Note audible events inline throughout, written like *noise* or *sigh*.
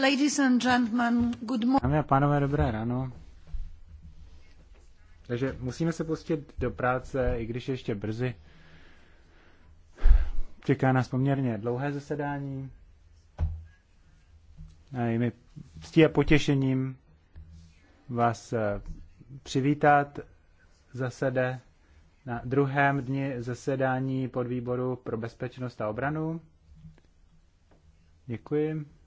Ladies and gentlemen, good morning. Dámy a pánové, dobré ráno. Takže musíme se pustit do práce, i když ještě brzy. Čeká nás poměrně dlouhé zasedání. A je mi ctí a potěšením vás eh, přivítat zasede na druhém dni zasedání podvýboru pro bezpečnost a obranu. Děkuji.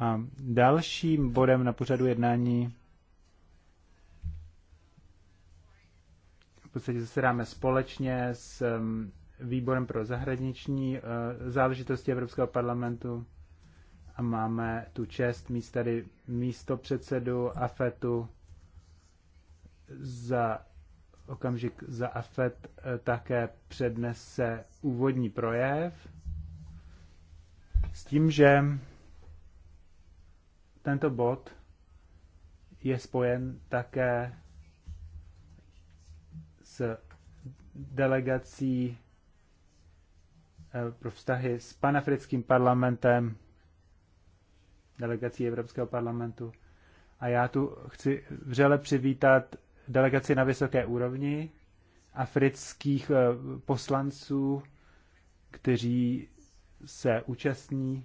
A dalším bodem na pořadu jednání v podstatě zasedáme společně s um, výborem pro zahraniční uh, záležitosti Evropského parlamentu a máme tu čest mít tady místo předsedu AFETu za okamžik za AFET eh, také přednese úvodní projev s tím, že tento bod je spojen také s delegací eh, pro vztahy s panafrickým parlamentem, delegací Evropského parlamentu. A já tu chci vřele přivítat delegaci na vysoké úrovni afrických eh, poslanců, kteří se účastní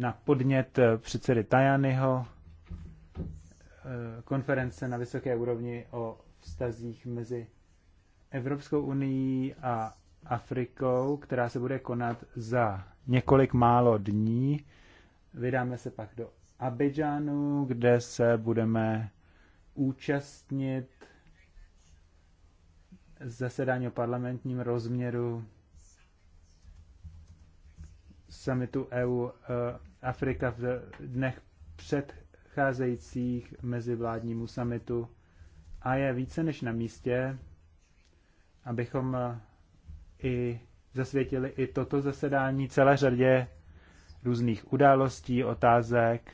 na podnět eh, předsedy Tajanyho eh, konference na vysoké úrovni o vztazích mezi Evropskou unii a Afrikou, která se bude konat za několik málo dní. Vydáme se pak do Abidžanu, kde se budeme účastnit zasedání o parlamentním rozměru summitu EU eh, Afrika v dnech předcházejících mezivládnímu samitu a je více než na místě, abychom eh, i zasvětili i toto zasedání celé řadě různých událostí, otázek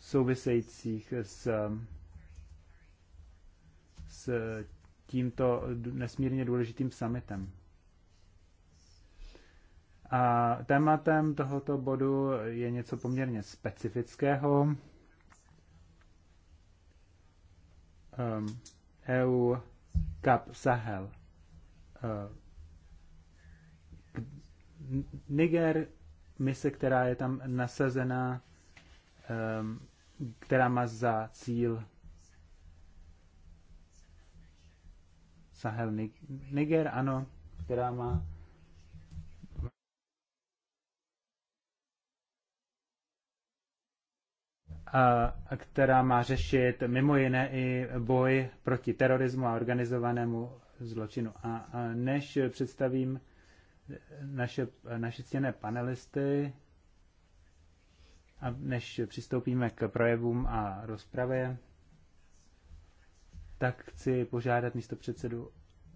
souvisejících s, s tímto nesmírně důležitým summitem. A tématem tohoto bodu je něco poměrně specifického. Um, ehm, EU Cup Sahel. Uh, Niger, mise, která je tam nasazená, um, která má za cíl Sahel Niger, ano, která má která má řešit mimo jiné i boj proti terorismu a organizovanému zločinu. A než představím naše, naše ctěné panelisty a než přistoupíme k projevům a rozpravě, tak chci požádat místo předsedu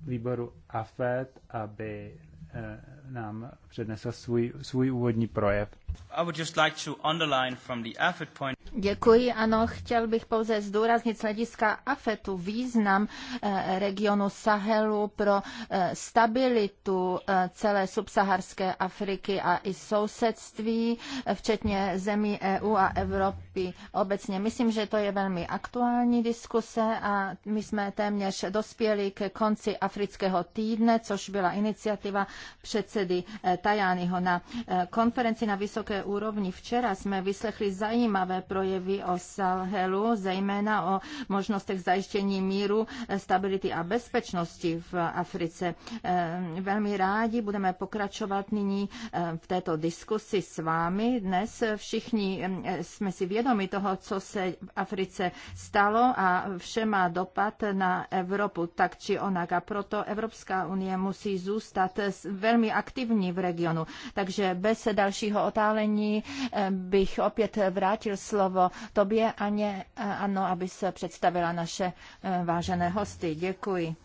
výboru AFED, aby eh, nám přednesl svůj, svůj úvodní projev. I would just like to underline from the AFED point Děkuji, ano, chtěl bych pouze zdůraznit z hlediska AFETu význam eh, regionu Sahelu pro eh, stabilitu eh, celé subsaharské Afriky a i sousedství, včetně zemí EU a Evropy obecně. Myslím, že to je velmi aktuální diskuse a my jsme téměř dospěli k konci afrického týdne, což byla iniciativa předsedy Tajányho. Na konferenci na vysoké úrovni včera jsme vyslechli zajímavé pro projevy o Sahelu, zejména o možnostech zajištění míru, stability a bezpečnosti v Africe. Ehm, velmi rádi budeme pokračovat nyní ehm, v této diskusi s vámi. Dnes všichni ehm, jsme si vědomi toho, co se v Africe stalo a vše má dopad na Evropu tak či onak. A proto Evropská unie musí zůstat velmi aktivní v regionu. Takže bez dalšího otálení bych opět vrátil slovo slovo tobě, Aně, ano, aby se představila naše eh, vážené hosty. Děkuji.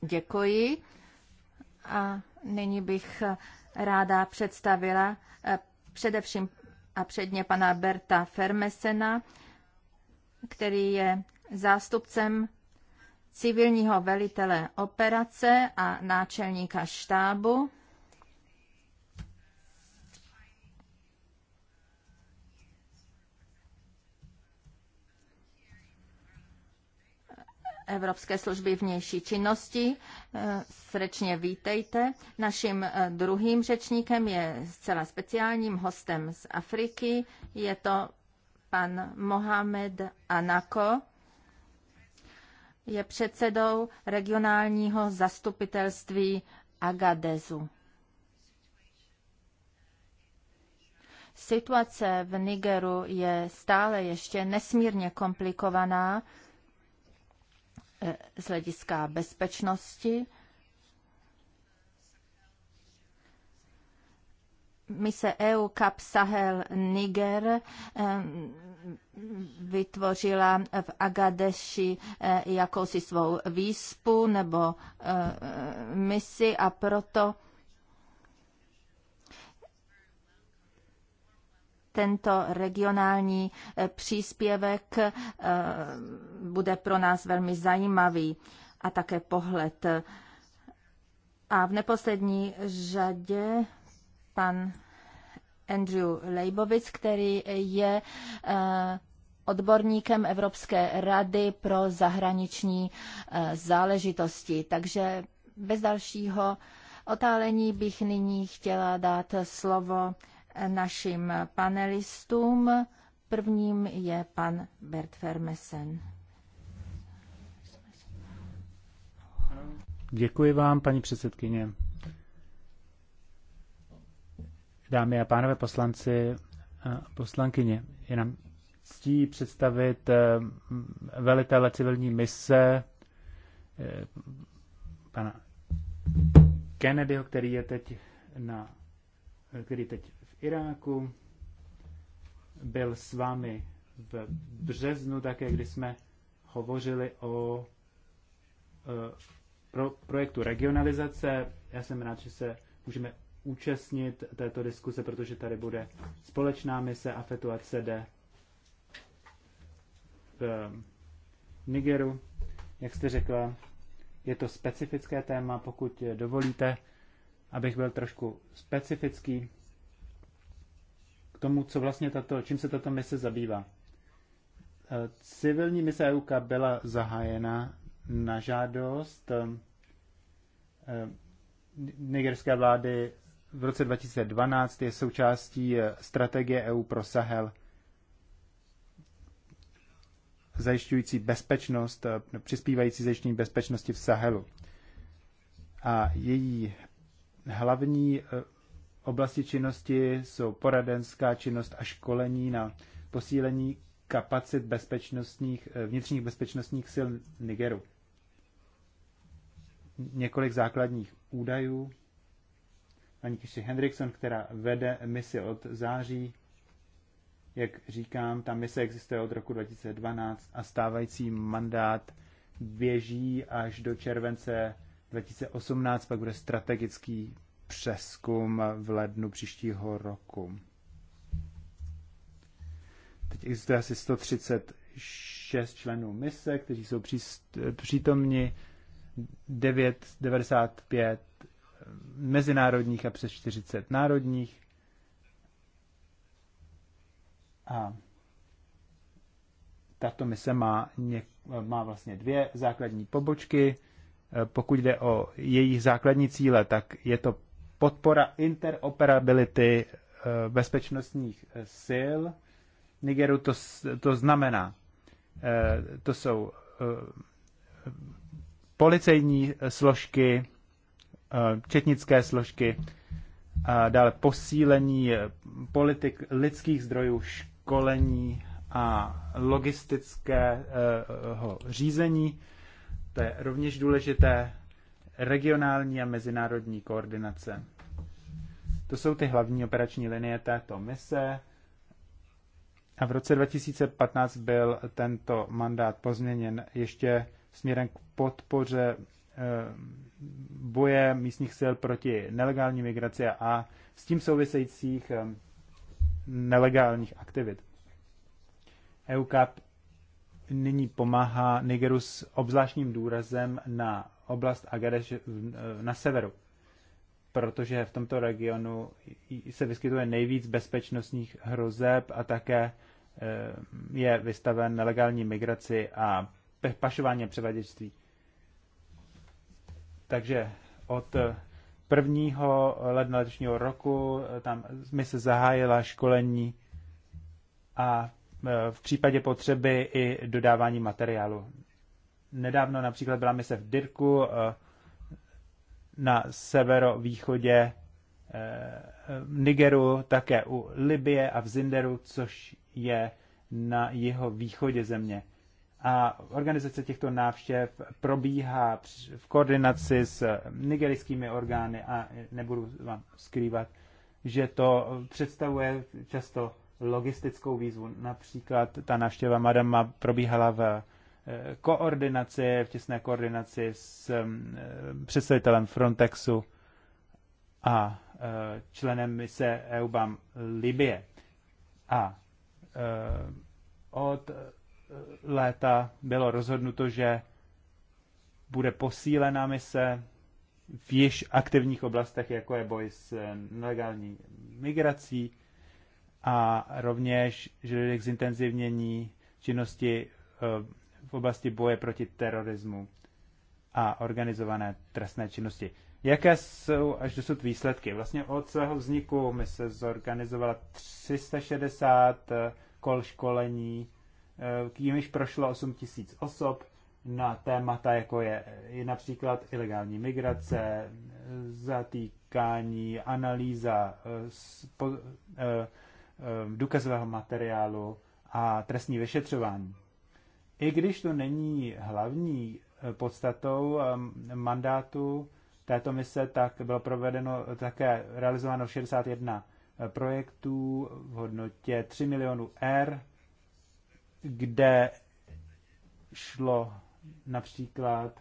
Děkuji. A nyní bych eh, ráda představila eh, především a předně pana Berta Fermesena, který je zástupcem civilního velitele operace a náčelníka štábu Evropské služby vnější činnosti. E, srdečně vítejte. Naším e, druhým řečníkem je zcela speciálním hostem z Afriky. Je to pan Mohamed Anako. Je předsedou regionálního zastupitelství Agadezu. Situace v Nigeru je stále ještě nesmírně komplikovaná Eh, z hlediska bezpečnosti. Mise EU Cap Sahel Niger eh, vytvořila v Agadeši eh, jakousi svou výspu nebo misi a proto tento regionální eh, příspěvek eh, bude pro nás velmi zajímavý a také pohled. A v neposlední řadě pan Andrew Leibovic, který je eh, odborníkem Evropské rady pro zahraniční záležitosti. Takže bez dalšího otálení bych nyní chtěla dát slovo našim panelistům. Prvním je pan Bert Fermesen. Děkuji vám, paní předsedkyně. Dámy a pánové poslanci a poslankyně, je nám ctí představit eh, velitele civilní mise eh, pana Kennedyho, který je teď na který teď Iráku. Byl s vámi v březnu také, kdy jsme hovořili o e, pro, projektu regionalizace. Já jsem rád, že se můžeme účastnit této diskuse, protože tady bude společná mise AFETu a CD v e, Nigeru. Jak jste řekla, je to specifické téma, pokud dovolíte, abych byl trošku specifický tomu, co vlastně tato, čím se tato mise zabývá. Eh, civilní mise EUK byla zahájena na žádost eh, nigerské vlády v roce 2012 je součástí eh, strategie EU pro Sahel zajišťující bezpečnost, přispívající zajištění bezpečnosti v Sahelu. A její hlavní Oblasti činnosti jsou poradenská činnost a školení na posílení kapacit bezpečnostních, eh, vnitřních bezpečnostních sil Nigeru. Několik základních údajů. Paní Kiši Hendrickson, která vede misi od září, jak říkám, ta mise existuje od roku 2012 a stávající mandát běží až do července 2018, pak bude strategický přeskum v lednu příštího roku. Teď existuje asi 136 členů mise, kteří jsou přítomni 9, 95 mezinárodních a přes 40 národních. A tato mise má, něk, má vlastně dvě základní pobočky. Pokud jde o jejich základní cíle, tak je to podpora interoperability eh, bezpečnostních eh, sil Nigeru, to, to znamená, eh, to jsou policejní složky, četnické složky, a dále posílení politik lidských zdrojů, školení a logistického řízení. To je rovněž důležité regionální a mezinárodní koordinace. To jsou ty hlavní operační linie této mise. A v roce 2015 byl tento mandát pozměněn ještě směrem k podpoře eh, boje místních sil proti nelegální migraci a s tím souvisejících eh, nelegálních aktivit. EUCAP nyní pomáhá Nigeru s obzvláštním důrazem na oblast Agadeš eh, na severu, protože v tomto regionu se vyskytuje nejvíc bezpečnostních hrozeb a také eh, je vystaven nelegální migraci a pašování a převaděčství. Takže od 1. Eh, ledna letošního roku tam mi se zahájila školení a v případě potřeby i dodávání materiálu Nedávno například byla mise v Dirku eh, na severovýchodě eh, Nigeru, také u Libie a v Zinderu, což je na jeho východě země. A organizace těchto návštěv probíhá v koordinaci s nigerijskými orgány a nebudu vám skrývat, že to představuje často logistickou výzvu. Například ta návštěva Madama probíhala v koordinaci, v těsné koordinaci s představitelem Frontexu a e, členem mise EUBAM Libie. A e, od e, léta bylo rozhodnuto, že bude posílená mise v již aktivních oblastech, jako je boj s nelegální migrací a rovněž, že k zintenzivnění činnosti v oblasti boje proti terorismu a organizované trestné činnosti. Jaké jsou až dosud výsledky? Vlastně od svého vzniku my se zorganizovala 360 eh, kol školení, eh, k jimiž prošlo 8 tisíc osob na témata, jako je, je eh, například ilegální migrace, zatýkání, analýza důkazového materiálu a trestní vyšetřování. I když to není hlavní eh, podstatou ehm, mandátu této mise, tak bylo provedeno také realizováno 61 eh, projektů v hodnotě 3 milionů R, kde šlo například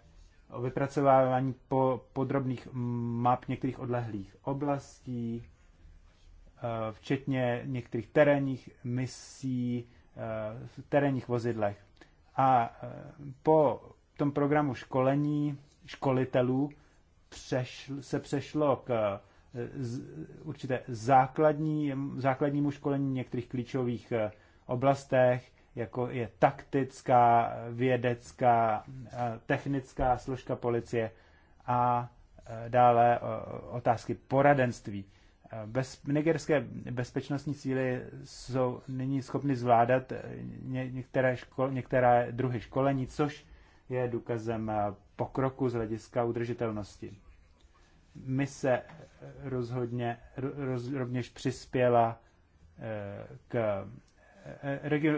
o vypracovávání po podrobných map některých odlehlých oblastí, eh, včetně některých terénních misí v terénních vozidlech. A e, po tom programu školení školitelů přešl, se přešlo k e, z, určité základní, základnímu školení v některých klíčových e, oblastech, jako je taktická, vědecká, technická složka policie a dále otázky poradenství bez, nigerské bezpečnostní síly jsou nyní schopny zvládat ně, některé, škol, některé druhy školení, což je důkazem pokroku z hlediska udržitelnosti. My se rozhodně roz, rovněž přispěla eh, k eh, regio,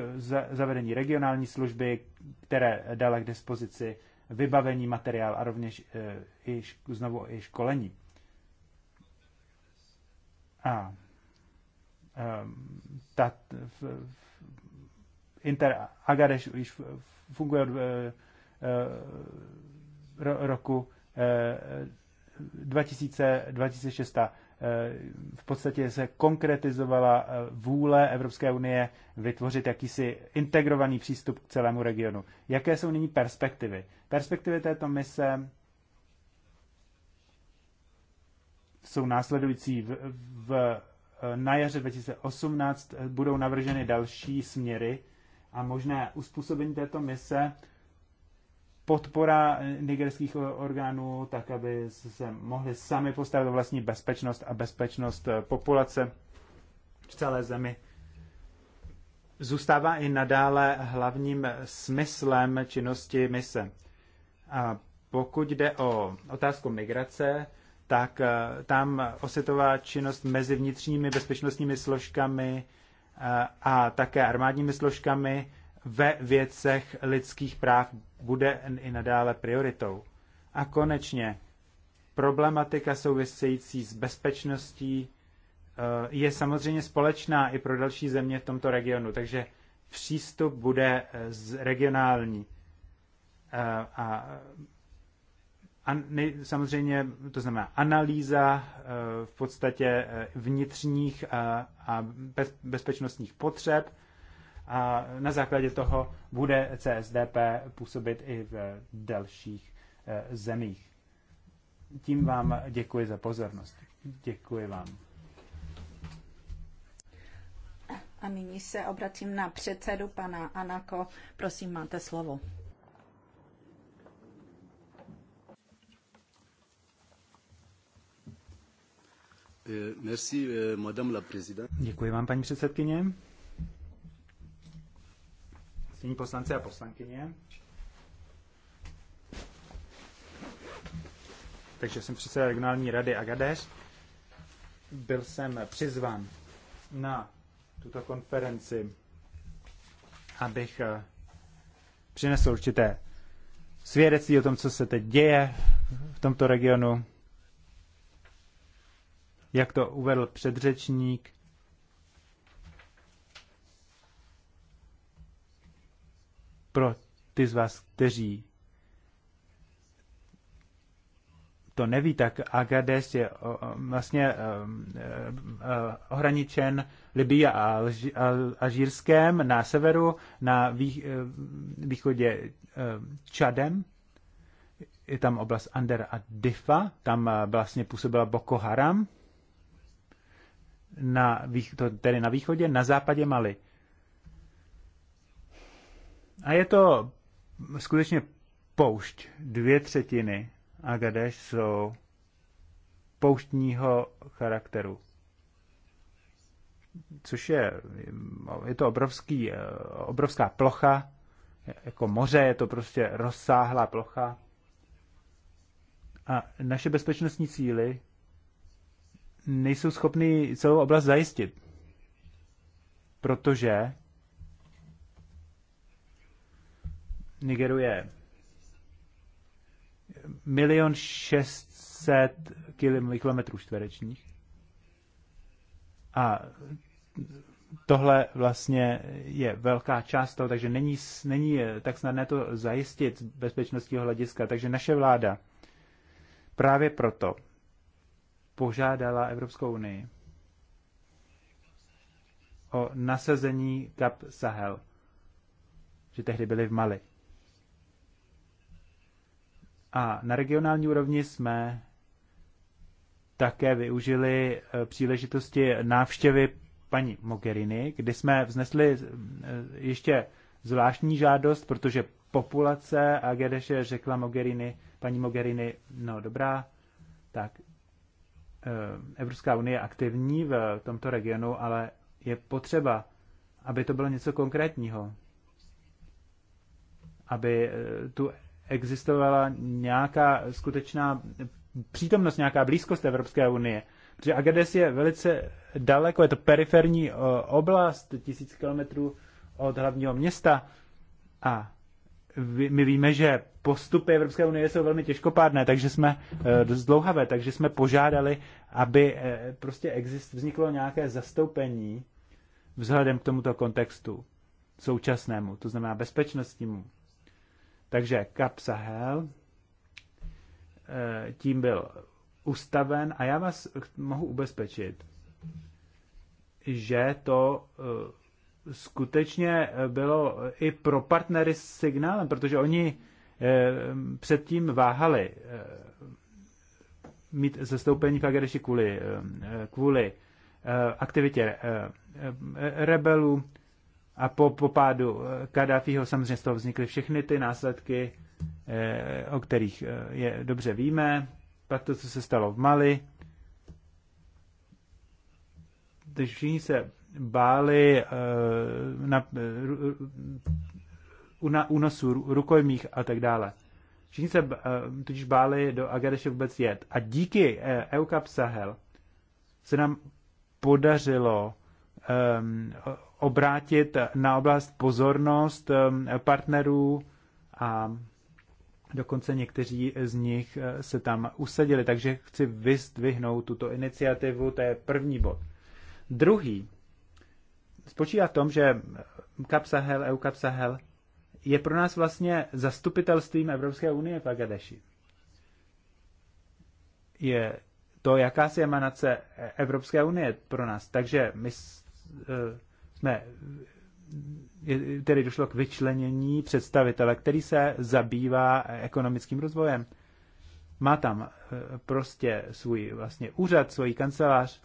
zavedení regionální služby, které dala k dispozici vybavení, materiál a rovněž eh, i, znovu i školení a ehm, ta, v, v, Inter Agadeš už funguje od eh, eh, ro, roku 2006 eh, v podstatě se konkretizovala vůle Evropské unie vytvořit jakýsi integrovaný přístup k celému regionu. Jaké jsou nyní perspektivy? Perspektivy této mise jsou následující. V, v, eh, na jaře 2018 eh, budou navrženy další směry a možné uspůsobení této mise podpora eh, nigerských orgánů, tak aby se mohli sami postavit o vlastní bezpečnost a bezpečnost populace v celé zemi. Zůstává i nadále hlavním smyslem činnosti mise. A pokud jde o otázku migrace, tak eh, tam osvětová činnost mezi vnitřními bezpečnostními složkami eh, a také armádními složkami ve věcech lidských práv bude i nadále prioritou. A konečně problematika související s bezpečností eh, je samozřejmě společná i pro další země v tomto regionu, takže přístup bude regionální. A nej, samozřejmě to znamená analýza eh, v podstatě eh, vnitřních a, eh, a bez, bezpečnostních potřeb a na základě toho bude CSDP působit i v dalších zemích. Tím vám děkuji za pozornost. Děkuji vám. A nyní se obracím na předsedu pana Anako. Prosím, máte slovo. Eh, eh, Děkuji vám, paní předsedkyně. Stění poslanci a poslankyně. Takže jsem předseda regionální rady Agadez. Byl jsem přizván na tuto konferenci, abych eh, přinesl určité svědectví o tom, co se teď děje v tomto regionu, jak to uvedl předřečník, pro ty z vás, kteří to neví, tak Agades je vlastně eh, eh, eh, ohraničen Libii a Alžírskem na severu, na východě Čadem. Je tam oblast Ander a Difa, tam vlastně působila Boko Haram na, to tedy na východě, na západě Mali. A je to skutečně poušť. Dvě třetiny Agadeš jsou pouštního charakteru. Což je, je to obrovský, obrovská plocha, jako moře, je to prostě rozsáhlá plocha. A naše bezpečnostní síly nejsou schopni celou oblast zajistit. Protože Nigeru je milion šestset kilometrů čtverečních. A tohle vlastně je velká část toho, takže není, není eh, tak snadné to zajistit z bezpečnostního hlediska. Takže naše vláda právě proto požádala Evropskou unii o nasazení kap Sahel, že tehdy byli v Mali. A na regionální úrovni jsme také využili eh, příležitosti návštěvy paní Mogherini, kdy jsme vznesli eh, ještě zvláštní žádost, protože populace a řekla Mogherini, paní Mogherini, no dobrá, tak Eh, Evropská unie aktivní v tomto regionu, ale je potřeba, aby to bylo něco konkrétního. Aby eh, tu existovala nějaká skutečná přítomnost, nějaká blízkost Evropské unie. Protože Agades je velice daleko, je to periferní eh, oblast, tisíc kilometrů od hlavního města a my víme, že postupy Evropské unie jsou velmi těžkopádné, takže jsme eh, dost dlouhavé, takže jsme požádali, aby eh, prostě exist, vzniklo nějaké zastoupení vzhledem k tomuto kontextu současnému, to znamená bezpečnostnímu. Takže Kap Sahel eh, tím byl ustaven a já vás mohu ubezpečit, že to skutečně eh, bylo eh, i pro partnery signálem, protože oni eh, předtím váhali mít zastoupení v Agereši kvůli, kvůli aktivitě rebelů a po popádu Kadáfího samozřejmě z toho vznikly všechny ty následky, o kterých je dobře víme. Pak to, co se stalo v Mali, když všichni se báli eh, na, eh, na únosu rukojmích a tak dále. Všichni se eh, totiž báli do Agadeše vůbec jet. A díky EUCAP Sahel se nám podařilo um, obrátit na oblast pozornost um, partnerů a dokonce někteří z nich se tam usadili. Takže chci vyzdvihnout tuto iniciativu, to je první bod. Druhý spočívá v tom, že Kap Sahel, EU Kap Sahel je pro nás vlastně zastupitelstvím Evropské unie v Agadeši. Je to jakási emanace Evropské unie pro nás. Takže my e, jsme, tedy došlo k vyčlenění představitele, který se zabývá ekonomickým rozvojem. Má tam e, prostě svůj vlastně úřad, svůj kancelář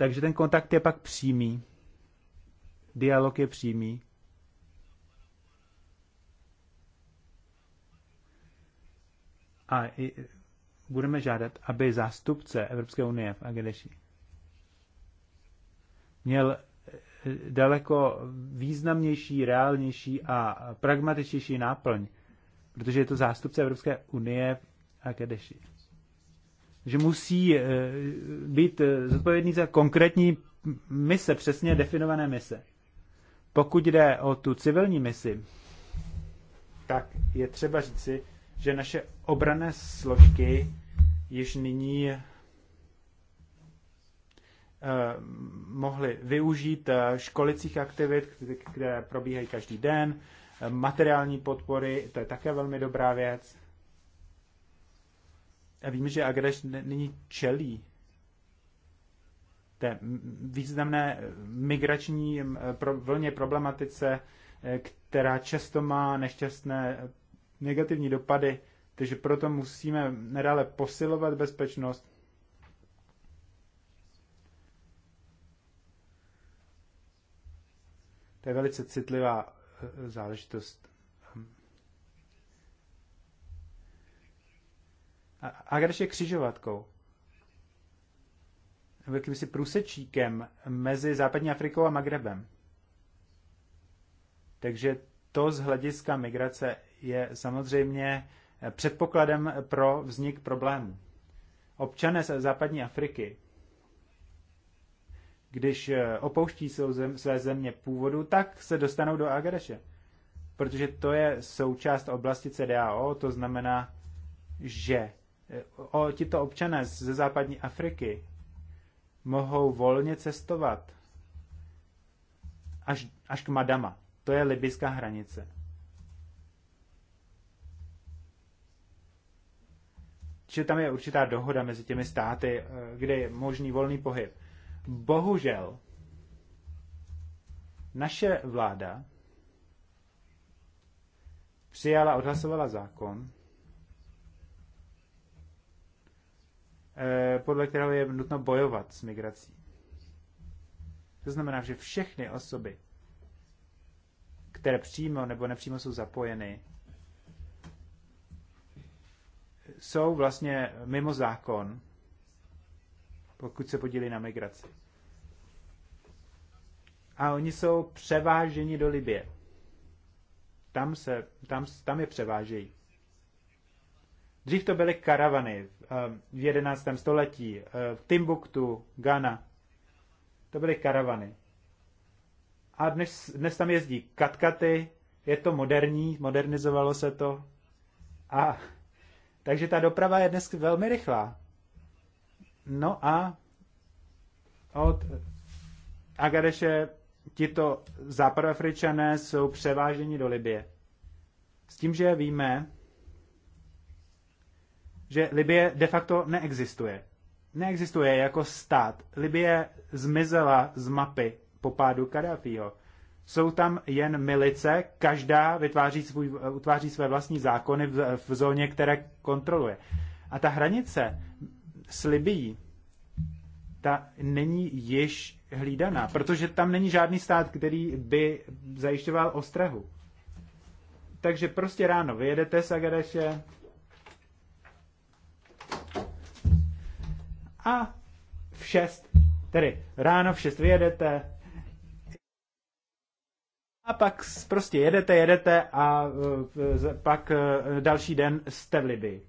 takže ten kontakt je pak přímý. Dialog je přímý. A budeme žádat, aby zástupce Evropské unie v Agedeši měl eh, daleko významnější, reálnější a pragmatičtější náplň, protože je to zástupce Evropské unie v Agedeši že musí eh, být eh, zodpovědný za konkrétní mise, přesně definované mise. Pokud jde o tu civilní misi, tak je třeba říci, že naše obrané složky již nyní eh, mohly využít školicích aktivit, které probíhají každý den, materiální podpory, to je také velmi dobrá věc a víme, že Agreš není čelí té významné migrační vlně problematice, eh, která často má nešťastné eh, negativní dopady, takže proto musíme nadále posilovat bezpečnost. To je velice citlivá eh, záležitost. A když je křižovatkou, jakýmsi průsečíkem mezi západní Afrikou a Magrebem. Takže to z hlediska migrace je samozřejmě eh, předpokladem pro vznik problémů. Občané z západní Afriky, když eh, opouští své země původu, tak se dostanou do Agadeše. Protože to je součást oblasti CDAO, to znamená, že o, tito občané ze západní Afriky mohou volně cestovat až, až k Madama. To je libyská hranice. Čiže tam je určitá dohoda mezi těmi státy, eh, kde je možný volný pohyb. Bohužel, naše vláda přijala, odhlasovala zákon, Eh, podle kterého je nutno bojovat s migrací. To znamená, že všechny osoby, které přímo nebo nepřímo jsou zapojeny, jsou vlastně mimo zákon, pokud se podílí na migraci. A oni jsou převáženi do Libie. Tam, se, tam, tam je převážejí. Dřív to byly karavany v 11. Eh, století, eh, v Timbuktu, Ghana. To byly karavany. A dnes, dnes tam jezdí katkaty, je to moderní, modernizovalo se to. A takže ta doprava je dnes velmi rychlá. No a od Agadeše tito západoafričané jsou převáženi do Libie. S tím, že víme, že Libie de facto neexistuje. Neexistuje jako stát. Libie zmizela z mapy po pádu Kadáfího. Jsou tam jen milice, každá vytváří svůj, utváří své vlastní zákony v, v zóně, které kontroluje. A ta hranice s Libií, ta není již hlídaná, protože tam není žádný stát, který by zajišťoval ostrahu. Takže prostě ráno vyjedete z Agadeše, a v 6, tedy ráno v 6 vyjedete a pak prostě jedete, jedete a e, pak e, další den jste v Libii.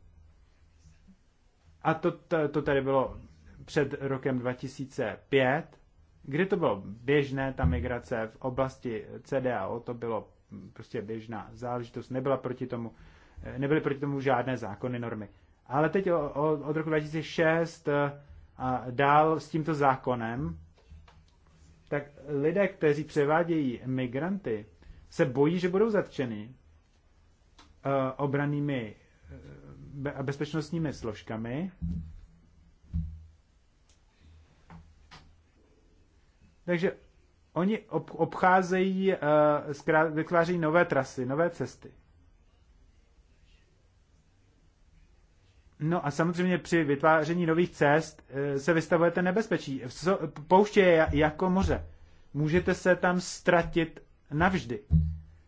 A to, to, to tady bylo před rokem 2005, kdy to bylo běžné, ta migrace v oblasti CDAO, to bylo prostě běžná záležitost, nebyla proti tomu, e, nebyly proti tomu žádné zákony, normy. Ale teď o, o, od roku 2006 a dál s tímto zákonem, tak lidé, kteří převádějí migranty, se bojí, že budou zatčeny eh, obranými eh, a bezpečnostními složkami. Takže oni obcházejí, eh, vytváří nové trasy, nové cesty. No a samozřejmě při vytváření nových cest eh, se vystavujete nebezpečí. Pouště je jako moře. Můžete se tam ztratit navždy.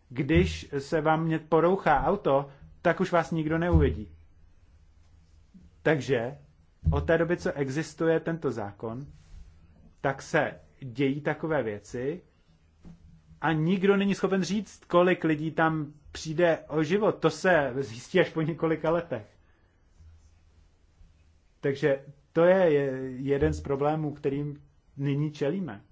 Když se vám porouchá auto, tak už vás nikdo neuvidí. Takže od té doby, co existuje tento zákon, tak se dějí takové věci a nikdo není schopen říct, kolik lidí tam přijde o život. To se zjistí až po několika letech. Takže to je jeden z problémů, kterým nyní čelíme.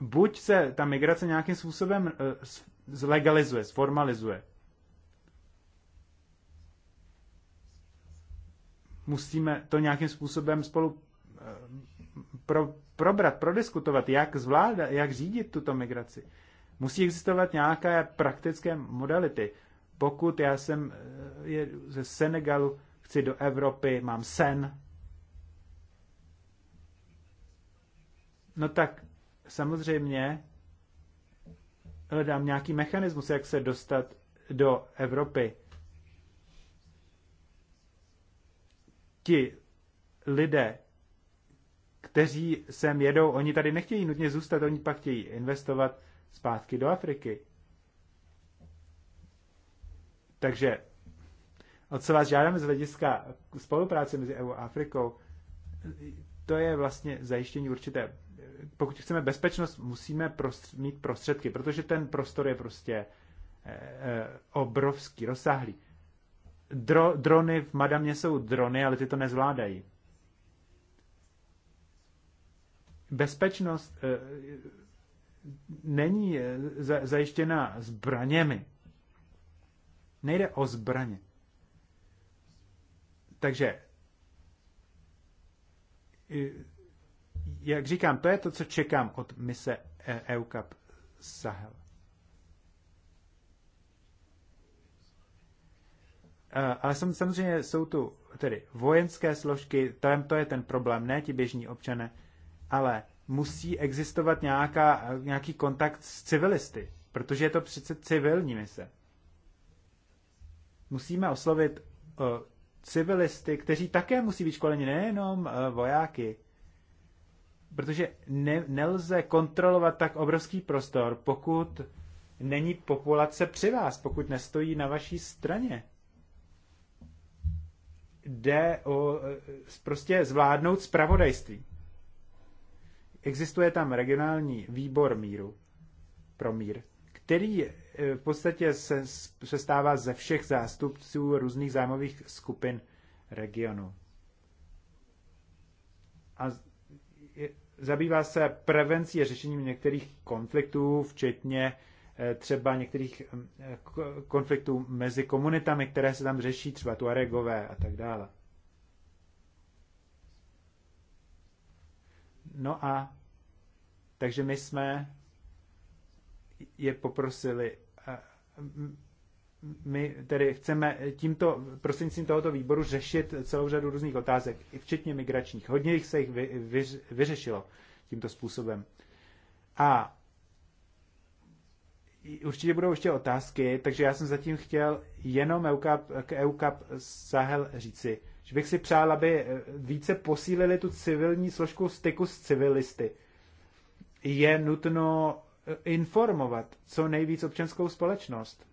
Buď se ta migrace nějakým způsobem eh, zlegalizuje, sformalizuje. Musíme to nějakým způsobem spolu eh, pro, probrat, prodiskutovat, jak zvládat, jak řídit tuto migraci. Musí existovat nějaké praktické modality. Pokud já jsem eh, je, ze Senegalu, chci do Evropy, mám sen, no tak samozřejmě hledám nějaký mechanismus, jak se dostat do Evropy. Ti lidé, kteří sem jedou, oni tady nechtějí nutně zůstat, oni pak chtějí investovat zpátky do Afriky. Takže o co vás žádáme z hlediska spolupráce mezi EU a Afrikou, to je vlastně zajištění určité. Pokud chceme bezpečnost, musíme prostř- mít prostředky, protože ten prostor je prostě e, e, obrovský, rozsáhlý. Dro- drony v Madamě jsou drony, ale ty to nezvládají. Bezpečnost e, není zajištěna zbraněmi. Nejde o zbraně. Takže, jak říkám, to je to, co čekám od mise e- EUCAP Sahel. Ale samozřejmě jsou tu tedy vojenské složky, tam to je ten problém, ne ti běžní občané, ale musí existovat nějaká, nějaký kontakt s civilisty, protože je to přece civilní mise musíme oslovit uh, civilisty, kteří také musí být školeni, nejenom uh, vojáky. Protože ne, nelze kontrolovat tak obrovský prostor, pokud není populace při vás, pokud nestojí na vaší straně. Jde o eh, prostě zvládnout spravodajství. Existuje tam regionální výbor míru pro mír, který E, v podstatě se, se stává ze všech zástupců různých zájmových skupin regionu. A je, zabývá se prevencí a řešením některých konfliktů, včetně e, třeba některých e, konfliktů mezi komunitami, které se tam řeší, třeba Tuaregové a tak dále. No a takže my jsme je poprosili, my tedy chceme tímto, prostřednictvím tohoto výboru řešit celou řadu různých otázek, i včetně migračních. Hodně jich se jich vy, vy, vyřešilo tímto způsobem. A určitě budou ještě otázky, takže já jsem zatím chtěl jenom EUCAP, k EUCAP e Sahel říci, že bych si přál, aby eh, více posílili tu civilní složku styku s civilisty. Je nutno informovat co nejvíc občanskou společnost.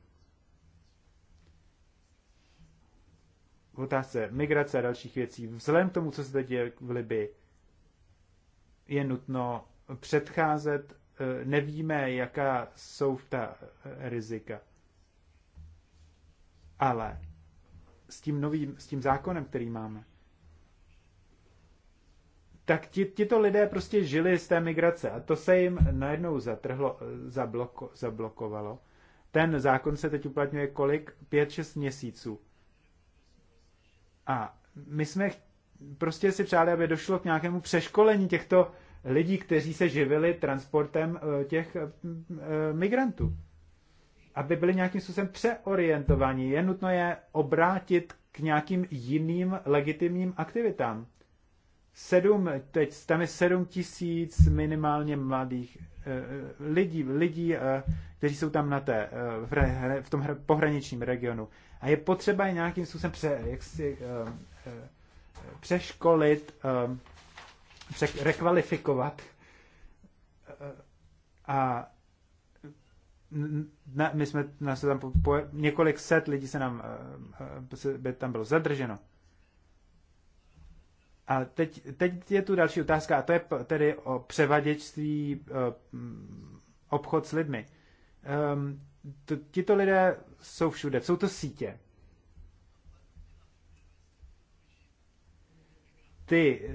V otázce migrace a dalších věcí, vzhledem k tomu, co se teď děje v Libii, je nutno předcházet, eh, nevíme, jaká jsou ta eh, rizika. Ale s tím novým, s tím zákonem, který máme, tak ti, tito lidé prostě žili z té migrace a to se jim najednou zatrhlo, zabloko, zablokovalo. Ten zákon se teď uplatňuje kolik? 5-6 měsíců. A my jsme prostě si přáli, aby došlo k nějakému přeškolení těchto lidí, kteří se živili transportem eh, těch eh, eh, migrantů. Aby byli nějakým způsobem přeorientovaní. Je nutno je obrátit k nějakým jiným legitimním aktivitám. Sedm, teď tam je sedm tisíc minimálně mladých eh, eh, lidí, lidí, eh, kteří jsou tam na té, v tom pohraničním regionu. A je potřeba je nějakým způsobem pře, jak si, přeškolit, pře, rekvalifikovat a na, my jsme nás tam po, po, několik set lidí se nám se, tam bylo zadrženo. A teď, teď je tu další otázka, a to je tedy o převaděčství, e, mm, obchod s lidmi. Ehm, tito lidé jsou všude, jsou to sítě. Ty e,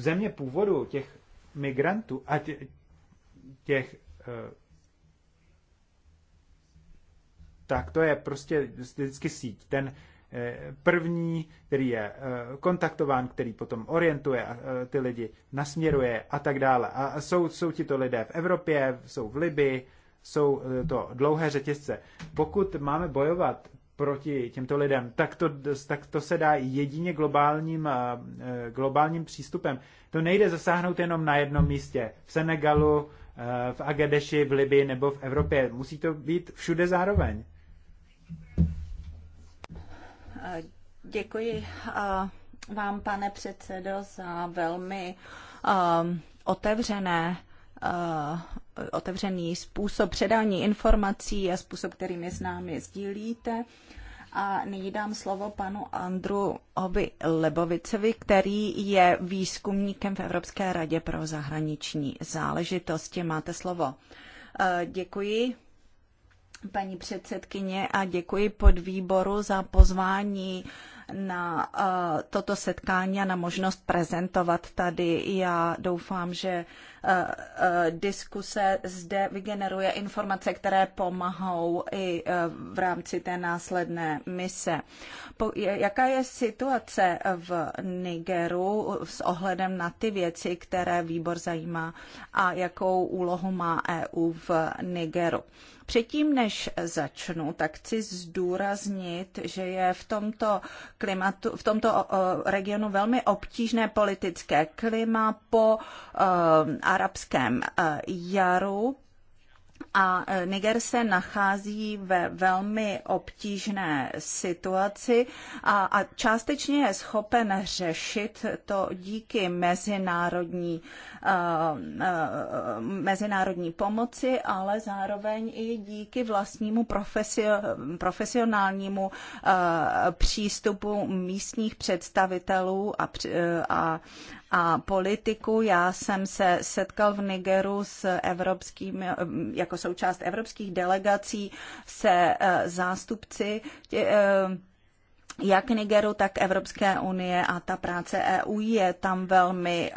země původu těch migrantů a těch. E, tak to je prostě vždycky síť. Ten, první, který je eh, kontaktován, který potom orientuje eh, ty lidi, nasměruje a tak dále. A jsou, jsou ti to lidé v Evropě, jsou v Libii, jsou eh, to dlouhé řetězce. Pokud máme bojovat proti těmto lidem, tak to, tak to se dá jedině globálním, globálním přístupem. To nejde zasáhnout jenom na jednom místě. V Senegalu, v Agadeši, v Libii nebo v Evropě. Musí to být všude zároveň. Děkuji vám, pane předsedo, za velmi um, otevřené uh, otevřený způsob předání informací a způsob, kterými s námi sdílíte. A nyní dám slovo panu Andru Obi Lebovicovi, který je výzkumníkem v Evropské radě pro zahraniční záležitosti. Máte slovo. Uh, děkuji paní předsedkyně a děkuji podvýboru za pozvání na eh, toto setkání a na možnost prezentovat tady. Já doufám, že Eh, eh, diskuse zde vygeneruje informace, které pomohou i eh, v rámci té následné mise. Jaká je situace v Nigeru s ohledem na ty věci, které výbor zajímá a jakou úlohu má EU v Nigeru? Předtím, než začnu, tak chci zdůraznit, že je v tomto, klimatu, v tomto regionu velmi obtížné politické klima po uh, arabském eh, jaru a eh, Niger se nachází ve velmi obtížné situaci a, a částečně je schopen řešit to díky mezinárodní, uh, uh, mezinárodní pomoci, ale zároveň i díky vlastnímu profesio, profesionálnímu uh, přístupu místních představitelů a, a a politiku. Já jsem se setkal v Nigeru s evropským, eh, jako součást evropských delegací se eh, zástupci tě, eh, jak Nigeru, tak Evropské unie a ta práce EU je tam velmi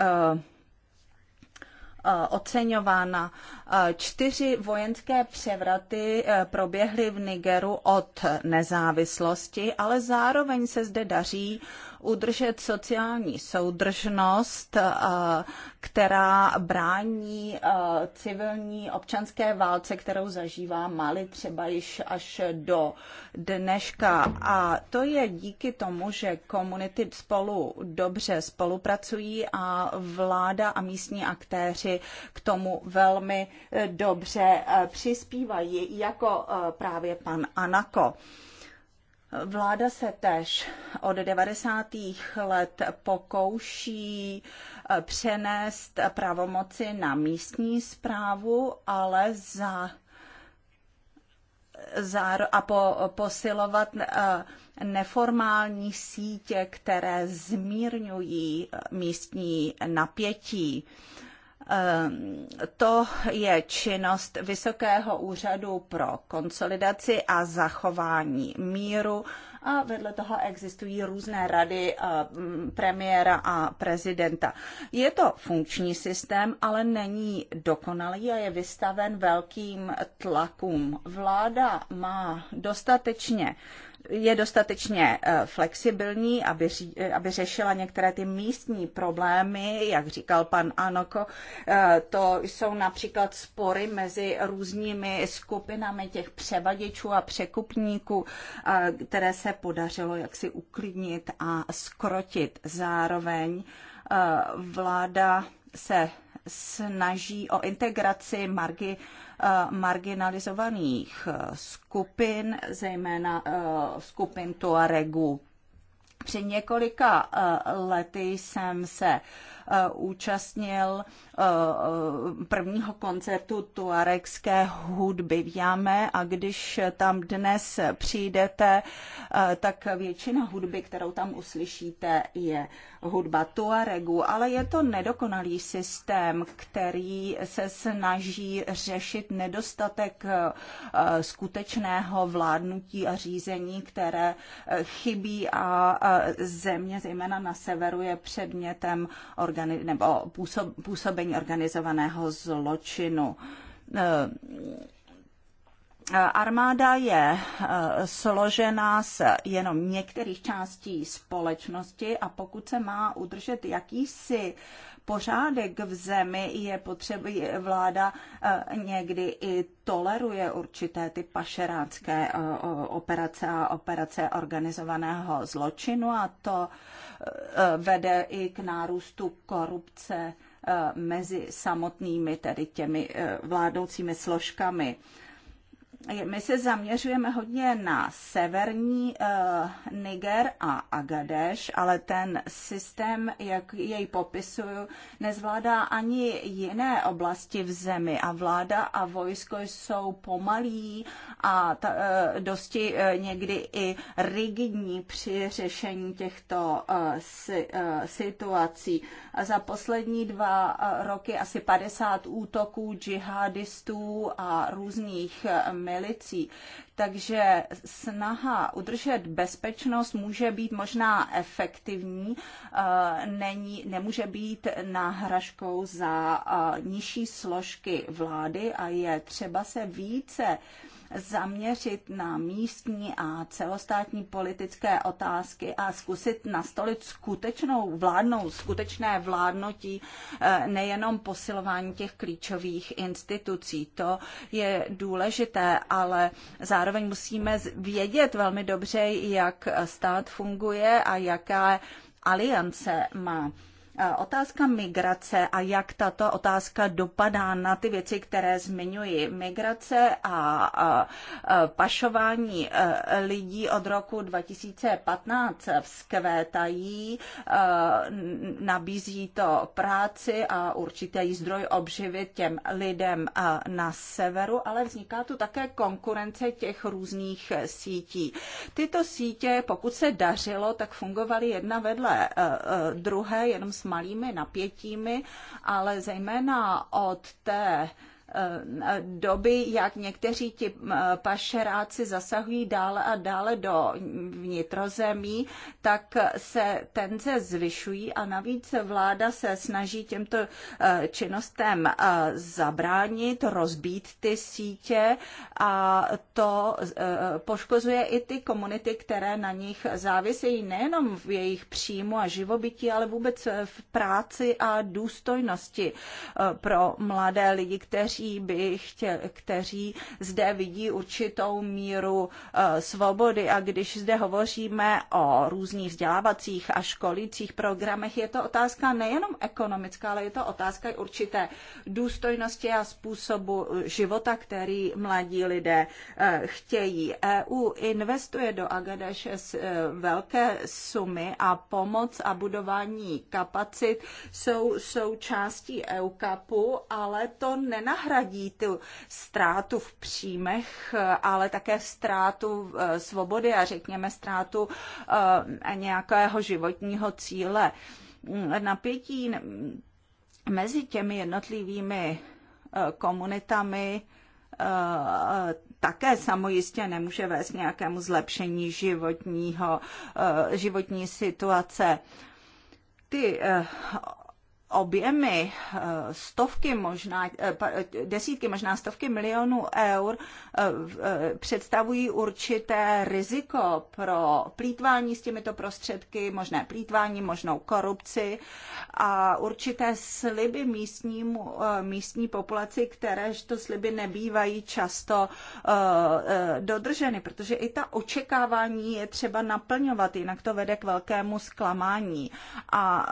oceňována. Čtyři vojenské převraty proběhly v Nigeru od nezávislosti, ale zároveň se zde daří udržet sociální soudržnost, eh, která brání eh, civilní občanské válce, kterou zažívá Mali třeba již až do dneška. A to je díky tomu, že komunity spolu dobře spolupracují a vláda a místní aktéři k tomu velmi eh, dobře přispívají, jako právě pan Anako. Vláda se tež od 90. let pokouší eh, přenést pravomoci na místní zprávu, ale za a po, posilovat eh, neformální sítě, které zmírňují eh, místní napětí. Ehm, to je činnost Vysokého úřadu pro konsolidaci a zachování míru a vedle toho existují různé rady ehm, premiéra a prezidenta. Je to funkční systém, ale není dokonalý a je vystaven velkým tlakům. Vláda má dostatečně je dostatečně eh, flexibilní, aby, ří, eh, aby řešila některé ty místní problémy, jak říkal pan Anoko. Eh, to jsou například spory mezi různými skupinami těch převaděčů a překupníků, které se podařilo jaksi uklidnit a skrotit. Zároveň vláda se snaží o integraci margi, Eh, marginalizovaných eh, skupin, zejména eh, skupin Tuaregů. Při několika lety jsem se účastnil Eh, prvního koncertu tuarekské hudby v Jame a když tam dnes přijdete, eh, tak většina hudby, kterou tam uslyšíte, je hudba tuaregu, ale je to nedokonalý systém, který se snaží řešit nedostatek eh, skutečného vládnutí a řízení, které chybí a země, zejména na severu, je předmětem organi- nebo působení šíření organizovaného zločinu. Eh, armáda je eh, složená z jenom některých částí společnosti a pokud se má udržet jakýsi pořádek v zemi je potřeba, vláda eh, někdy i toleruje určité ty pašerácké operace a operace organizovaného zločinu a to vede i k nárůstu korupce mezi samotnými, tedy těmi eh, vládoucími složkami my se zaměřujeme hodně na severní uh, Niger a Agadeš, ale ten systém, jak jej popisuju, nezvládá ani jiné oblasti v zemi a vláda a vojsko jsou pomalí a ta, uh, dosti uh, někdy i rigidní při řešení těchto uh, si, uh, situací. A za poslední dva uh, roky asi 50 útoků džihadistů a různých uh, milicí. Takže snaha udržet bezpečnost může být možná efektivní, eh, není, nemůže být náhražkou za eh, nižší složky vlády a je třeba se více zaměřit na místní a celostátní politické otázky a zkusit nastolit skutečnou vládnou, skutečné vládnotí, eh, nejenom posilování těch klíčových institucí. To je důležité, ale zároveň musíme vědět velmi dobře, jak stát funguje a jaká aliance má. Otázka migrace a jak tato otázka dopadá na ty věci, které zmiňuji. Migrace a pašování e, lidí od roku 2015 vzkvétají, e, nabízí to práci a určitý zdroj obživy těm lidem e, na severu, ale vzniká tu také konkurence těch různých sítí. Tyto sítě, pokud se dařilo, tak fungovaly jedna vedle druhé, jenom s malými napětími, ale zejména od té doby, jak někteří ti eh, pašeráci zasahují dále a dále do vnitrozemí, tak se tenze zvyšují a navíc vláda se snaží těmto eh, činnostem eh, zabránit, rozbít ty sítě a to poškozuje i ty komunity, které na nich závisejí nejenom v jejich příjmu a živobytí, ale vůbec v práci a důstojnosti pro mladé lidi, kteří kteří by chtěl, kteří zde vidí určitou míru eh, svobody. A když zde hovoříme o různých vzdělávacích a školících programech, je to otázka nejenom ekonomická, ale je to otázka i určité důstojnosti a způsobu života, který mladí lidé eh, chtějí. EU investuje do Agadeš eh, velké sumy a pomoc a budování kapacit jsou součástí EUCAPu, ale to nenahradí nahradí tu ztrátu v příjmech, ale také ztrátu eh, svobody a řekněme ztrátu eh, nějakého životního cíle. Mm, napětí mezi těmi jednotlivými eh, komunitami také samojistě nemůže vést nějakému zlepšení životního, životní situace. Ty objemy eh, stovky možná, eh, eh, desítky, možná stovky milionů eur představují určité riziko pro plítvání s těmito prostředky, možné plítvání, možnou korupci a určité sliby místnímu, místní populaci, kteréž to sliby nebývají často dodrženy, protože i ta očekávání je třeba naplňovat, jinak to vede k velkému zklamání. A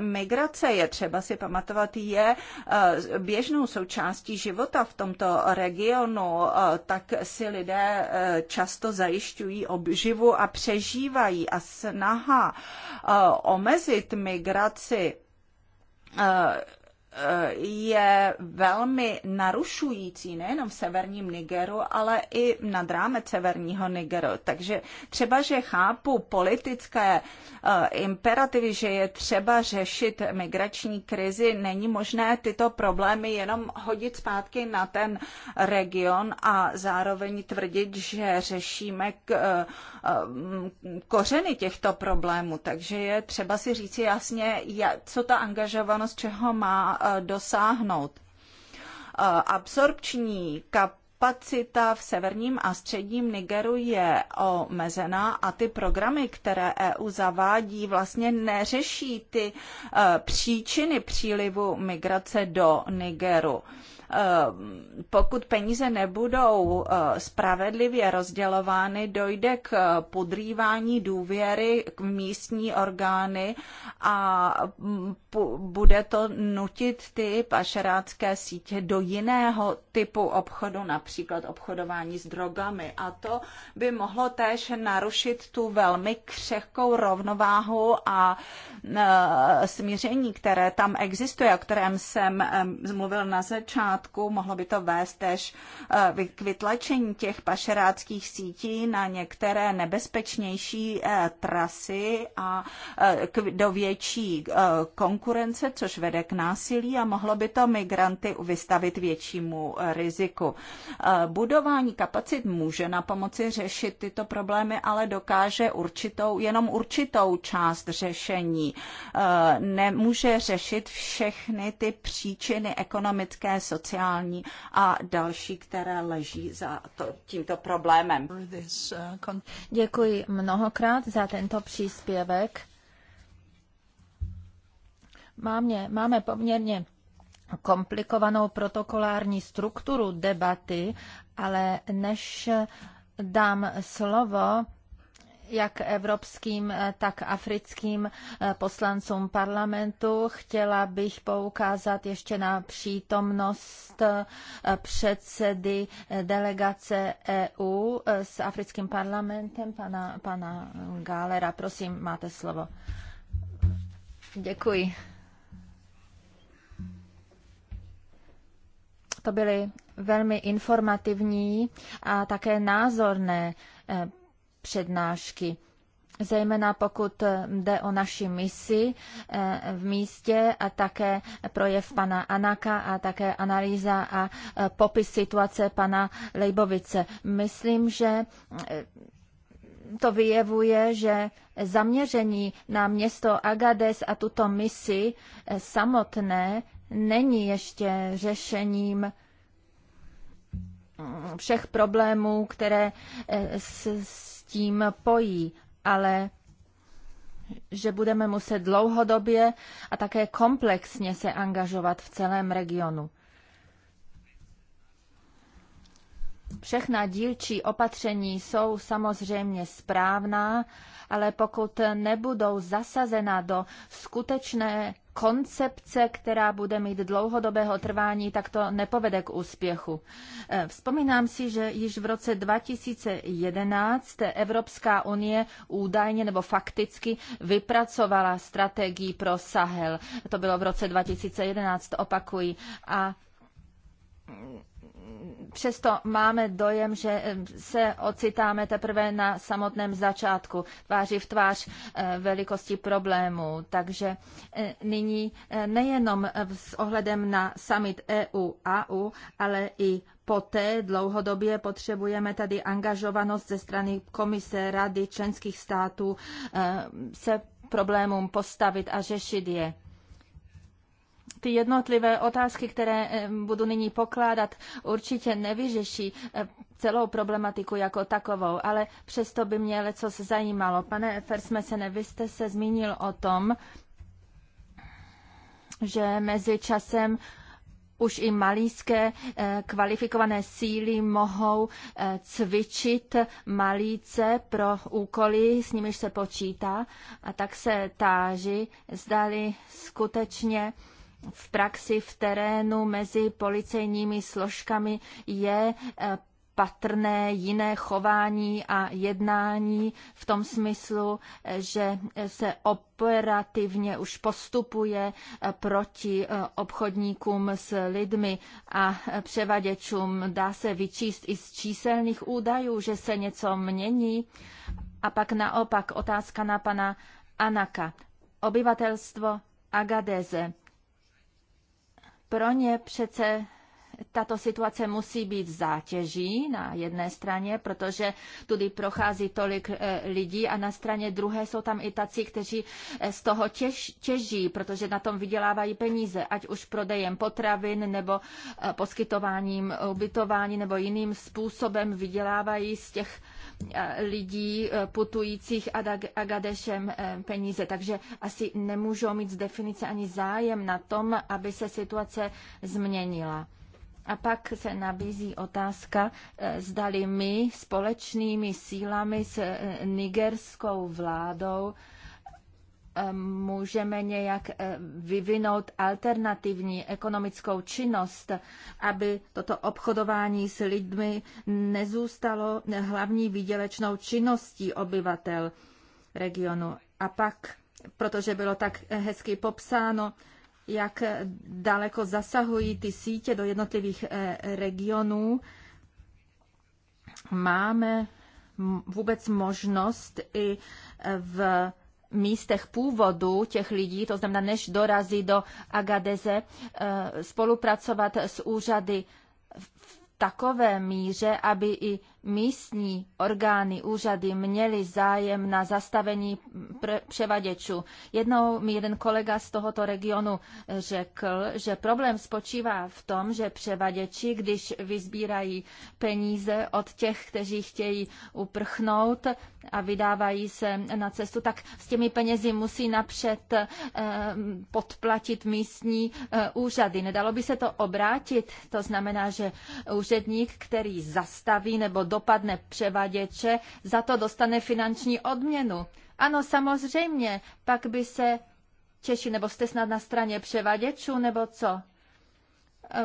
migrace je třeba třeba si pamatovat, je eh, běžnou součástí života v tomto regionu, eh, tak si lidé eh, často zajišťují obživu a přežívají a snaha omezit migraci je velmi narušující nejenom v severním Nigeru, ale i nad rámec severního Nigeru. Takže třeba, že chápu politické eh, imperativy, že je třeba řešit migrační krizi, není možné tyto problémy jenom hodit zpátky na ten region a zároveň tvrdit, že řešíme k, eh, eh, kořeny těchto problémů. Takže je třeba si říci jasně, co ta angažovanost, čeho má Eh, dosáhnout. Eh, absorpční kapacita v severním a středním Nigeru je omezená a ty programy, které EU zavádí, vlastně neřeší ty eh, příčiny přílivu migrace do Nigeru. Eh, pokud peníze nebudou eh, spravedlivě rozdělovány, dojde k eh, podrývání důvěry k místní orgány a mm, bude to nutit ty pašerácké sítě do jiného typu obchodu, například obchodování s drogami. A to by mohlo též narušit tu velmi křehkou rovnováhu a smíření, které tam existuje, o kterém jsem mluvil na začátku začátku. Mohlo by to vést tež eh, k vytlačení těch pašeráckých sítí na některé nebezpečnější eh, trasy a eh, do větší konkurence, což vede k násilí a mohlo by to migranty vystavit většímu riziku. Budování kapacit může na pomoci řešit tyto problémy, ale dokáže určitou, jenom určitou část řešení. Nemůže řešit všechny ty příčiny ekonomické, sociální sociální a další, které leží za to, tímto problémem. Děkuji mnohokrát za tento příspěvek. Máme, máme poměrně komplikovanou protokolární strukturu debaty, ale než dám slovo jak evropským, eh, tak africkým eh, poslancům parlamentu. Chtěla bych poukázat ještě na přítomnost eh, předsedy delegace EU s africkým parlamentem, pana, pana Gálera. Prosím, máte slovo. Děkuji. To byly velmi informativní a také názorné přednášky zejména pokud jde o naši misi eh, v místě a také projev pana Anaka a také analýza a eh, popis situace pana Lejbovice. Myslím, že eh, to vyjevuje, že zaměření na město Agades a tuto misi samotné není ještě řešením mm, všech problémů, které s tím pojí, ale že budeme muset dlouhodobě a také komplexně se angažovat v celém regionu. Všechna dílčí opatření jsou samozřejmě správná, ale pokud nebudou zasazena do skutečné koncepce, která bude mít dlouhodobého trvání, tak to nepovede k úspěchu. Eh, vzpomínám si, že již v roce 2011 Evropská unie údajně nebo fakticky vypracovala strategii pro Sahel. To bylo v roce 2011, opakuji. A přesto máme dojem, že eh, se ocitáme teprve na samotném začátku, tváří v tvář eh, velikosti problému. Takže eh, nyní nejenom s ohledem na summit EU-AU, ale i Poté dlouhodobě potřebujeme tady angažovanost ze strany komise, rady, členských států se problémům postavit a řešit je ty jednotlivé otázky, které eh, budu nyní pokládat, určitě nevyřeší eh, celou problematiku jako takovou, ale přesto by mě leco zajímalo. Pane Fersmesene, vy jste se zmínil o tom, že mezi časem už i malíské eh, kvalifikované síly mohou cvičit malíce pro úkoly, s nimiž se počítá. A tak se táži, zdali skutečně v praxi, v terénu mezi policejními složkami je eh, patrné jiné chování a jednání v tom smyslu, eh, že se operativně už postupuje eh, proti obchodníkům s lidmi a převaděčům. Dá se vyčíst i z číselných údajů, že se něco mění. A pak naopak otázka na pana Anaka. Obyvatelstvo Agadeze pro ně přece tato situace musí být zátěží na jedné straně, protože tudy prochází tolik eh, lidí a na straně druhé jsou tam i taci, kteří eh, z toho těž, těží, protože na tom vydělávají peníze, ať už prodejem potravin nebo eh, poskytováním ubytování nebo jiným způsobem vydělávají z těch lidí e, putujících Agadešem e, peníze. Takže asi nemůžou mít z definice ani zájem na tom, aby se situace změnila. A pak se nabízí otázka, e, zdali my společnými sílami s nigerskou vládou můžeme nějak eh, vyvinout alternativní ekonomickou činnost, aby toto obchodování s lidmi nezůstalo hlavní výdělečnou činností obyvatel regionu. A pak, protože bylo tak hezky popsáno, jak daleko zasahují ty sítě do jednotlivých eh, regionů, máme vůbec možnost i v místech původu těch lidí, to znamená, než dorazí do Agadeze, eh, spolupracovat s úřady v takové míře, aby i místní orgány, úřady měly zájem na zastavení převaděčů. Jednou mi jeden kolega z tohoto regionu řekl, že problém spočívá v tom, že převaděči, když vyzbírají peníze od těch, kteří chtějí uprchnout a vydávají se na cestu, tak s těmi penězi musí napřed eh, podplatit místní eh, úřady. Nedalo by se to obrátit? To znamená, že úředník, který zastaví nebo dopadne převaděče, za to dostane finanční odměnu. Ano, samozřejmě, pak by se Češi, nebo jste snad na straně převaděčů, nebo co?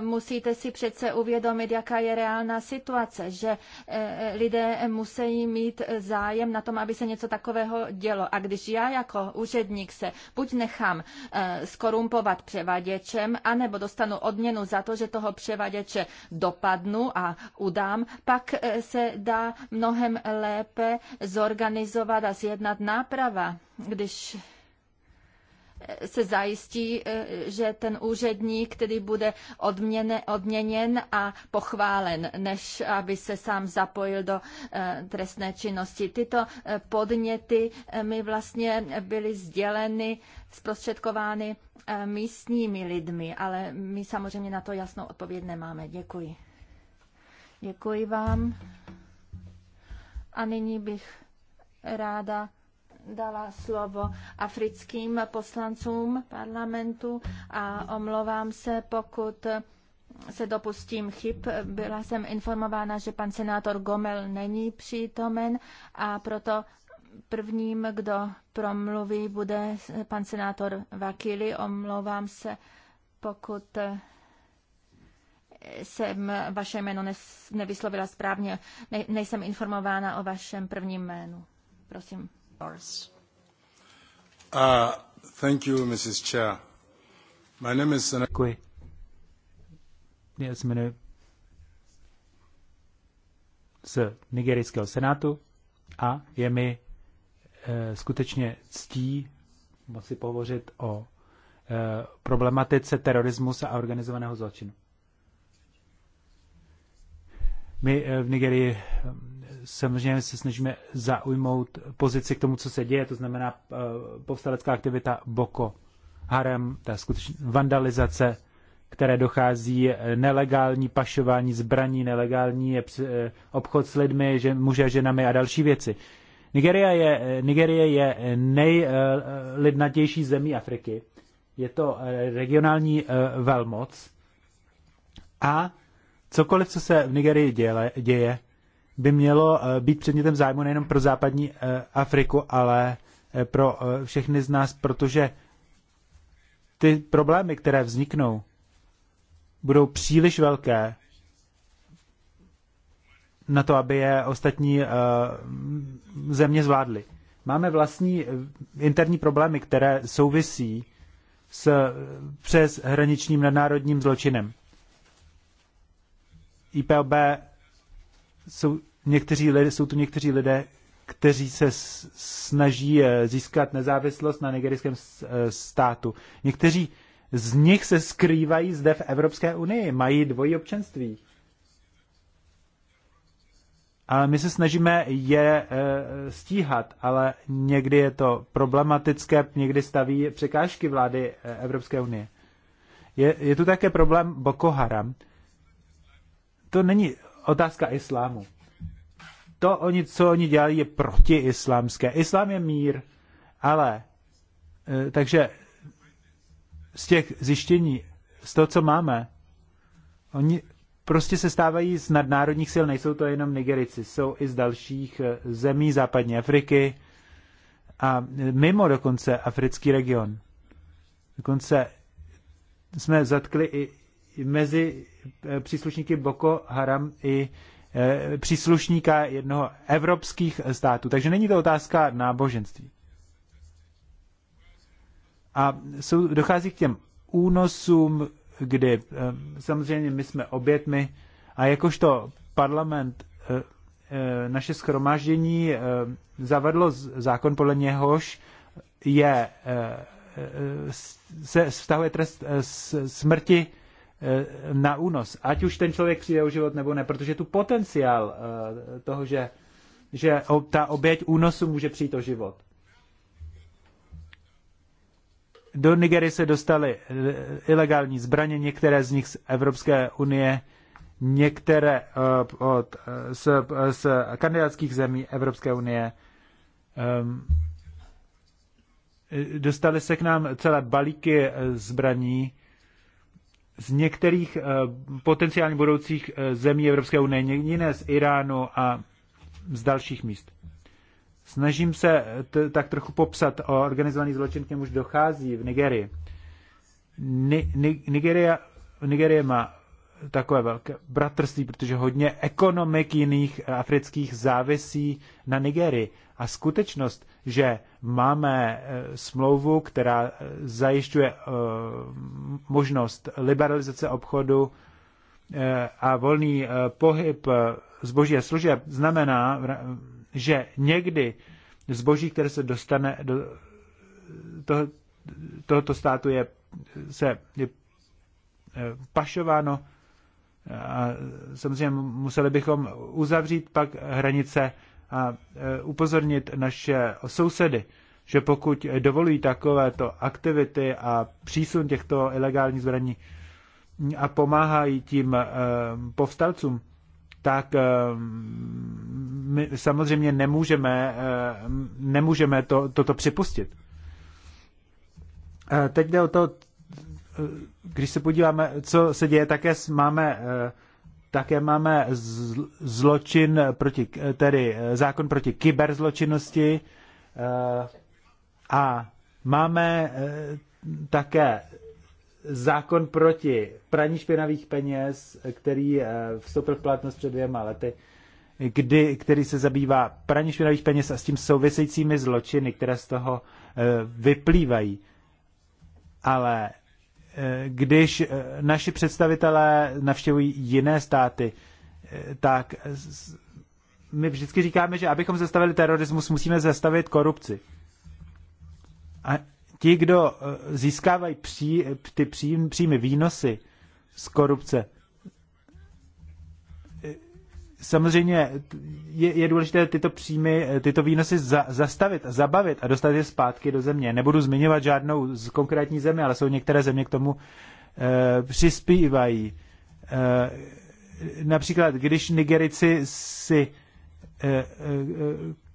musíte si přece uvědomit, jaká je reálná situace, že eh, lidé musí mít zájem na tom, aby se něco takového dělo. A když já jako úředník se buď nechám eh, skorumpovat převaděčem, anebo dostanu odměnu za to, že toho převaděče dopadnu a udám, pak eh, se dá mnohem lépe zorganizovat a zjednat náprava, když se zajistí, eh, že ten úředník tedy bude odměne, odměněn a pochválen, než aby se sám zapojil do eh, trestné činnosti. Tyto eh, podněty mi vlastně byly sděleny, zprostředkovány místními lidmi, ale my samozřejmě na to jasnou odpověď nemáme. Děkuji. Děkuji vám. A nyní bych ráda dala slovo africkým poslancům parlamentu a omlouvám se, pokud se dopustím chyb. Byla jsem informována, že pan senátor Gomel není přítomen a proto prvním, kdo promluví, bude pan senátor Vakili. Omlouvám se, pokud jsem vaše jméno nevyslovila správně. Ne, nejsem informována o vašem prvním jménu. Prosím. Uh, thank you, Mrs. Chair. My name is... Děkuji. Já se jmenuji z nigerijského senátu a je mi e, skutečně ctí moci pohovořit o e, problematice terorismu a organizovaného zločinu. My e, v Nigerii samozřejmě se snažíme zaujmout pozici k tomu, co se děje, to znamená eh, povstalecká aktivita Boko Harem, ta skutečná vandalizace, které dochází, eh, nelegální pašování zbraní, nelegální eh, obchod s lidmi, že, muže ženami a další věci. Nigeria je, Nigeria je nejlidnatější zemí Afriky. Je to regionální velmoc a cokoliv, co se v Nigerii děle, děje, by mělo eh, být předmětem zájmu nejenom pro západní eh, Afriku, ale eh, pro všechny z nás, protože ty problémy, které vzniknou, budou příliš velké na to, aby je ostatní země zvládly. Máme vlastní interní problémy, které souvisí s přes hraničním nadnárodním zločinem. IPLB jsou někteří lidé, jsou tu někteří lidé, kteří se snaží eh, získat nezávislost na nigerijském eh, státu. Někteří z nich se skrývají zde v Evropské unii, mají dvojí občanství. A my se snažíme je eh, stíhat, ale někdy je to problematické, někdy staví překážky vlády Evropské unie. Je, je tu také problém Boko Haram. To není otázka islámu to, oni, co oni dělají, je islámské. Islám je mír, ale eh, takže z těch zjištění, z toho, co máme, oni prostě se stávají z nadnárodních sil, nejsou to jenom Nigerici, jsou i z dalších eh, zemí západní Afriky a eh, mimo dokonce africký region. Dokonce jsme zatkli i mezi příslušníky Boko Haram i Eh, příslušníka jednoho evropských států. Takže není to otázka náboženství. A jsou, dochází k těm únosům, kdy eh, samozřejmě my jsme obětmi a jakožto parlament eh, naše schromáždění zavedlo zákon, podle něhož je, se vztahuje trest smrti Eh, na únos. Ať už ten člověk přijde o život nebo ne, protože tu potenciál eh, toho, že, že ta oběť únosu může přijít o život. Do Nigery se dostaly eh, ilegální zbraně, některé z nich z Evropské unie, některé od, z, z kandidátských zemí Evropské unie. Ehm, dostaly se k nám celé balíky zbraní, z některých eh, potenciálně budoucích eh, zemí Evropské unie, jiné z Iránu a z dalších míst. Snažím se eh, tak trochu popsat o organizovaný zločin, k němuž dochází v Nigerii. Ni- Ni- Nigeria, Nigerie má takové velké bratrství, protože hodně ekonomik jiných afrických závisí na Nigerii. A skutečnost, že máme eh, smlouvu, která eh, zajišťuje eh, možnost liberalizace obchodu a volný pohyb zboží a služeb znamená, že někdy zboží, které se dostane do toho, tohoto státu, je, se, je pašováno a samozřejmě museli bychom uzavřít pak hranice a e, upozornit naše sousedy, že pokud dovolují takovéto aktivity a přísun těchto ilegálních zbraní a pomáhají tím e, povstalcům, tak e, my samozřejmě nemůžeme, nemůžeme to, toto připustit. Teď jde o to, když se podíváme, co se děje, také máme také máme zločin proti, tedy eh, zákon proti kyberzločinnosti eh, a máme eh, také zákon proti praní špinavých peněz, který vstoupil v platnost před dvěma lety, kdy, který se zabývá praní špinavých peněz a s tím souvisejícími zločiny, které z toho vyplývají. Ale když eh, naši představitelé navštěvují jiné státy, eh, tak my vždycky říkáme, že abychom zastavili terorismus, musíme zastavit korupci. A ti, kdo eh, získávají pří, ty pří, příjmy výnosy z korupce, samozřejmě je, je důležité tyto příjmy, tyto výnosy za, zastavit, zabavit a dostat je zpátky do země. Nebudu zmiňovat žádnou z konkrétní země, ale jsou některé země k tomu e, přispívají. E, například, když Nigerici si e,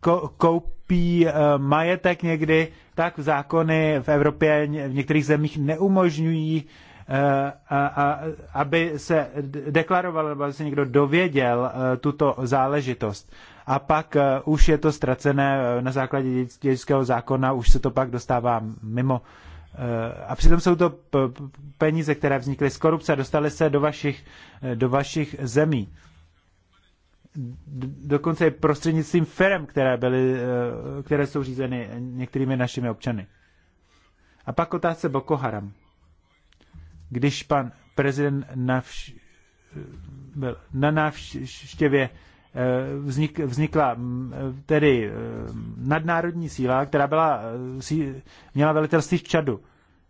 ko, koupí majetek někdy, tak zákony v Evropě v některých zemích neumožňují Eh, a, aby se deklaroval, aby se někdo dověděl eh, tuto záležitost. A pak eh, už je to ztracené na základě dědického zákona, už se to pak dostává mimo. A přitom jsou to peníze, které vznikly z korupce a dostaly se do vašich, do vašich zemí. Dokonce i prostřednictvím firm, které, byly, které jsou řízeny některými našimi občany. A pak otázce Boko Haram když pan prezident navš- byl na návštěvě eh, vznik, vznikla mm, eh, tedy eh, nadnárodní síla, která byla, měla velitelství v Čadu.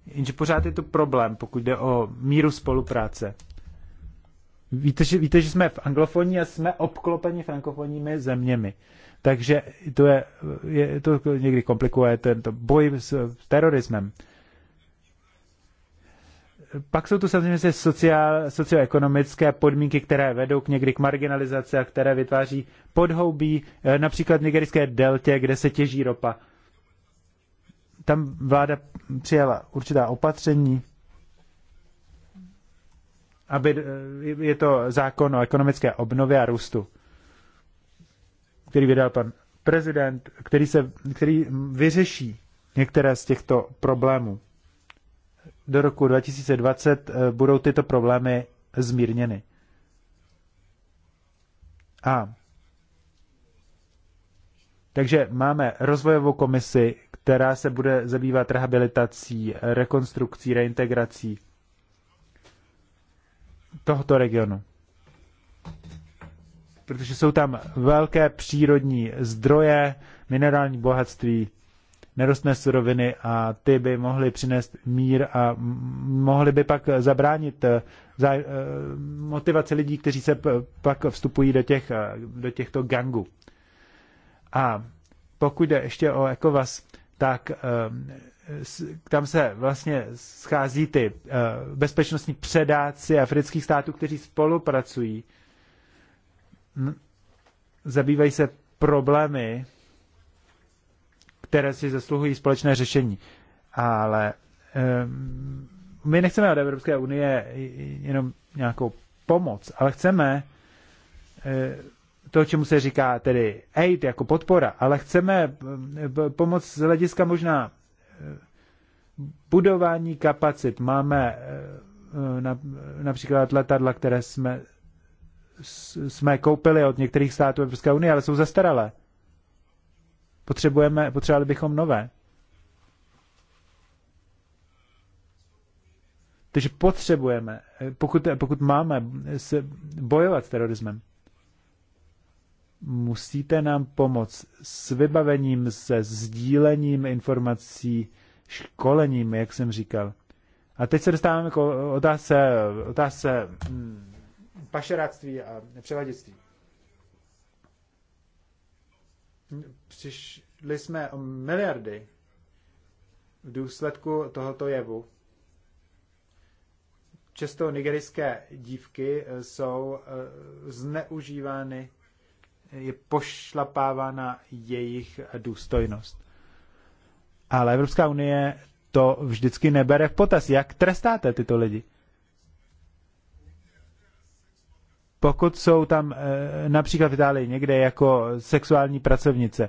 Jenže pořád je to problém, pokud jde o míru spolupráce. Víte že, víte, že jsme v anglofonii a jsme obklopeni frankofonními zeměmi. Takže to je, je to někdy komplikuje tento boj s terorismem pak jsou tu samozřejmě sociál, socioekonomické podmínky, které vedou k někdy k marginalizaci a které vytváří podhoubí, eh, například v nigerské deltě, kde se těží ropa. Tam vláda přijala určitá opatření, aby, eh, je to zákon o ekonomické obnově a růstu, který vydal pan prezident, který, se, který vyřeší některé z těchto problémů do roku 2020 eh, budou tyto problémy zmírněny. A takže máme rozvojovou komisi, která se bude zabývat rehabilitací, rekonstrukcí, reintegrací tohoto regionu. Protože jsou tam velké přírodní zdroje, minerální bohatství, nerostné suroviny a ty by mohly přinést mír a mohly by pak zabránit eh, eh, motivaci lidí, kteří se pak vstupují do, těch, eh, do těchto gangů. A pokud jde ještě o ECOVAS, tak tam se vlastně schází ty bezpečnostní předáci afrických států, kteří spolupracují, zabývají se problémy, které si zasluhují společné řešení. Ale my nechceme od Evropské unie jenom nějakou pomoc, ale chceme eh, to, čemu se říká tedy aid jako podpora, ale chceme eh, pomoc z hlediska možná eh, budování kapacit. Máme například letadla, které jsme, jsme koupili od některých států Evropské unie, ale jsou zastaralé. Potřebujeme, potřebovali bychom nové. Takže potřebujeme, pokud, pokud máme se bojovat s terorismem, musíte nám pomoct s vybavením, se sdílením informací, školením, jak jsem říkal. A teď se dostáváme k otázce, otázce hm, pašeráctví a převaděctví. přišli jsme o miliardy v důsledku tohoto jevu. Často nigerijské dívky eh, jsou eh, zneužívány, je pošlapávána jejich důstojnost. Ale Evropská unie to vždycky nebere v potaz. Jak trestáte tyto lidi? Pokud jsou tam eh, například v Itálii někde jako sexuální pracovnice,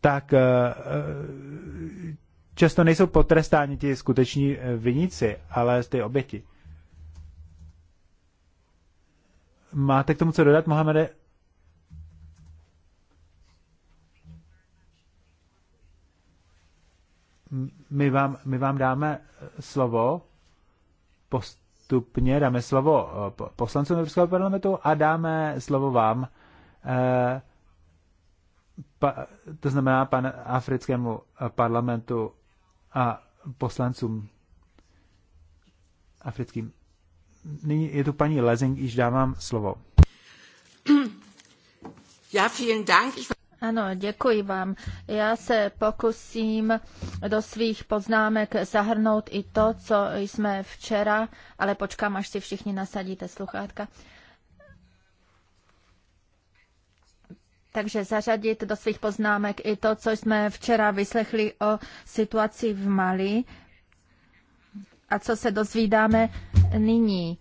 tak eh, eh, často nejsou potrestáni ti skuteční viníci, ale ty oběti. Máte k tomu co dodat, Mohamede? My vám, my vám dáme slovo postupně dáme slovo eh, poslancům Evropského parlamentu a dáme slovo vám, eh, to znamená pan africkému eh, parlamentu a poslancům africkým. Nyní je tu paní Lezing, již dávám slovo. Ja, vielen Dank. Ano, děkuji vám. Já se pokusím do svých poznámek zahrnout i to, co jsme včera, ale počkám, až si všichni nasadíte sluchátka. Takže zařadit do svých poznámek i to, co jsme včera vyslechli o situaci v Mali a co se dozvídáme nyní.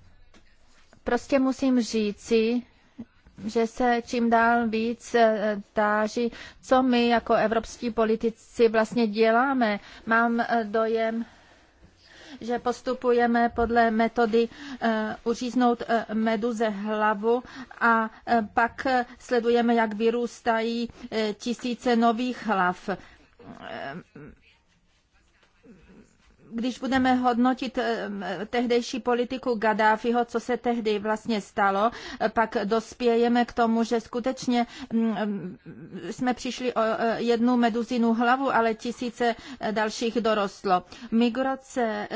Prostě musím říci, že se čím dál víc eh, táží, co my jako evropští politici vlastně děláme. Mám eh, dojem, že postupujeme podle metody eh, uříznout ze hlavu a pak sledujeme, jak vyrůstají tisíce nových hlav když budeme hodnotit eh, tehdejší politiku Gaddafiho, co se tehdy vlastně stalo, eh, pak dospějeme k tomu, že skutečně mm, mm, jsme přišli o eh, jednu meduzinu hlavu, ale tisíce dalších dorostlo. Migrace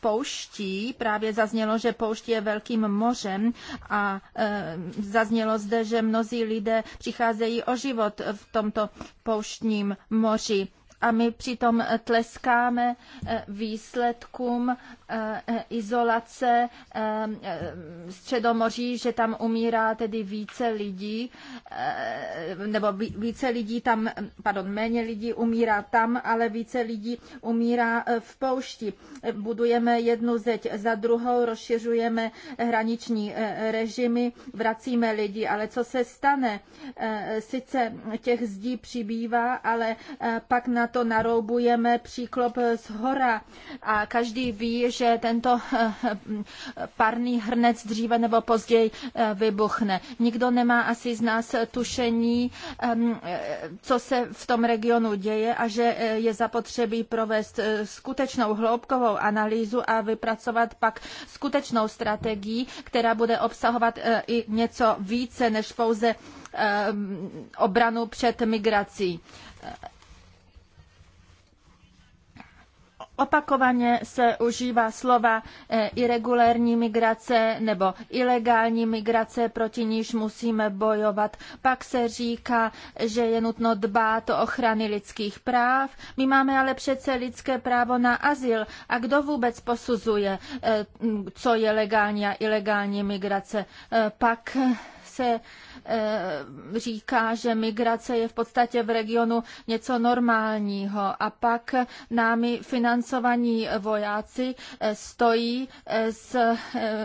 pouští, právě zaznělo, že pouští je velkým mořem a zaznělo zde, že mnozí lidé přicházejí o život v tomto pouštním moři a my přitom tleskáme eh, výsledkům eh, eh, izolace Středomoří, že tam umírá tedy více lidí, nebo více lidí tam, pardon, méně lidí umírá tam, ale více lidí umírá v poušti. Budujeme jednu zeď za druhou, rozšiřujeme hraniční režimy, vracíme lidi, ale co se stane? Sice těch zdí přibývá, ale pak na to naroubujeme příklop z hora a každý ví, že tento eh, parný hrnec dříve nebo později eh, vybuchne. Nikdo nemá asi z nás tušení, ehm, eh, co se v tom regionu děje a že je zapotřebí provést skutečnou hloubkovou analýzu a vypracovat pak skutečnou strategii, která bude obsahovat i něco více než pouze ehm, obranu před migrací. Opakovaně se užívá slova eh, irregulérní migrace nebo ilegální migrace, proti níž musíme bojovat. Pak se říká, že je nutno dbát o ochrany lidských práv. My máme ale přece lidské právo na azyl. A kdo vůbec posuzuje, eh, co je legální a ilegální migrace? Eh, pak se eh, říká, že migrace je v podstatě v regionu něco normálního a pak námi financovaní vojáci eh, stojí eh, s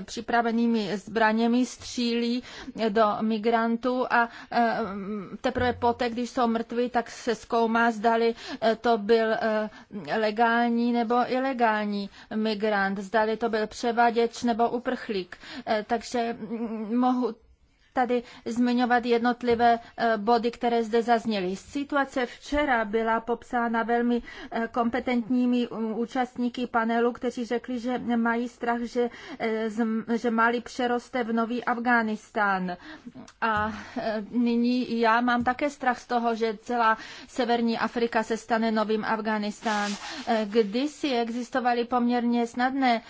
připravenými zbraněmi, střílí do migrantů a teprve poté, když jsou mrtví, tak se zkoumá, zdali to byl legální nebo ilegální migrant, zdali to byl převaděč nebo uprchlík. Takže mm, mohu tady zmiňovat jednotlivé eh, body, které zde zazněly. Situace včera byla popsána velmi eh, kompetentními um, účastníky panelu, kteří řekli, že mají strach, že, eh, že Mali přeroste v nový Afghánistán. A nyní já mám také strach z toho, že celá severní Afrika se stane novým Afghánistán. Kdysi existovaly poměrně snadné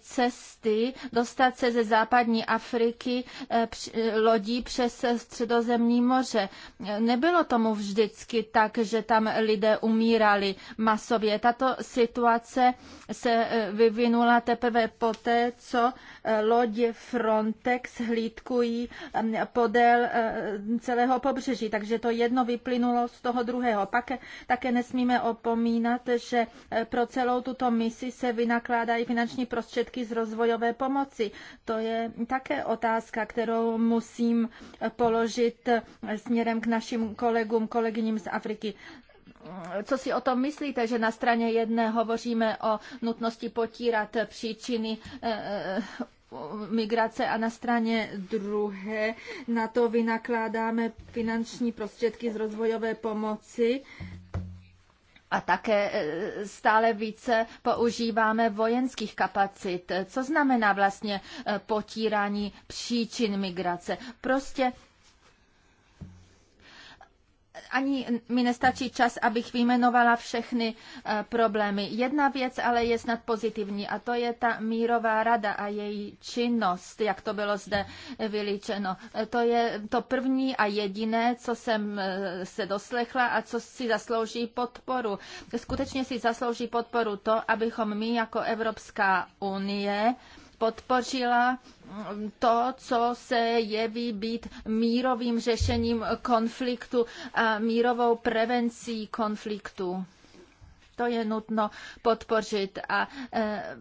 cesty dostat se ze západní Afriky lodí přes středozemní moře. Nebylo tomu vždycky tak, že tam lidé umírali masově. Tato situace se eh, vyvinula teprve poté, co lodě Frontex hlídkují um, podél eh, celého pobřeží, takže to jedno vyplynulo z toho druhého. Pak také nesmíme opomínat, že eh, pro celou tuto misi se vynakládají finanční prostředky z rozvojové pomoci. To je také otázka, kterou musím eh, položit směrem k našim kolegům, kolegyním z Afriky co si o tom myslíte, že na straně jedné hovoříme o nutnosti potírat příčiny migrace a na straně druhé na to vynakládáme finanční prostředky z rozvojové pomoci a také e, stále více používáme vojenských kapacit. Co znamená vlastně e, potírání příčin migrace? Prostě ani mi nestačí čas, abych vyjmenovala všechny eh, problémy. Jedna věc ale je snad pozitivní a to je ta mírová rada a její činnost, jak to bylo zde vylíčeno. Eh, to je to první a jediné, co jsem eh, se doslechla a co si zaslouží podporu. Skutečně si zaslouží podporu to, abychom my jako Evropská unie podpořila mm, to, co se jeví být mírovým řešením konfliktu a mírovou prevencí konfliktu. To je nutno podpořit a eh,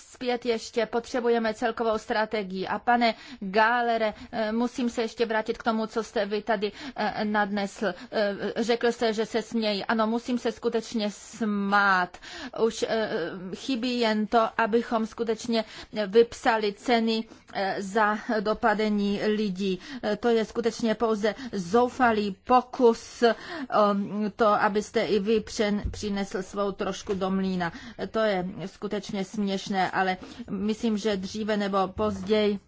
zpět ještě potřebujeme celkovou strategii. A pane Gálere, eh, musím se ještě vrátit k tomu, co jste vy tady eh, nadnesl. Eh, řekl jste, že se smějí. Ano, musím se skutečně smát. Už chybí jen to, abychom skutečně vypsali ceny za dopadení lidí. To je skutečně pouze zoufalý pokus to, abyste i vy přinesl svou trošku do mlína. To je skutečně směšné ale myslím, že dříve nebo později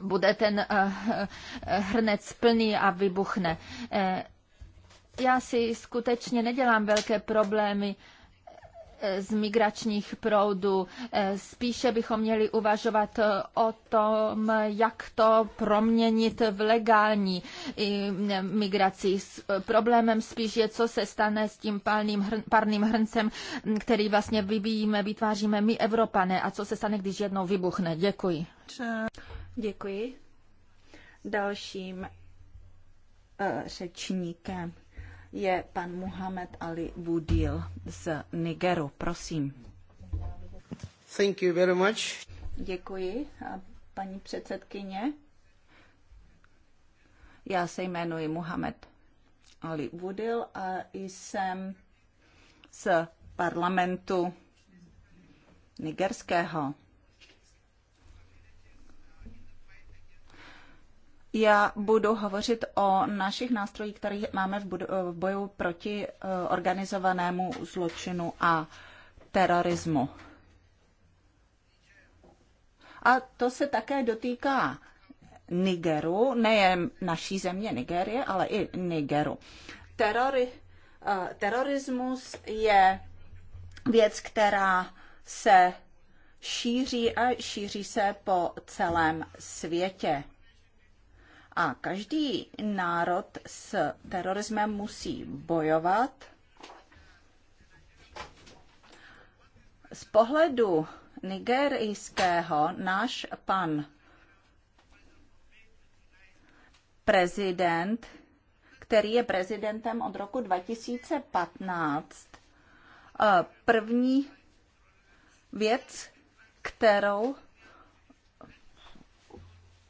bude ten eh, eh, hrnec plný a vybuchne. Eh, já si skutečně nedělám velké problémy Eh, z migračních proudů. Eh, spíše bychom měli uvažovat eh, o tom, jak to proměnit v legální migraci. problémem spíš je, co se stane s tím palným parným hrncem, který vlastně vybíjíme, vytváříme my Evropané a co se stane, když jednou vybuchne. Děkuji. Děkuji. Dalším řečníkem je pan Muhammad Ali Boudil z Nigeru. Prosím. Thank you very much. Děkuji, paní předsedkyně. Já se jmenuji Muhammad Ali Boudil a jsem z parlamentu nigerského. Já budu hovořit o našich nástrojích, které máme v boju proti eh, organizovanému zločinu a terorismu. A to se také dotýká Nigeru, nejen naší země Nigerie, ale i Nigeru. Terori, eh, terorismus je věc, která se šíří a šíří se po celém světě. A každý národ s terorismem musí bojovat. Z pohledu nigerijského náš pan prezident, který je prezidentem od roku 2015, eh, první věc, kterou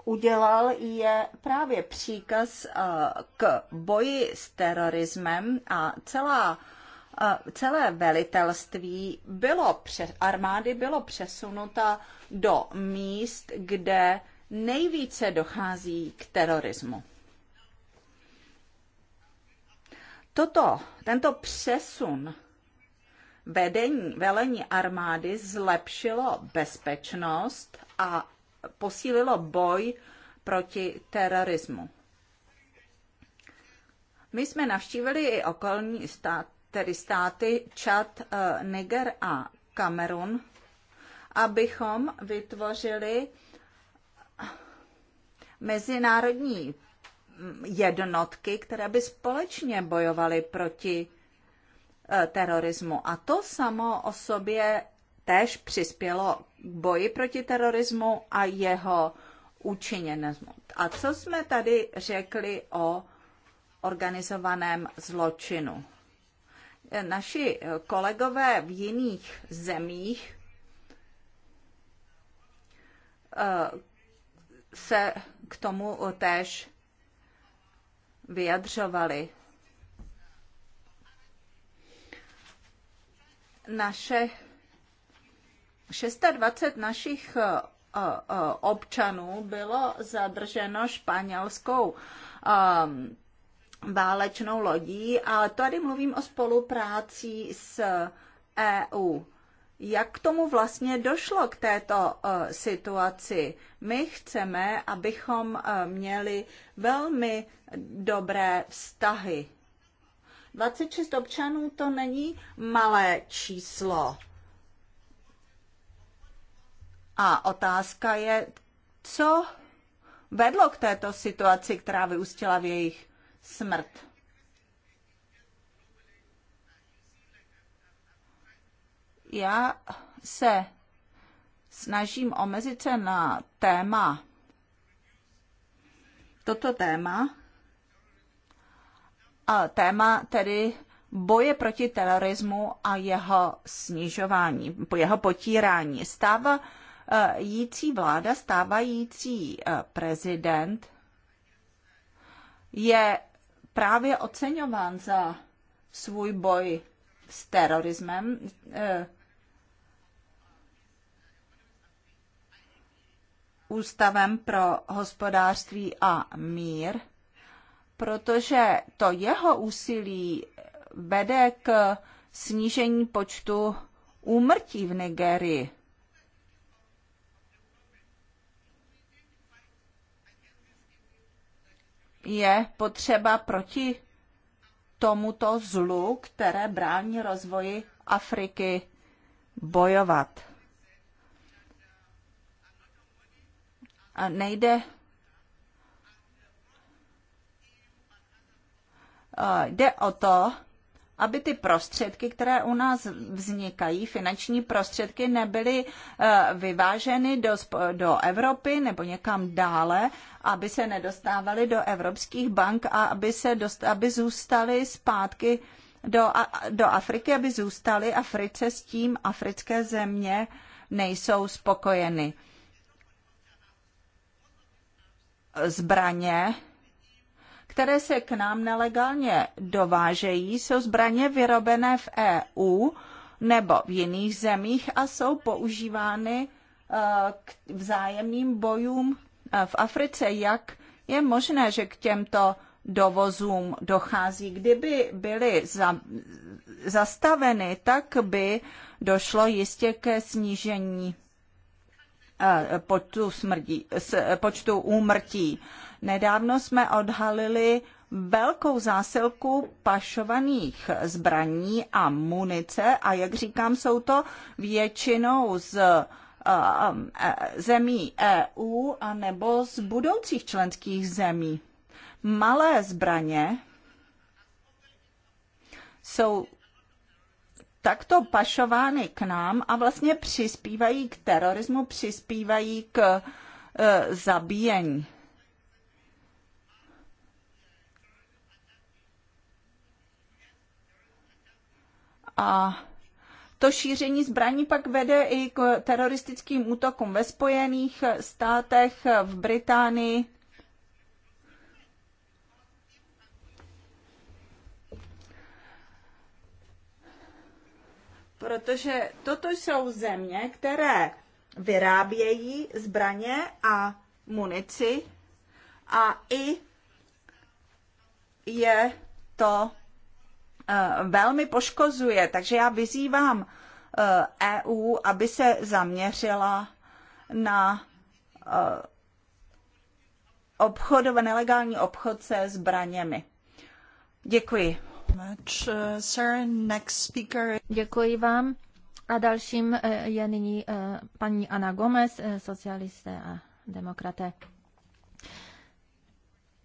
udělal, je právě příkaz eh, k boji s terorismem a celá eh, celé velitelství bylo přes, armády bylo přesunuta do míst, kde nejvíce dochází k terorismu. Toto, tento přesun vedení, velení armády zlepšilo bezpečnost a posílilo boj proti terorismu. My jsme navštívili i okolní stát, tedy státy Čad, eh, Niger a Kamerun, abychom vytvořili eh, mezinárodní mm, jednotky, které by společně bojovaly proti eh, terorismu. A to samo o sobě též přispělo k boji proti terorismu a jeho učiněnismu. A co jsme tady řekli o organizovaném zločinu? Naši kolegové v jiných zemích eh, se k tomu též vyjadřovali. Naše 620 našich eh, eh, občanů bylo zadrženo španělskou ehm, válečnou lodí, ale tady mluvím o spolupráci s EU. Jak k tomu vlastně došlo k této uh, situaci? My chceme, abychom uh, měli velmi dobré vztahy. 26 občanů to není malé číslo. A otázka je, co vedlo k této situaci, která vyústila v jejich smrt. Já se snažím omezit se na téma, toto téma, a téma tedy boje proti terorismu a jeho snižování, jeho potírání. Stává jící vláda, stávající eh, prezident je právě oceňován za svůj boj s terorismem. Eh, Ústavem pro hospodářství a mír, protože to jeho úsilí vede k snížení počtu úmrtí v Nigerii. je potřeba proti tomuto zlu, které brání rozvoji Afriky, bojovat. A nejde eh, jde o to, aby ty prostředky, které u nás vznikají, finanční prostředky, nebyly eh, vyváženy do, do Evropy nebo někam dále, aby se nedostávaly do evropských bank a aby, se dost, aby zůstaly zpátky do, do Afriky, aby zůstaly Africe s tím africké země nejsou spokojeny. Zbraně které se k nám nelegálně dovážejí, jsou zbraně vyrobené v EU nebo v jiných zemích a jsou používány eh, k vzájemným bojům eh, v Africe. Jak je možné, že k těmto dovozům dochází. Kdyby byly za, zastaveny, tak by došlo jistě ke snížení eh, počtu, smrdí, počtu úmrtí. Nedávno jsme odhalili velkou zásilku pašovaných zbraní a munice a jak říkám, jsou to většinou z eh, eh, zemí EU a nebo z budoucích členských zemí. Malé zbraně jsou takto pašovány k nám a vlastně přispívají k terorismu, přispívají k eh, zabíjení. A to šíření zbraní pak vede i k teroristickým útokům ve Spojených státech, v Británii. Protože toto jsou země, které vyrábějí zbraně a munici a i je to Eh, velmi poškozuje. Takže já vyzývám EU, eh, e aby se zaměřila na eh, obchodov, nelegální obchod se zbraněmi. Děkuji. Děkuji vám. A dalším je nyní paní Ana Gomez, socialisté a demokraté.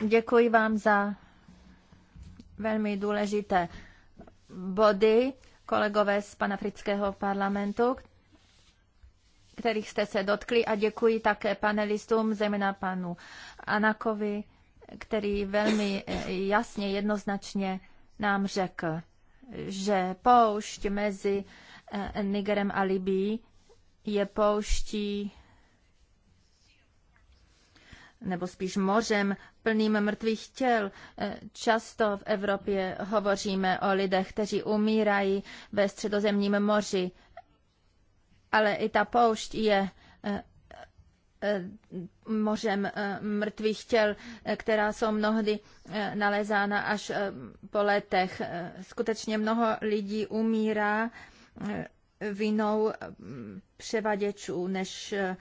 Děkuji vám za velmi důležité body, kolegové z panafrického parlamentu, kterých jste se dotkli a děkuji také panelistům, zejména panu Anakovi, který velmi eh, jasně, jednoznačně nám řekl, že poušť mezi eh, Nigerem a Libí je pouští nebo spíš mořem plným mrtvých těl. Eh, Často v Evropě hovoříme o lidech, kteří umírají ve středozemním moři, ale i ta poušť je eh, eh, mořem mrtvých těl, která jsou mnohdy nalezána až po letech. Skutečně mnoho lidí umírá vinou eh, převaděčů, než eh,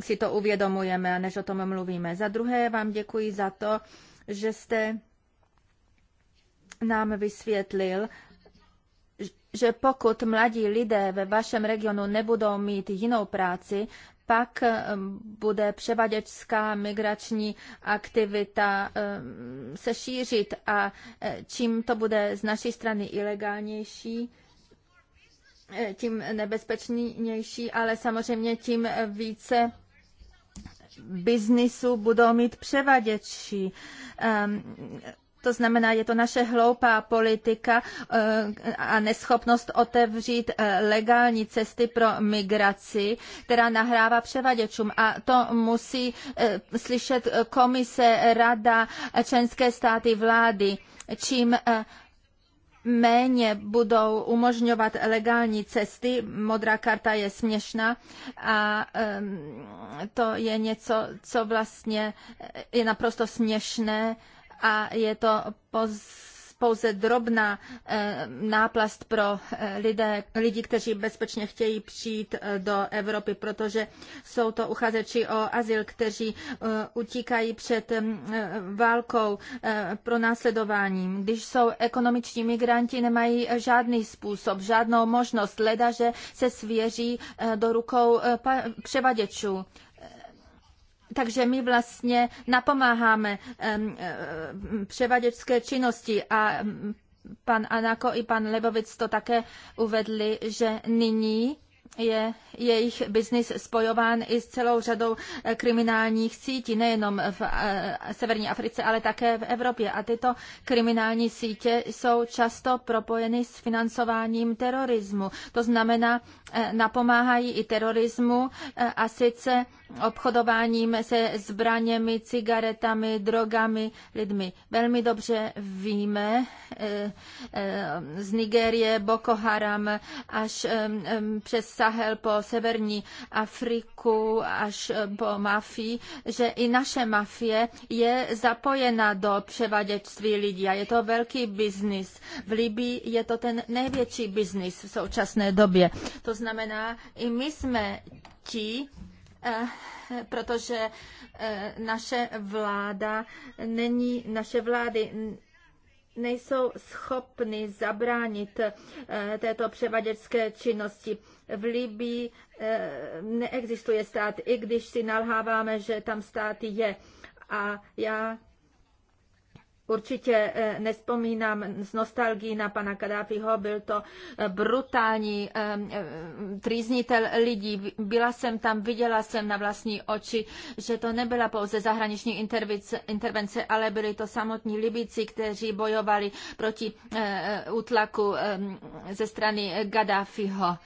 si to uvědomujeme a než o tom mluvíme. Za druhé vám děkuji za to, že jste nám vysvětlil, že pokud mladí lidé ve vašem regionu nebudou mít jinou práci, pak eh, bude převaděčská migrační aktivita se šířit a čím to bude z naší strany ilegálnější, Eh, tím nebezpečnější, ale samozřejmě tím více biznisu budou mít převaděči. Ehm, to znamená, je to naše hloupá politika eh, a neschopnost otevřít eh, legální cesty pro migraci, která nahrává převaděčům. A to musí slyšet komise, rada, členské státy, vlády. Čím méně budou umožňovat legální cesty. Modrá karta je směšná a to je něco, co vlastně je naprosto směšné a je to poz pouze drobná eh, náplast pro eh, lidé, lidi, kteří bezpečně chtějí přijít eh, do Evropy, protože jsou to uchazeči o azyl, kteří utíkají před válkou, pro následováním. Když jsou ekonomiční migranti, nemají žádný způsob, žádnou možnost, leda, že se svěří do rukou převaděčů takže my vlastně napomáháme převaděčské činnosti a pan Anako i pan Lebovic to také uvedli, že nyní je jejich biznis spojován i s celou řadou eh, kriminálních sítí, nejenom v eh, severní Africe, ale také v Evropě. A tyto kriminální sítě jsou často propojeny s financováním terorismu. To znamená, eh, napomáhají i terorismu a sice obchodováním se zbraněmi, cigaretami, drogami, lidmi. Velmi dobře víme z Nigérie, Boko Haram až přes Sahel po severní Afriku až eh, po mafii, že i naše mafie je zapojena do převaděčství lidí a je to velký biznis. V Libii je to ten největší biznis v současné době. To znamená, i my jsme ti, eh, protože eh, naše vláda není, naše vlády nejsou schopny zabránit eh, této převaděčské činnosti. V Libii eh, neexistuje stát, i když si nalháváme, že tam stát je. A já Určitě eh, nespomínám s nostalgií na pana Kadáfiho, byl to eh, brutální eh, trýznitel lidí. Byla jsem tam, viděla jsem na vlastní oči, že to nebyla pouze zahraniční intervence, ale byli to samotní Libici, kteří bojovali proti útlaku ze strany Gaddafiho.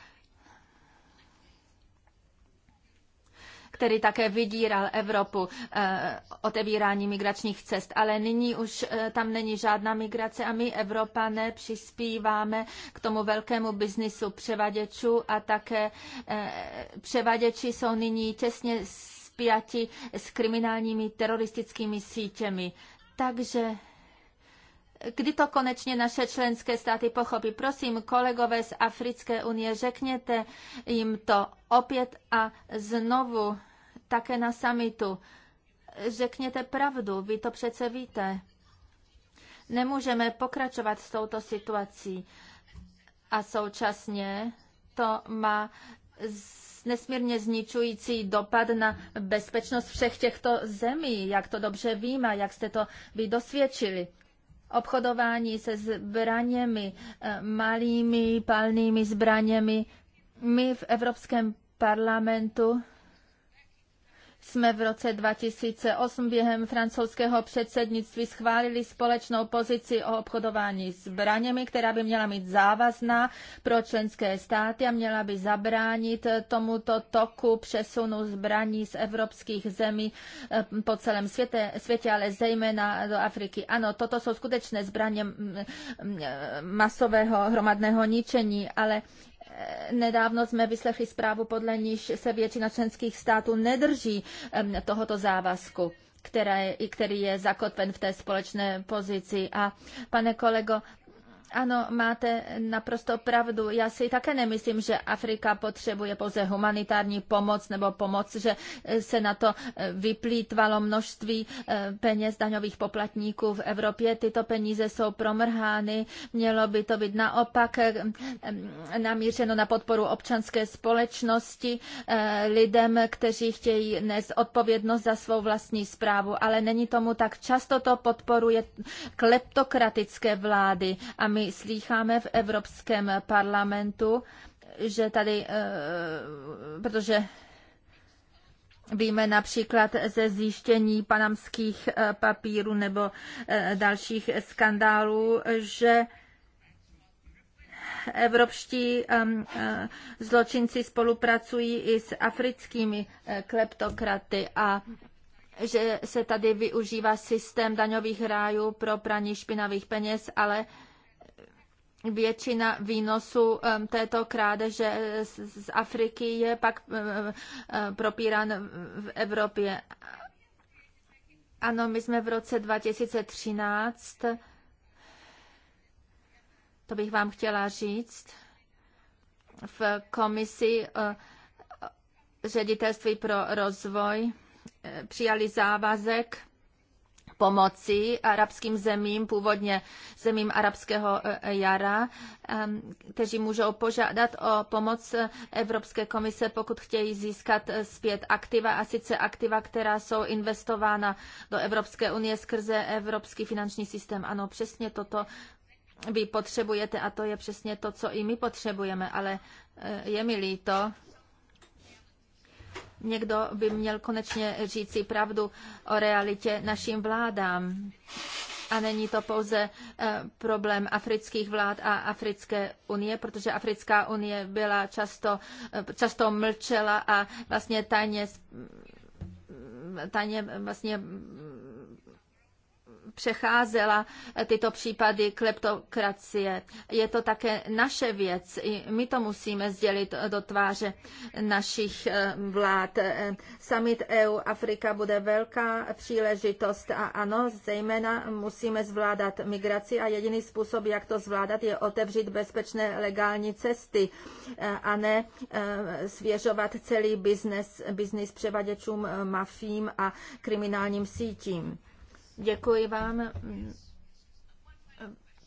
který také vydíral Evropu eh, otevírání migračních cest. Ale nyní už eh, tam není žádná migrace a my, Evropané, přispíváme k tomu velkému biznisu převaděčů a také eh, převaděči jsou nyní těsně spjati s kriminálními teroristickými sítěmi. Takže Kdy to konečně naše členské státy pochopí? Prosím, kolegové z Africké unie, řekněte jim to opět a znovu, také na samitu. Řekněte pravdu, vy to přece víte. Nemůžeme pokračovat s touto situací a současně to má nesmírně zničující dopad na bezpečnost všech těchto zemí, jak to dobře víme, jak jste to vy dosvědčili obchodování se zbraněmi, eh, malými palnými zbraněmi. My v Evropském parlamentu jsme v roce 2008 během francouzského předsednictví schválili společnou pozici o obchodování s zbraněmi, která by měla mít závazná pro členské státy a měla by zabránit tomuto toku přesunu zbraní z evropských zemí eh, po celém světě, světě ale zejména do Afriky. Ano, toto jsou skutečné zbraně mm, mm, eh, masového hromadného ničení, ale Nedávno jsme vyslechli zprávu, podle níž se většina členských států nedrží tohoto závazku které, který je zakotven v té společné pozici. A pane kolego, ano, máte naprosto pravdu. Já si také nemyslím, že Afrika potřebuje pouze humanitární pomoc nebo pomoc, že eh, se na to eh, vyplýtvalo množství eh, peněz daňových poplatníků v Evropě. Tyto peníze jsou promrhány. Mělo by to být naopak namířeno na podporu občanské společnosti lidem, kteří chtějí nést odpovědnost za svou vlastní zprávu. Ale není tomu tak. Často to podporuje kleptokratické vlády a my slýcháme v Evropském parlamentu, že tady, eh, protože Víme například ze zjištění panamských eh, papírů nebo eh, dalších skandálů, že evropští zločinci spolupracují i s africkými kleptokraty a že se tady využívá systém daňových rájů pro praní špinavých peněz, ale většina výnosu této krádeže z Afriky je pak propíran v Evropě. Ano, my jsme v roce 2013, to bych vám chtěla říct, v komisi eh, ředitelství pro rozvoj eh, přijali závazek pomoci arabským zemím, původně zemím arabského eh, eh, jara, kteří můžou požádat o pomoc Evropské komise, pokud chtějí získat eh, zpět aktiva, a sice aktiva, která jsou investována do Evropské unie skrze Evropský finanční systém. Ano, přesně toto vy potřebujete a to je přesně to, co i my potřebujeme, ale je mi líto, Někdo by měl konečně říci pravdu o realitě našim vládám. A není to pouze eh, problém afrických vlád a Africké unie, protože Africká unie byla často, eh, často mlčela a vlastně tajně tajně vlastně přecházela tyto případy kleptokracie. Je to také naše věc. I my to musíme sdělit do tváře našich eh, vlád. Eh, summit EU Afrika bude velká příležitost a ano, zejména musíme zvládat migraci a jediný způsob, jak to zvládat, je otevřít bezpečné legální cesty eh, a ne svěřovat celý biznes, biznis převaděčům, mafím a kriminálním sítím. Děkuji vám.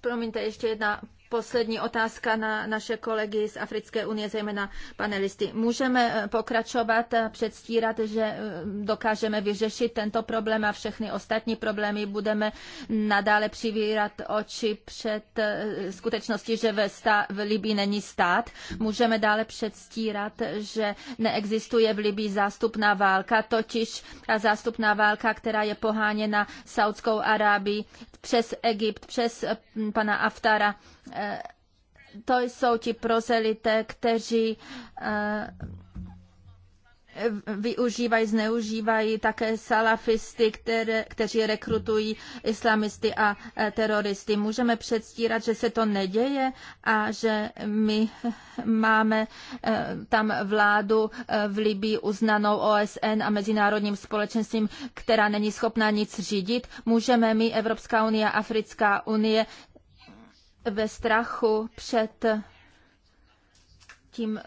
Promiňte, ještě jedna poslední otázka na naše kolegy z Africké unie, zejména panelisty. Můžeme eh, pokračovat a předstírat, že eh, dokážeme vyřešit tento problém a všechny ostatní problémy. Budeme nadále přivírat oči před eh, skutečností, že ve stá- v Libii není stát. Můžeme dále předstírat, že neexistuje v Libii zástupná válka, totiž ta zástupná válka, která je poháněna Saudskou Arábí přes Egypt, přes hm, pana Aftara Eh, to jsou ti prozelité, kteří eh, využívají, zneužívají také salafisty, které, kteří rekrutují islamisty a eh, teroristy. Můžeme předstírat, že se to neděje a že my máme tam vládu v Libii uznanou OSN a mezinárodním společenstvím, která není schopná nic řídit. Můžeme my, Evropská unie a Africká unie, ve strachu před tím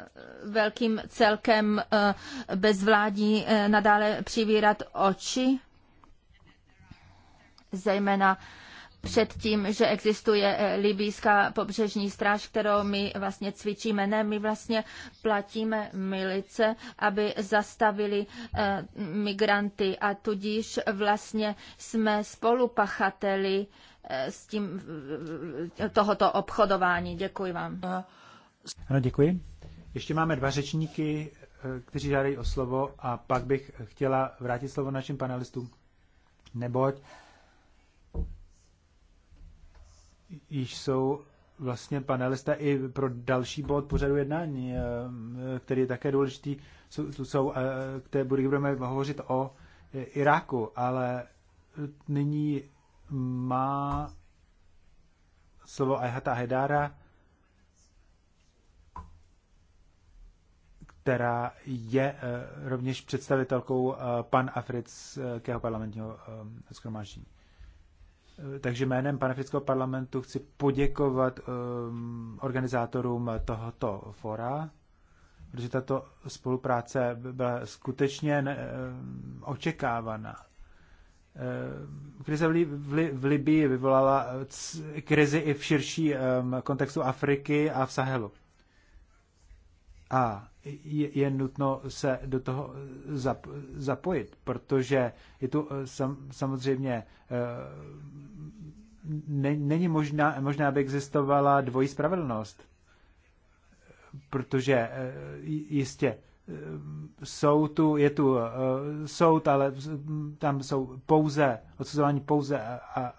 velkým celkem eh, bezvládí eh, nadále přivírat oči, zejména před tím, že existuje eh, libýská pobřežní stráž, kterou my vlastně cvičíme. Ne, my vlastně platíme milice, aby zastavili migranty a tudíž vlastně jsme spolupachateli s tím tohoto obchodování. Děkuji vám. Ano, děkuji. Ještě máme dva řečníky, eh, kteří žádají o slovo a pak bych chtěla vrátit slovo našim panelistům, neboť již jsou vlastně panelista i pro další bod pořadu jednání, eh, eh, který je také důležitý, jsou, jsou, které budeme hovořit o Iráku, ale nyní má slovo Ajhata Hedára, která je eh, rovněž představitelkou eh, pan parlamentního eh, schromáždění. Takže jménem panafrického parlamentu chci poděkovat organizátorům tohoto fora, protože tato spolupráce byla skutečně očekávaná Eh, krize v, Li, v, Li, v Libii vyvolala c, eh, krizi i v širší um, kontextu Afriky a v Sahelu. A je, je nutno se do toho eh, zap, zapojit, protože je tu sam, samozřejmě uh, ne, není možná, možná, aby existovala dvojí spravedlnost, protože uh, jistě jsou tu, je tu eh, soud, ale tam jsou pouze, odsuzování pouze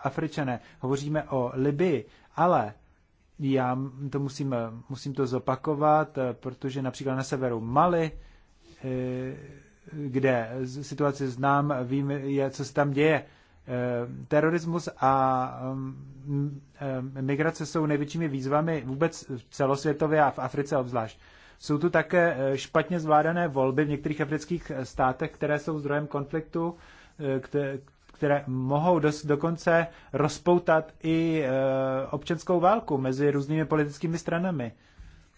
Afričané. Hovoříme o Libii, ale já to musím, eh, musím to zopakovat, eh, protože například na severu Mali, kde situaci znám, vím, co se tam děje, terorismus a mm, mm, migrace jsou největšími výzvami vůbec celosvětově a v Africe obzvlášť. Jsou tu také eh, špatně zvládané volby v některých afrických eh, státech, které jsou zdrojem konfliktu, eh, které mohou dos, dokonce rozpoutat i občanskou válku mezi různými politickými stranami.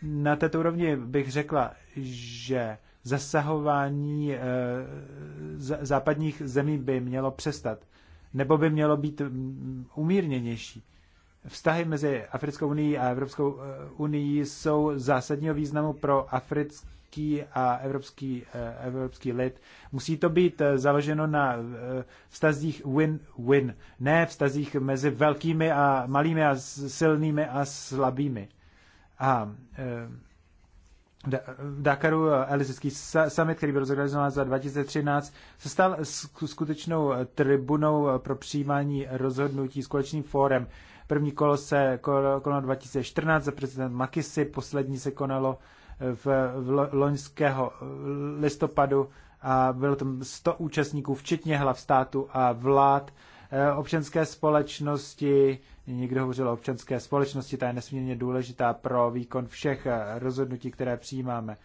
Na této úrovni bych řekla, že zasahování západních zemí by mělo přestat, nebo by mělo být mm, umírněnější. Vztahy mezi Africkou unii a Evropskou eh, unii jsou zásadního významu pro africký a evropský, eh, evropský lid. Musí to být eh, založeno na vztazích win-win, ne vztazích mezi velkými a malými a silnými a slabými. A v Dakaru Elizijský summit, který byl zorganizován za 2013, se stal skutečnou tribunou pro přijímání rozhodnutí, skutečným fórem, První kolo se konalo 2014 za prezident Makisy, poslední se konalo v, v loňského eh, listopadu a bylo tam 100 účastníků, včetně hlav státu a vlád, eh, občanské společnosti, někdo hovořil o občanské společnosti, ta je nesmírně důležitá pro výkon všech eh, rozhodnutí, které přijímáme.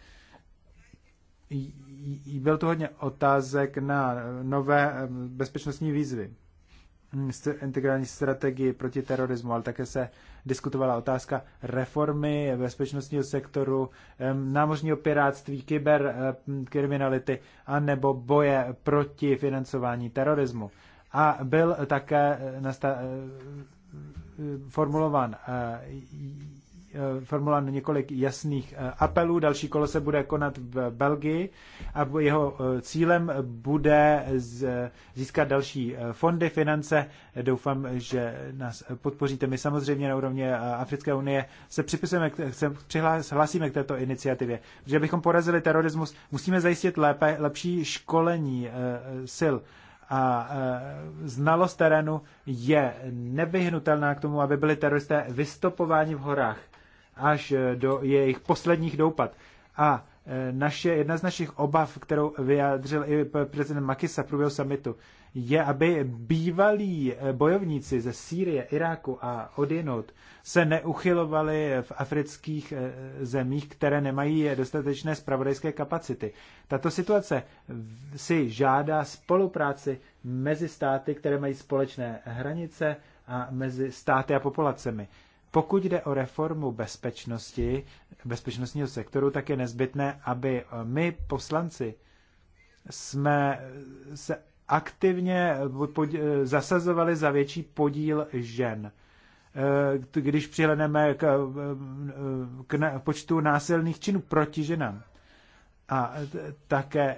Byl tu hodně otázek na nové bezpečnostní výzvy. Hm, integrální strategii proti terorismu, ale také se diskutovala otázka reformy bezpečnostního sektoru, hm, námořního piráctví, kyberkriminality eh, hm, a nebo boje proti financování terorismu. A byl také eh, eh, formulován Eh, formulán několik jasných eh, apelů. Další kolo se bude konat v Belgii a jeho eh, cílem bude získat další fondy, finance. Doufám, že nás podpoříte. My samozřejmě na úrovni Africké unie se připisujeme, se přihlásíme k této iniciativě. Že abychom porazili terorismus, musíme zajistit lépe, lepší školení sil a znalost terénu je nevyhnutelná k tomu, aby byli teroristé vystopováni v horách až eh, do jejich posledních doupad. A eh, naše, jedna z našich obav, kterou vyjádřil i prezident Makisa v průběhu summitu, je, aby bývalí eh, bojovníci ze Sýrie, Iráku a odinut se neuchylovali v afrických zemích, které nemají dostatečné spravodajské kapacity. Tato situace si žádá spolupráci mezi státy, které mají společné hranice a mezi státy a populacemi. Pokud jde o reformu bezpečnosti, bezpečnostního sektoru, tak je nezbytné, aby my, poslanci, jsme se aktivně zasazovali za větší podíl žen. E, když přihledneme k, e, k počtu násilných činů proti ženám. A také e,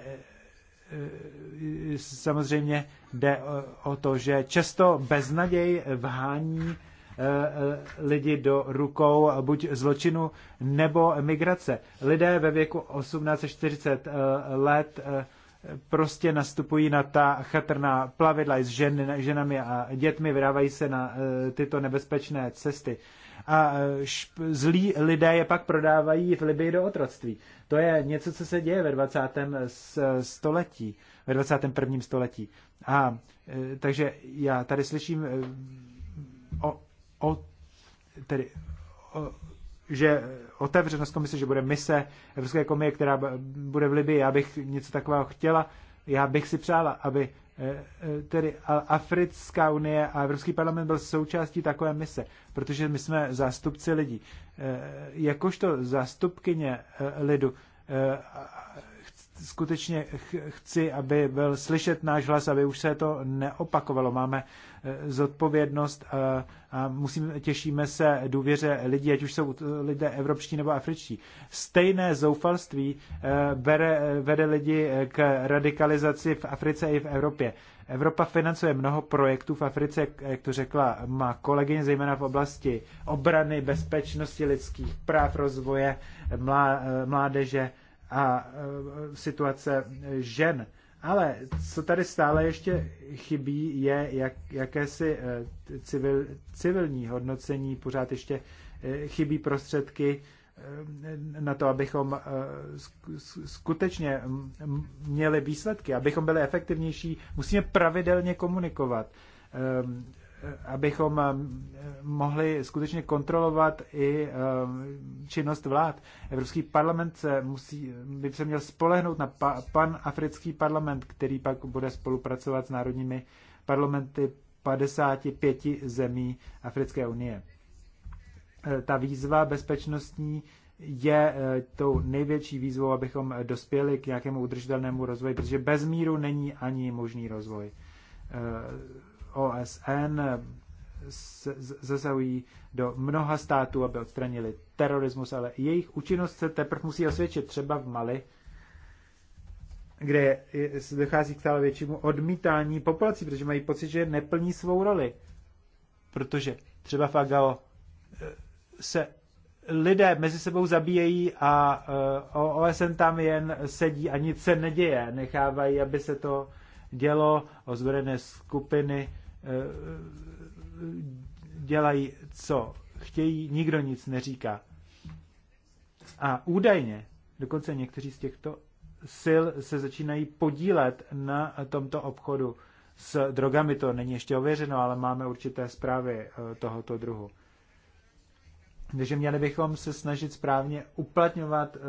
samozřejmě jde o to, že často beznaděj vhání Eh, eh, lidi do rukou buď zločinu nebo migrace. Lidé ve věku 18-40 eh, let prostě nastupují na ta chatrná plavidla s žen, ženami a dětmi, vydávají se na tyto nebezpečné cesty. A šp, zlí lidé je pak prodávají v Libii do otroctví. To je něco, co se děje ve 20. století, ve 21. století. A takže já tady slyším o o, tedy, o, že otevřenost komise, že bude mise Evropské komise, která bude v Libii, já bych něco takového chtěla, já bych si přála, aby e, e, tedy Africká unie a Evropský parlament byl součástí takové mise, protože my jsme zástupci lidí. E, jakožto zástupkyně lidu skutečně chci, aby byl slyšet náš hlas, aby už se to neopakovalo. Máme eh, zodpovědnost eh, a musím, těšíme se důvěře lidí, ať už jsou lidé evropští nebo afričtí. Stejné zoufalství eh, bere, vede lidi k radikalizaci v Africe i v Evropě. Evropa financuje mnoho projektů v Africe, jak to řekla má kolegyně, zejména v oblasti obrany, bezpečnosti lidských práv, rozvoje, mládeže a e, situace žen. Ale co tady stále ještě chybí, je jak, jakési e, civil, civilní hodnocení, pořád ještě e, chybí prostředky na to, abychom skutečně měli výsledky, abychom byli efektivnější, musíme pravidelně komunikovat ehm, abychom eh, mohli skutečně kontrolovat i eh, činnost vlád. Evropský parlament se musí, by se měl spolehnout na pan africký parlament, který pak bude spolupracovat s národními parlamenty 55 zemí Africké unie. Eh, ta výzva bezpečnostní je tou největší výzvou, abychom dospěli k nějakému udržitelnému rozvoji, protože bez míru není ani možný rozvoj OSN zasahují do mnoha států, aby odstranili terorismus, ale jejich účinnost se teprve musí osvědčit třeba v Mali, kde se dochází k stále většímu odmítání populací, protože mají pocit, že neplní svou roli. Protože třeba v Agao eh, se lidé mezi sebou zabíjejí a eh, OSN tam jen sedí a nic se neděje. Nechávají, aby se to dělo, ozbrojené skupiny Eh, dělají, co chtějí, nikdo nic neříká. A údajně, dokonce někteří z těchto sil se začínají podílet na tomto obchodu s drogami. To není ještě ověřeno, ale máme určité zprávy eh, tohoto druhu. Takže měli bychom se snažit správně uplatňovat eh,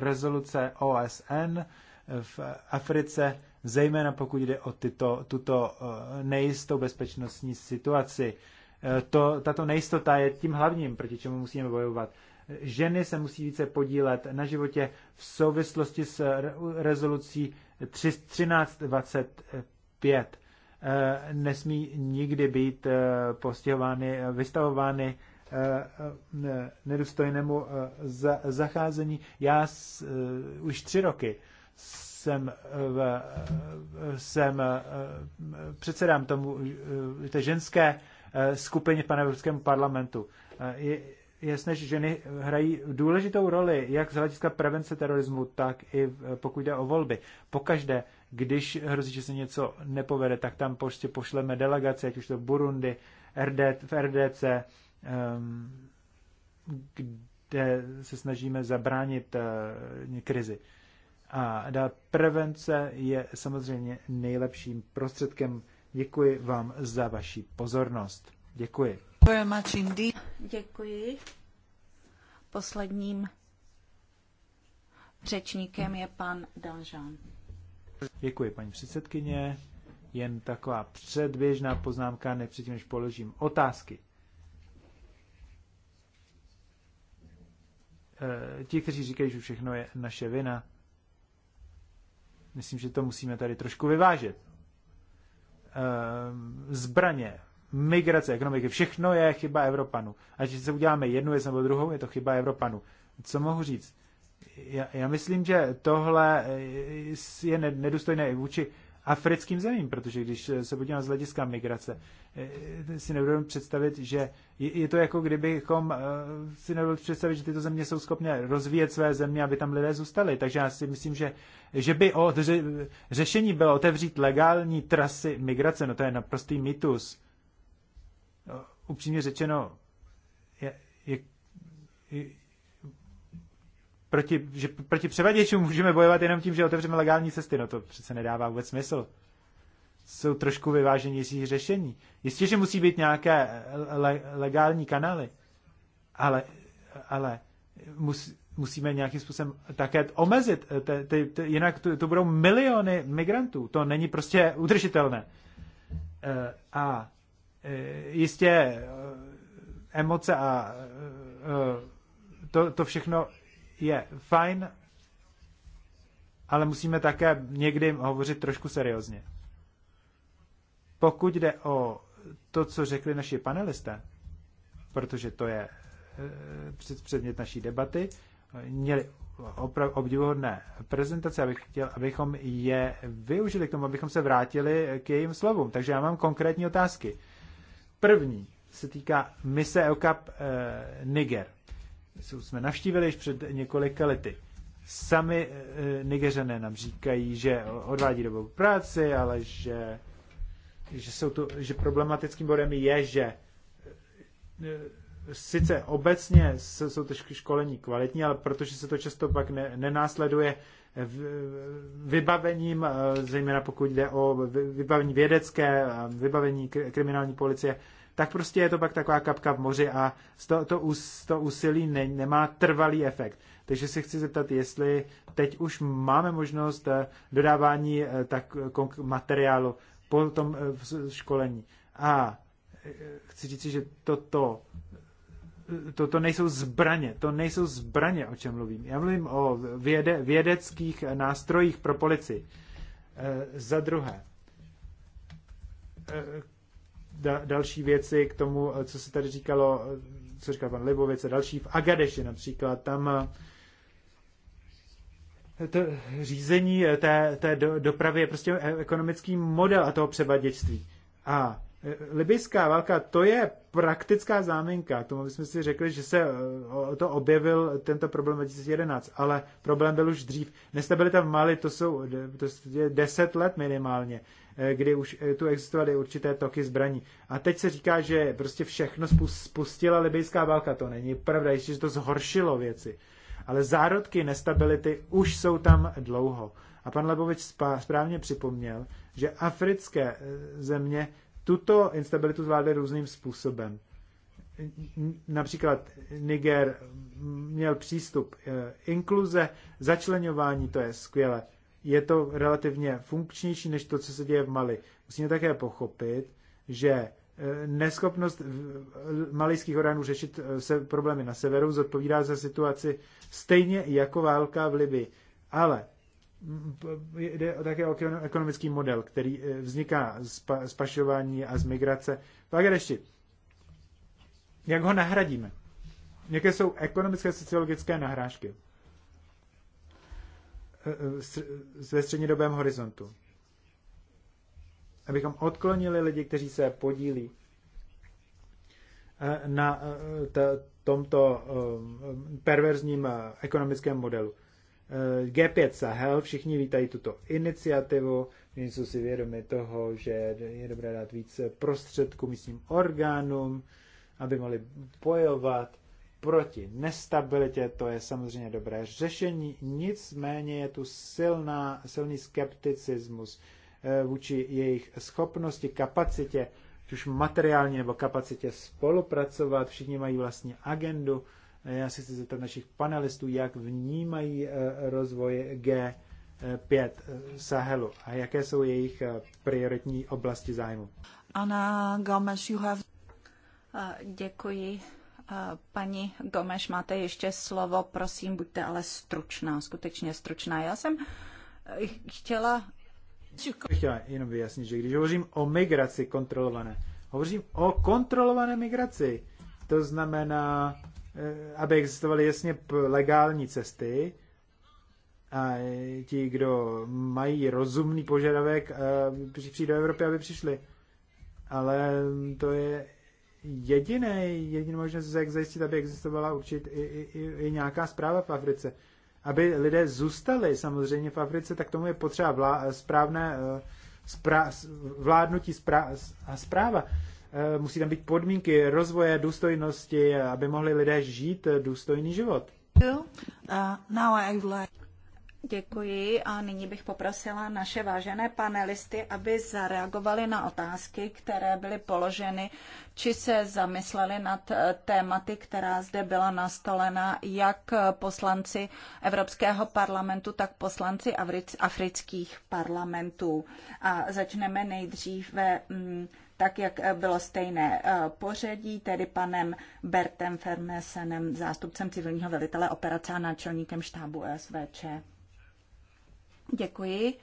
rezoluce OSN v Africe zejména pokud jde o tyto, tuto eh, nejistou bezpečnostní situaci. Eh, to, tato nejistota je tím hlavním, proti čemu musíme bojovat. Ženy se musí více podílet na životě v souvislosti s rezolucí 1325. Eh, nesmí nikdy být postihovány, vystavovány nedůstojnému zacházení. Já už tři roky jsem, v, jsem předsedám tomu eh, té ženské eh, skupině v Panevropském parlamentu. Eh, je jasné, že ženy hrají důležitou roli jak z hlediska prevence terorismu, tak i pokud jde o volby. Pokaždé, když hrozí, že se něco nepovede, tak tam prostě pošleme delegaci, ať už to v Burundi, RD, v RDC, ehm, kde se snažíme zabránit krizi a dát prevence je samozřejmě nejlepším prostředkem. Děkuji vám za vaši pozornost. Děkuji. Děkuji. Posledním řečníkem je pan Danžan. Děkuji, paní předsedkyně. Jen taková předběžná poznámka, než předtím, než položím otázky. Eh, ti, kteří říkají, že všechno je naše vina, Myslím, že to musíme tady trošku vyvážet. Ehm, zbraně, migrace, ekonomiky, všechno je chyba A Ať se uděláme jednu věc nebo druhou, je to chyba Evropanu. Co mohu říct? Já, já myslím, že tohle eh, je nedůstojné i vůči africkým zemím, protože když eh, se podíváme z hlediska migrace, eh, eh, si nebudeme představit, že je to jako kdybychom si nebudeme představit, že tyto země jsou schopné rozvíjet své země, aby tam lidé zůstali. Takže já si myslím, že, že by o, že, řešení bylo otevřít legální trasy migrace. No to je naprostý mytus. Upřímně řečeno, je, je, je proti, že proti převaděčům můžeme bojovat jenom tím, že otevřeme legální cesty. No to přece nedává vůbec smysl. Jsou trošku vyváženější řešení. Jistě, že musí být nějaké le, legální kanály, ale, ale mus, musíme nějakým způsobem také omezit, te, te, te, jinak to, to budou miliony migrantů. To není prostě udržitelné. E, a e, jistě e, emoce a e, to, to všechno je fajn, ale musíme také někdy hovořit trošku seriózně. Pokud jde o to, co řekli naši panelisté, protože to je eh, předmět naší debaty, měli opravdu obdivuhodné prezentace, abych chtěl, abychom je využili k tomu, abychom se vrátili k jejím slovům. Takže já mám konkrétní otázky. První se týká mise EOCAP eh, Niger jsme navštívili již před několika lety. Sami eh, Nigeřané nám říkají, že odvádí dobrou práci, ale že, že, jsou tu, že problematickým bodem je, že eh, sice obecně jsou ty školení kvalitní, ale protože se to často pak ne, nenásleduje vybavením, eh, zejména pokud jde o vybavení vědecké, vybavení kriminální policie, tak prostě je to pak taková kapka v moři a to, to, us, to úsilí ne, nemá trvalý efekt. Takže se chci zeptat, jestli teď už máme možnost eh, dodávání eh, tak eh, materiálu po tom školení. A chci říct, že toto to, to nejsou zbraně, to nejsou zbraně, o čem mluvím. Já mluvím o věde, vědeckých nástrojích pro policii. E, za druhé, e, da, další věci k tomu, eh, co se tady říkalo, eh, co říkal pan Libovic a další v Agadeši například, tam eh, to řízení té, té do, dopravy je prostě e, ekonomický model a toho převaděčství. A libyská válka, to je praktická záminka k tomu, bychom si řekli, že se to objevil tento problém 2011, ale problém byl už dřív. Nestabilita v Mali, to jsou to je 10 let minimálně. Eh, kdy už eh, tu existovaly určité toky zbraní. A teď se říká, že prostě všechno spustila libijská válka. To není pravda, ještě to zhoršilo věci. Ale zárodky nestability už jsou tam dlouho. A pan Lebovič správně připomněl, že africké eh, země tuto instabilitu zvládly různým způsobem. Například Niger měl přístup inkluze, začlenování, to je skvělé je to relativně funkčnější než to, co se děje v Mali. Musíme také pochopit, že e, neschopnost malijských orgánů řešit e, se problémy na severu zodpovídá za situaci stejně jako válka v Libii. Ale jde také o ekonomický model, který e, vzniká z, pa, z pašování a z migrace. Pak ještě, jak ho nahradíme? Jaké jsou ekonomické sociologické nahrážky? ve eh, eh, střednědobém horizontu. Abychom odklonili lidi, kteří se podílí eh, na tomto perverzním ekonomickém modelu. G5 Sahel, všichni vítají tuto iniciativu, všichni jsou si vědomi toho, že je dobré dát více prostředků místním orgánům, aby mohli bojovat proti nestabilitě, to je samozřejmě dobré řešení, nicméně je tu silná, silný skepticismus eh, vůči jejich schopnosti, kapacitě, už materiálně nebo kapacitě spolupracovat, všichni mají vlastní agendu. Eh, já si chci zeptat našich panelistů, jak vnímají eh, rozvoj G5 Sahelu a jaké jsou jejich prioritní oblasti zájmu. Ana Gomes, you have... Děkuji Paní Gomeš, máte ještě slovo, prosím, buďte ale stručná, skutečně stručná. Já jsem eh, chtěla... Chtěla jenom vyjasnit, že když hovořím o migraci kontrolované, hovořím o kontrolované migraci. To znamená, eh, aby existovaly jasně legální cesty a ti, kdo mají rozumný požadavek, eh, přijde do Evropy, aby přišli. Ale to je jediné, jediný možnost, jak zajistit, aby existovala určitě i, i, i nějaká zpráva v Africe. Aby lidé zůstali samozřejmě v Africe, tak tomu je potřeba vlá, správné eh, sprá, vládnutí sprá, a zpráva. Eh, musí tam být podmínky rozvoje, důstojnosti, aby mohli lidé žít důstojný život. Uh, now I would like... Děkuji a nyní bych poprosila naše vážené panelisty, aby zareagovali na otázky, které byly položeny, či se zamysleli nad eh, tématy, která zde byla nastolena jak poslanci Evropského parlamentu, tak poslanci afrických parlamentů. A začneme nejdříve mm, tak, jak eh, bylo stejné eh, pořadí, tedy panem Bertem Fermesenem, zástupcem civilního velitele operace a náčelníkem štábu SVČ. Děkuji.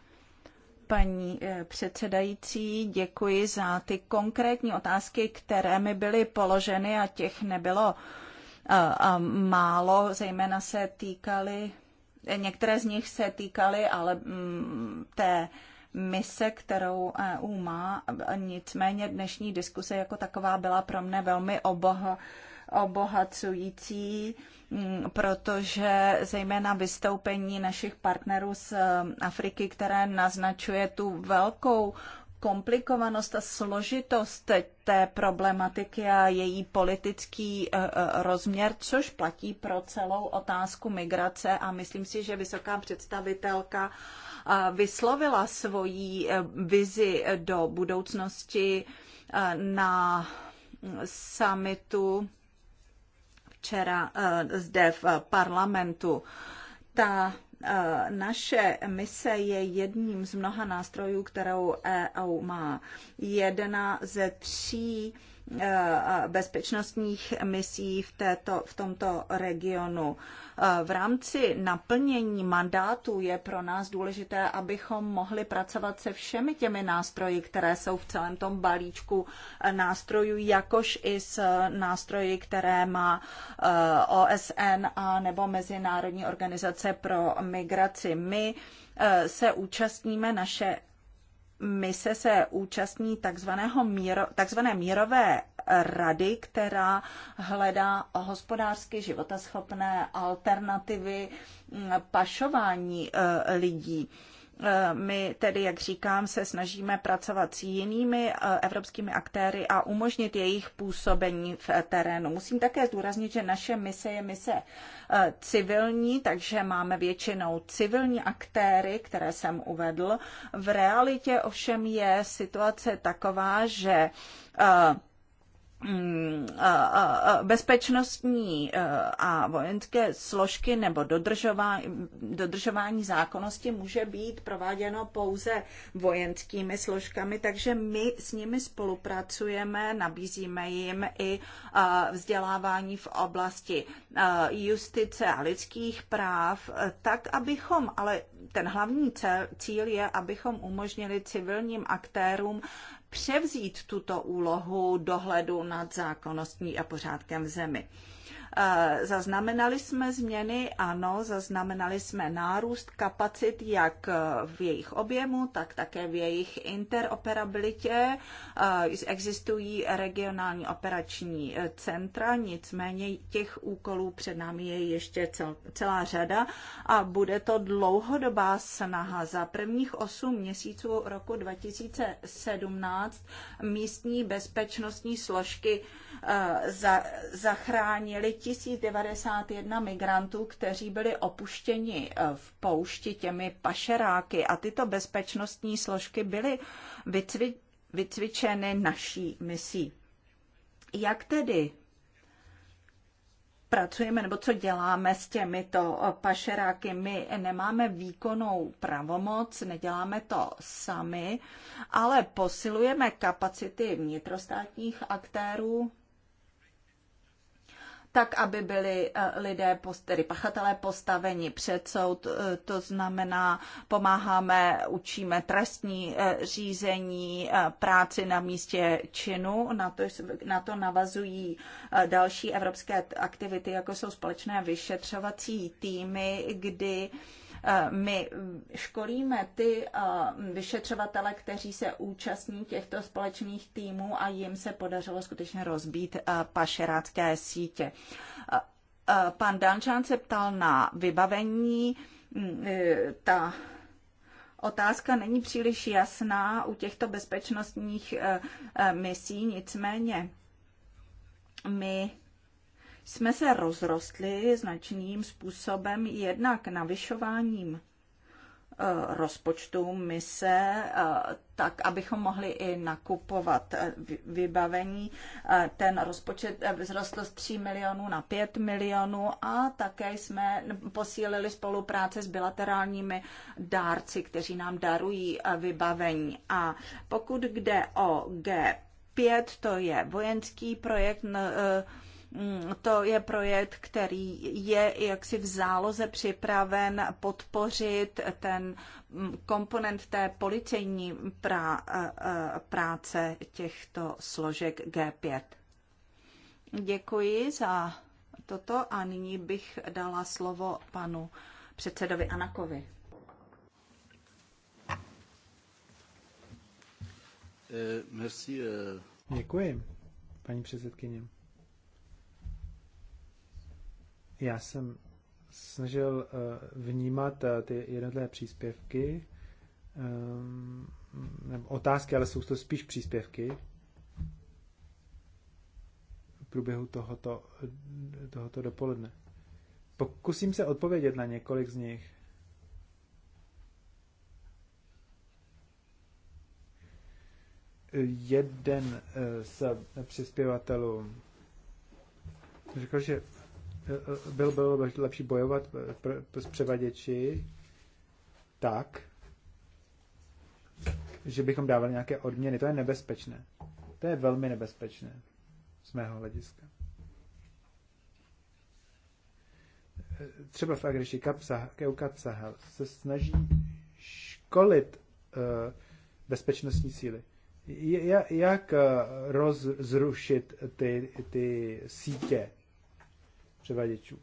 Paní eh, předsedající, děkuji za ty konkrétní otázky, které mi byly položeny a těch nebylo málo, zejména se týkaly, eh, některé z nich se týkaly, ale mm, té mise, kterou EU má. Nicméně dnešní diskuse jako taková byla pro mne velmi oboha, obohacující, mm, protože zejména vystoupení našich partnerů z mm, Afriky, které naznačuje tu velkou komplikovanost a složitost té problematiky a její politický e, e, rozměr, což platí pro celou otázku migrace a myslím si, že vysoká představitelka e, vyslovila svoji vizi do budoucnosti na mm, summitu včera eh, zde v parlamentu. Ta eh, naše mise je jedním z mnoha nástrojů, kterou EU má. Jedna ze tří Eh, bezpečnostních misí v, této, v tomto regionu. Eh, v rámci naplnění mandátu je pro nás důležité, abychom mohli pracovat se všemi těmi nástroji, které jsou v celém tom balíčku eh, nástrojů, jakož i s nástroji, které má OSN a nebo Mezinárodní organizace pro migraci. My se účastníme naše mise se účastní takzvaného míro, takzvané mírové rady, která hledá hospodářsky životaschopné alternativy mm, pašování eh, lidí. My tedy, jak říkám, se snažíme pracovat s jinými eh, evropskými aktéry a umožnit jejich působení v terénu. Musím také zdůraznit, že naše mise je mise eh, civilní, takže máme většinou civilní aktéry, které jsem uvedl. V realitě ovšem je situace taková, že eh, bezpečnostní e, a vojenské složky nebo dodržování, dodržování zákonnosti může být prováděno pouze vojenskými složkami, takže my s nimi spolupracujeme, nabízíme jim i e, vzdělávání v oblasti e, justice a lidských práv, tak abychom, ale ten hlavní cíl je, abychom umožnili civilním aktérům převzít tuto úlohu dohledu nad zákonností a pořádkem v zemi. Eh, zaznamenali jsme změny, ano, zaznamenali jsme nárůst kapacit jak eh, v jejich objemu, tak také v jejich interoperabilitě. Eh, existují regionální operační centra, nicméně těch úkolů před námi je ještě celá řada a bude to dlouhodobá snaha. Za prvních 8 měsíců roku 2017 místní bezpečnostní složky Eh, za, zachránili 1091 migrantů, kteří byli opuštěni eh, v poušti těmi pašeráky a tyto bezpečnostní složky byly vycvi, vycvičeny naší misí. Jak tedy pracujeme nebo co děláme s těmito eh, pašeráky. My nemáme výkonnou pravomoc, neděláme to sami, ale posilujeme kapacity vnitrostátních aktérů, tak aby byli eh, lidé, tedy pachatelé postaveni před soud, eh, to znamená, pomáháme, učíme trestní eh, řízení, práci na místě činu, na to, na to navazují další evropské aktivity, jako jsou společné vyšetřovací týmy, kdy Eh, my mm, školíme ty eh, vyšetřovatele, kteří se účastní těchto společných týmů a jim se podařilo skutečně rozbít eh, pašerácké sítě. Pan Dančan se ptal na vybavení. Mm, ta otázka není příliš jasná u těchto bezpečnostních misí, nicméně my jsme se rozrostli značným způsobem jednak navyšováním eh, rozpočtu mise, eh, tak abychom mohli i nakupovat eh, vybavení. Ten rozpočet vzrostl z 3 milionů na 5 milionů a také jsme posílili spolupráce s bilaterálními dárci, kteří nám darují vybavení. A pokud jde o G5, to je vojenský projekt, Mm, to je projekt, který je jaksi v záloze připraven podpořit ten mm, komponent té policejní prá, práce těchto složek G5. Děkuji za toto a nyní bych dala slovo panu předsedovi Anakovi. Eh, eh. Děkuji, paní předsedkyně. Já jsem snažil eh, vnímat eh, ty jednotlivé příspěvky, eh, nebo otázky, ale jsou to spíš příspěvky v průběhu tohoto, tohoto dopoledne. Pokusím se odpovědět na několik z nich. Jeden z přispěvatelů řekl, že byl bylo lepší bojovat s převaděči tak, že bychom dávali nějaké odměny. To je nebezpečné. To je velmi nebezpečné z mého hlediska. Třeba v Agriši Keukat se snaží školit eh, bezpečnostní síly. Jak eh, rozrušit ty, ty sítě převaděčů.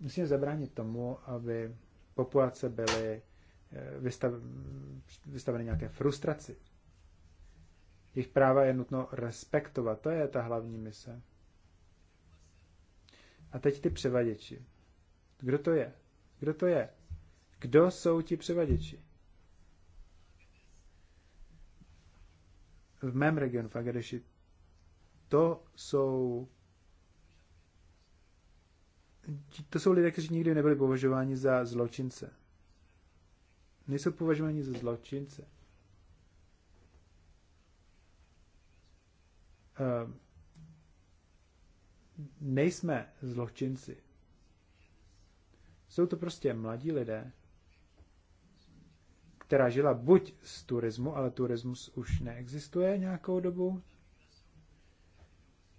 Musíme zabránit tomu, aby populace byly eh, vystav, vystaveny nějaké frustraci. Jejich práva je nutno respektovat, to je ta hlavní mise. A teď ty převaděči. Kdo to je? Kdo to je? Kdo jsou ti převaděči? V mém regionu, v Agadeši, to jsou to jsou lidé, kteří nikdy nebyli považováni za zločince. Nejsou považováni za zločince. Uh, nejsme zločinci. Jsou to prostě mladí lidé, která žila buď z turismu, ale turismus už neexistuje nějakou dobu,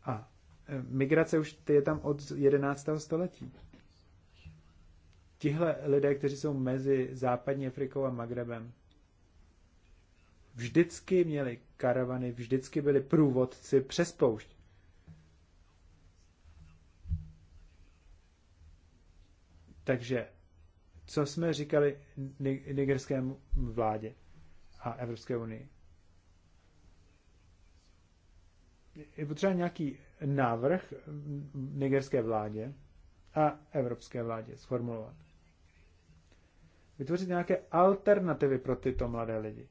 a migrace už je tam od 11. století. Tihle lidé, kteří jsou mezi západní Afrikou a Magrebem, vždycky měli karavany, vždycky byli průvodci přes poušť. Takže, co jsme říkali nigerskému vládě a Evropské unii? Je potřeba nějaký návrh nigerské vládě a evropské vládě sformulovat. Vytvořit nějaké alternativy pro tyto mladé lidi.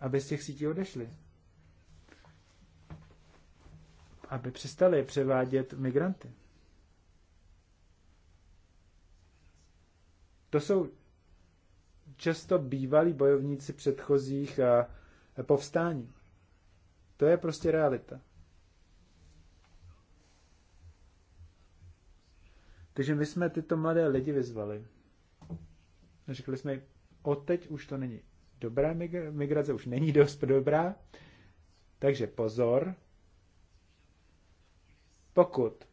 Aby z těch sítí odešli. Aby přestali převádět migranty. To jsou často bývalí bojovníci předchozích a povstání. To je prostě realita. Takže my jsme tyto mladé lidi vyzvali. Řekli jsme, odteď už to není dobrá migrace, už není dost dobrá, takže pozor, pokud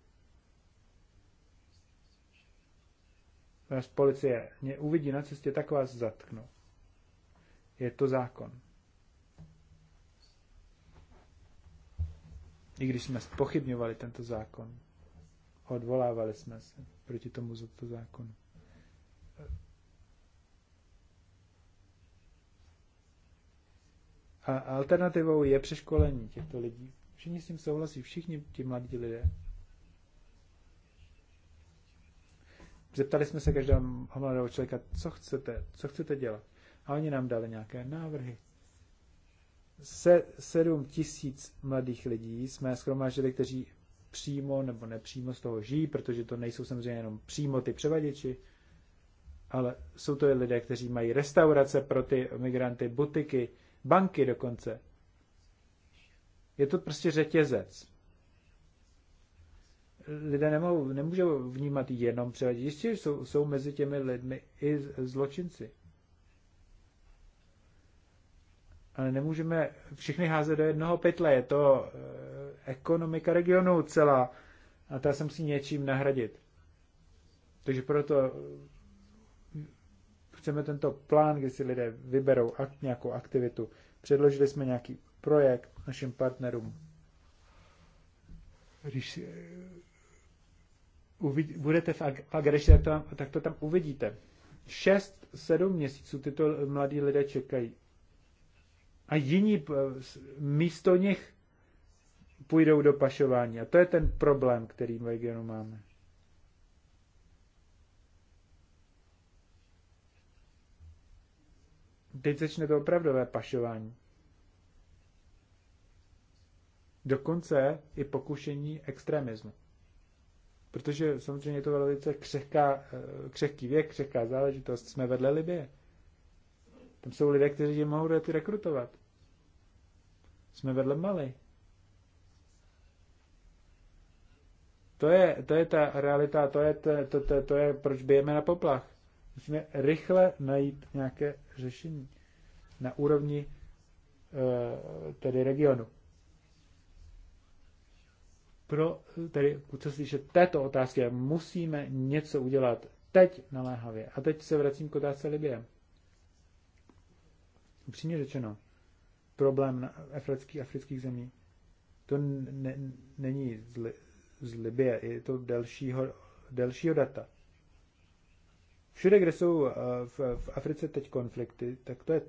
vás policie mě uvidí na cestě, tak vás zatknou. Je to zákon. I když jsme pochybňovali tento zákon, odvolávali jsme se proti tomu za to zákonu. A alternativou je přeškolení těchto lidí. Všichni s tím souhlasí, všichni ti mladí lidé. Zeptali jsme se každého mladého člověka, co chcete, co chcete dělat. A oni nám dali nějaké návrhy se 7 tisíc mladých lidí jsme schromáždili, kteří přímo nebo nepřímo z toho žijí, protože to nejsou samozřejmě jenom přímo ty převaděči, ale jsou to i lidé, kteří mají restaurace pro ty migranty, butiky, banky dokonce. Je to prostě řetězec. Lidé nemohou, nemůžou vnímat jenom jistě jsou, jsou mezi těmi lidmi i zločinci. ale nemůžeme všechny házet do jednoho pytle. Je to eh, ekonomika regionu celá a ta se musí něčím nahradit. Takže proto eh, chceme tento plán, kdy si lidé vyberou ak- nějakou aktivitu. Předložili jsme nějaký projekt našim partnerům. Když eh, uvidí, budete v, ag- v agresi, tak to, tak to tam uvidíte. 6-7 měsíců tyto mladí lidé čekají a jiní eh, místo nich půjdou do pašování. A to je ten problém, který v regionu máme. Teď začne to opravdové pašování. Dokonce i pokušení extremismu. Protože samozřejmě je to velice křehká, eh, křehký věk, křehká záležitost. Jsme vedle Libie. Tam jsou lidé, kteří je mohou ty rekrutovat. Jsme vedle Mali. To je, to je ta realita, to je, to, to, to, to je, proč bijeme na poplach. Musíme rychle najít nějaké řešení na úrovni eh, tedy regionu. Pro, tedy, co se této otázky, musíme něco udělat teď naléhavě. A teď se vracím k otázce Libie upřímně řečeno, problém afrických, afrických zemí, to ne, není z, Li, z Libie, je to delšího, delšího data. Všude, kde jsou eh, v, v Africe teď konflikty, tak to je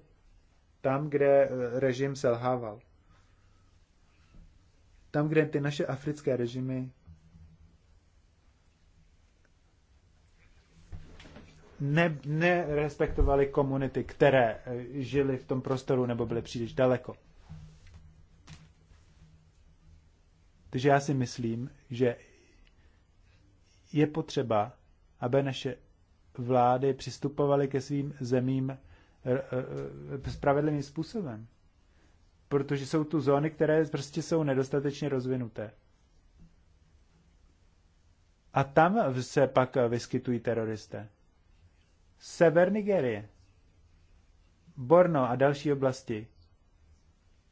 tam, kde eh, režim selhával. Tam, kde ty naše africké režimy ne, nerespektovali komunity, které eh, žili v tom prostoru nebo byly příliš daleko. Takže já si myslím, že je potřeba, aby naše vlády přistupovaly ke svým zemím eh, eh, spravedlivým způsobem. Protože jsou tu zóny, které prostě jsou nedostatečně rozvinuté. A tam se pak vyskytují teroristé sever Nigerie, Borno a další oblasti,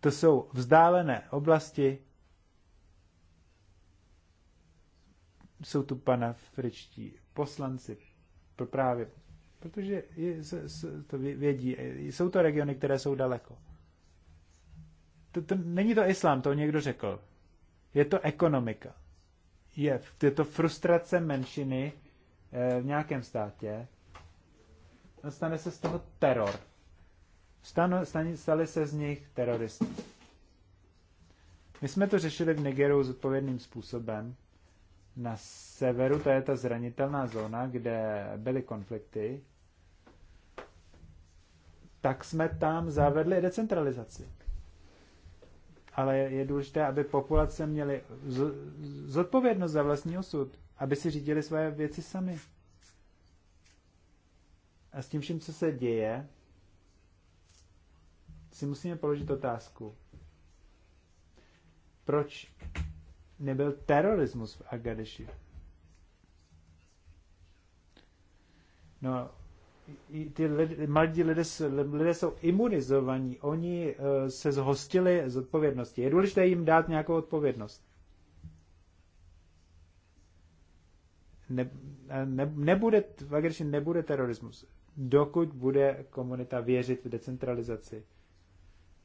to jsou vzdálené oblasti, jsou tu fričtí poslanci právě, protože je, to vědí, jsou to regiony, které jsou daleko. To, to, není to islám, to někdo řekl. Je to ekonomika. Je, je to frustrace menšiny e, v nějakém státě, stane se z toho teror. Stano, stane, stali se z nich teroristi. My jsme to řešili v Nigeru zodpovědným způsobem. Na severu to je ta zranitelná zóna, kde byly konflikty, tak jsme tam zavedli decentralizaci. Ale je důležité, aby populace měly zodpovědnost za vlastní osud, aby si řídili své věci sami a s tím vším, co se děje, si musíme položit otázku. Proč nebyl terorismus v Agadeši? No, ty lidi, mladí lidé, lidé jsou imunizovaní, oni uh, se zhostili z odpovědnosti. Je důležité jim dát nějakou odpovědnost. Ne, ne, nebude, v Agadeši nebude terorismus dokud bude komunita věřit v decentralizaci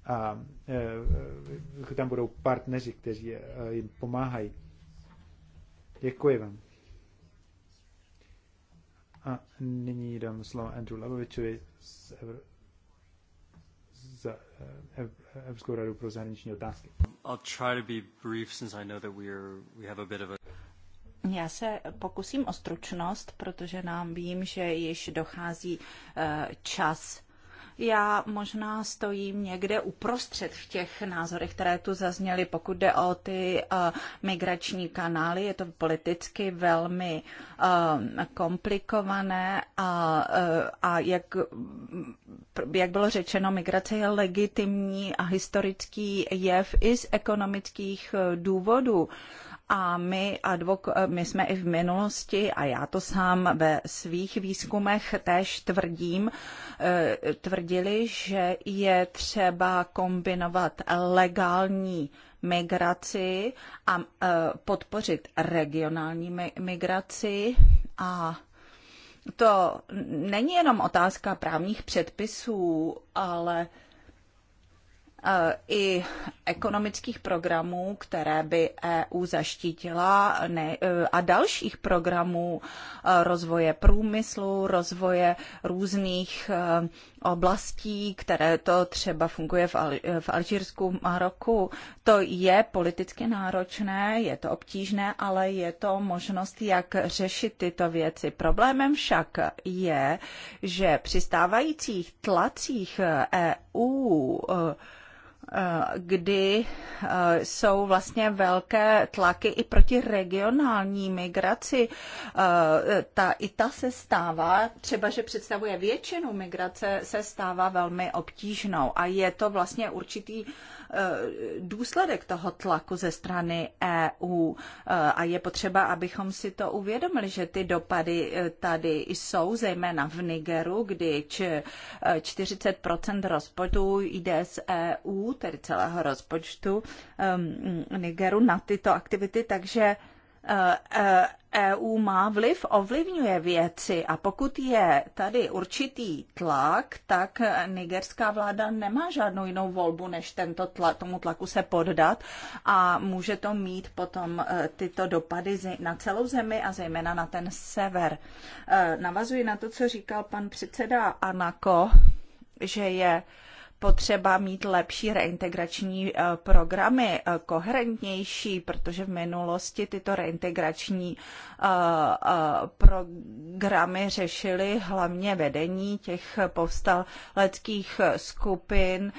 a e, e, tam budou partneři, kteří e, jim pomáhají. Děkuji vám. A nyní dám slovo Andrew Labovičovi z Evro... za e, Evropskou radu pro zahraniční otázky. I'll try to be brief since I know that we, are, we have a bit of a... Já se pokusím o stručnost, protože nám vím, že již dochází eh, čas já možná stojím někde uprostřed v těch názorech, které tu zazněly, pokud jde o ty uh, migrační kanály. Je to politicky velmi uh, komplikované a, uh, a jak, mm, jak bylo řečeno, migrace je legitimní a historický jev i z ekonomických důvodů. Uh, a my, advok- my jsme i v minulosti, a já to sám ve svých výzkumech též tvrdím, eh, tvrdili, že je třeba kombinovat legální migraci a eh, podpořit regionální migraci a to není jenom otázka právních předpisů, ale Eh, i ekonomických programů, které by EU zaštítila ne, eh, a dalších programů eh, rozvoje průmyslu, rozvoje různých oblastí, které to třeba funguje v, Al- v Alžírsku, Maroku. To je politicky náročné, je to obtížné, ale je to možnost, jak řešit tyto věci. Problémem však je, že při stávajících tlacích EU e Eh, kdy eh, jsou vlastně velké tlaky i proti regionální migraci. Eh, ta, I ta se stává, třeba že představuje většinu migrace, se stává velmi obtížnou a je to vlastně určitý Eh, důsledek toho tlaku ze strany EU eh, a je potřeba, abychom si to uvědomili, že ty dopady eh, tady jsou, zejména v Nigeru, kdy 40 rozpočtu jde z EU, tedy celého rozpočtu ehm, Nigeru na tyto aktivity, takže EU e, e, e má vliv, ovlivňuje věci a pokud je tady určitý tlak, tak nigerská vláda nemá žádnou jinou volbu, než tento tla, tomu tlaku se poddat a může to mít potom tyto dopady na celou zemi a zejména na ten sever. Navazuji na to, co říkal pan předseda Anako, že je uh, potřeba mít lepší reintegrační eh, programy, eh, koherentnější, protože v minulosti tyto reintegrační eh, programy řešily hlavně vedení těch povstaleckých skupin,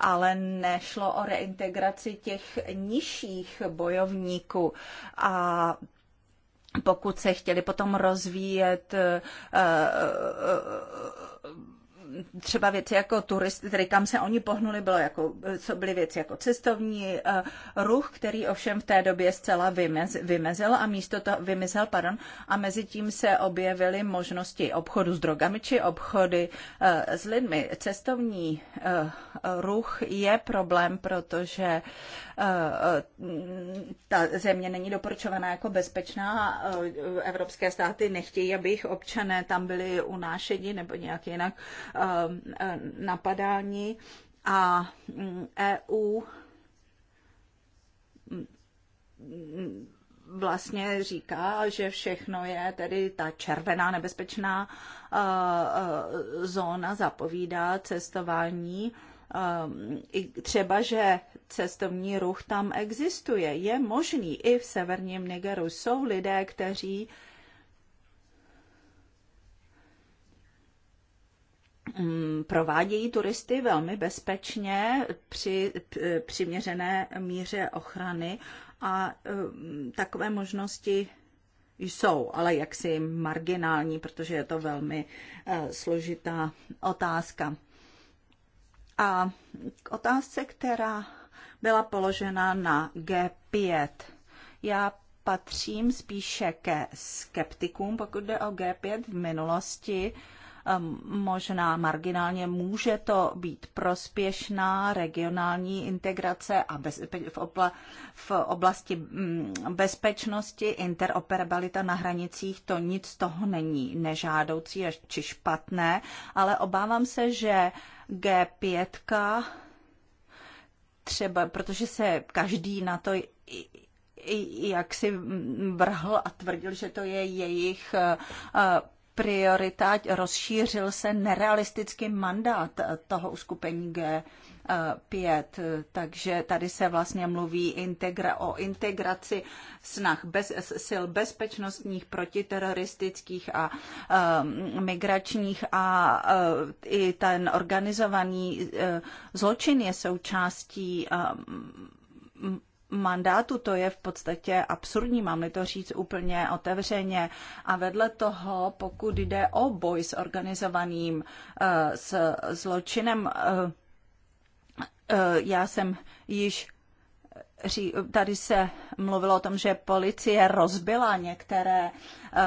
ale nešlo o reintegraci těch nižších bojovníků. A pokud se chtěli potom rozvíjet třeba věci jako turisty, tedy kam se oni pohnuli, bylo jako, co byly věci jako cestovní eh, ruch, který ovšem v té době zcela vymez, vymezil a místo toho vymizel, pardon, a mezi tím se objevily možnosti obchodu s drogami či obchody eh, s lidmi. Cestovní eh, ruch je problém, protože Eh, eh, ta země není doporučovaná jako bezpečná. Eh, evropské státy nechtějí, aby jejich občané tam byli unášeni nebo nějak jinak napadáni. A mm, EU mm, vlastně říká, že všechno je tedy ta červená nebezpečná zóna, zapovídá cestování. I třeba, že cestovní ruch tam existuje. Je možný i v severním Nigeru. Jsou lidé, kteří mm, provádějí turisty velmi bezpečně při přiměřené míře ochrany a mm, takové možnosti jsou, ale jaksi marginální, protože je to velmi e, složitá otázka. A k otázce, která byla položena na G5. Já patřím spíše ke skeptikům, pokud jde o G5 v minulosti. Ehm, možná marginálně může to být prospěšná regionální integrace a v, obla- v oblasti mm, bezpečnosti interoperabilita na hranicích to nic z toho není nežádoucí či špatné, ale obávám se, že G5 třeba, protože se každý na to jak si vrhl a tvrdil, že to je jejich eh, priorita, rozšířil se nerealistický mandát toho uskupení G 5. Takže tady se vlastně mluví integra, o integraci snah bez, sil bezpečnostních, protiteroristických a um, migračních a uh, i ten organizovaný uh, zločin je součástí um, mandátu, to je v podstatě absurdní, mám-li to říct úplně otevřeně. A vedle toho, pokud jde o boj s organizovaným uh, s zločinem, Eh, já jsem již eh, Tady se mluvilo o tom, že policie rozbila některé eh,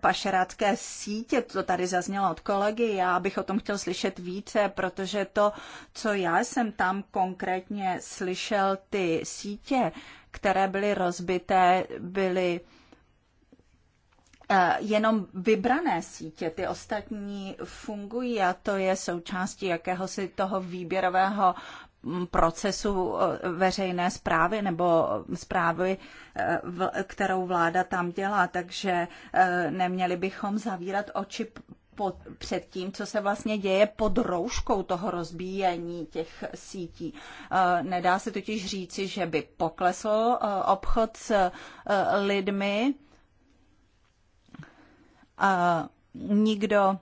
pašerácké sítě, to tady zaznělo od kolegy, já bych o tom chtěl slyšet více, protože to, co já jsem tam konkrétně slyšel, ty sítě, které byly rozbité, byly Eh, jenom vybrané sítě, ty ostatní fungují a to je součástí jakéhosi toho výběrového mm, procesu eh, veřejné zprávy nebo zprávy, eh, kterou vláda tam dělá. Takže neměli bychom zavírat oči pod, před tím, co se vlastně děje pod rouškou toho rozbíjení těch sítí. Nedá se totiž říci, že by poklesl obchod s lidmi, nikdo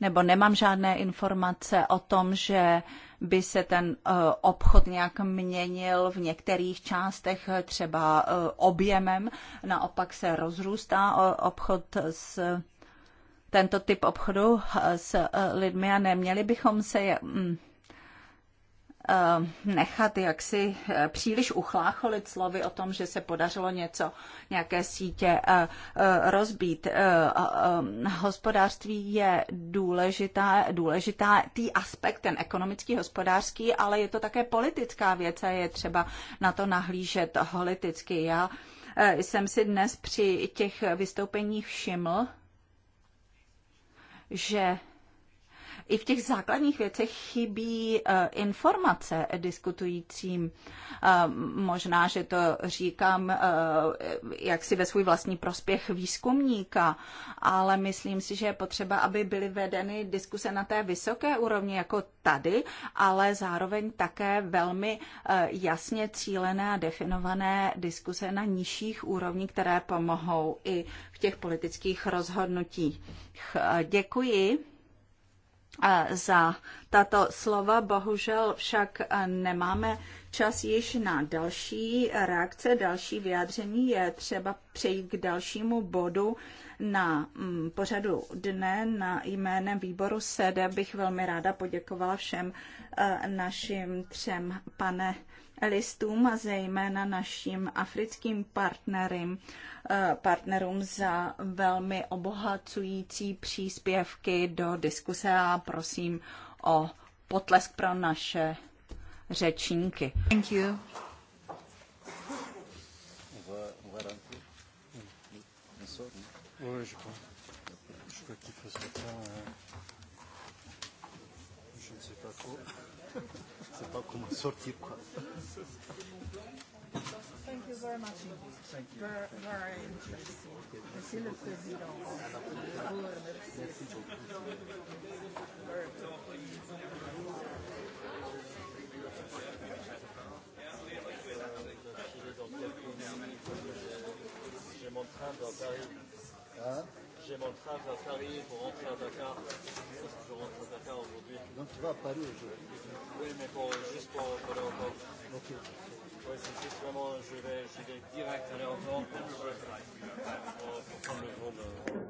nebo nemám žádné informace o tom, že by se ten e, obchod nějak měnil v některých částech e, třeba e, objemem. Naopak se rozrůstá obchod s tento typ obchodu s lidmi a neměli bychom se mm, Eh, nechat jaksi eh, příliš uchlácholit slovy o tom, že se podařilo něco, nějaké sítě eh, rozbít. Hospodářství je důležitá, důležitá tý aspekt, ten ekonomický, hospodářský, ale je to také politická věc a je třeba na to nahlížet politicky. Já jsem si dnes při těch vystoupeních všiml, že i v těch základních věcech chybí eh, informace diskutujícím. Eh, možná, že to říkám eh, jak si ve svůj vlastní prospěch výzkumníka, ale myslím si, že je potřeba, aby byly vedeny diskuse na té vysoké úrovni jako tady, ale zároveň také velmi jasně cílené a definované diskuse na nižších úrovních, které pomohou i v těch politických rozhodnutích. Děkuji za tato slova. Bohužel však eh, nemáme čas již na další reakce, další vyjádření. Je třeba přejít k dalšímu bodu na mm, pořadu dne na jménem výboru SEDE. Bych velmi ráda poděkovala všem eh, našim třem pane listům a zejména našim africkým partnerům, eh, partnerům za velmi obohacující příspěvky do diskuse a prosím o potlesk pro naše řečníky. Thank you. je crois. Je crois qu'il faut sais pas comment sortir quoi. Thank you very much. Thank you. Very, very interesting. Monsieur le Président, je vous remercie. dans Paris. Hein? J'ai mon stage à Paris pour rentrer à Dakar. Je rentre à Dakar aujourd'hui. Donc tu vas à Paris aujourd'hui Oui, mais pour, juste pour, pour l'aéroport. Ok. Oui, c'est juste vraiment, je vais, je vais direct à l'aéroport pour, pour, pour prendre le vol.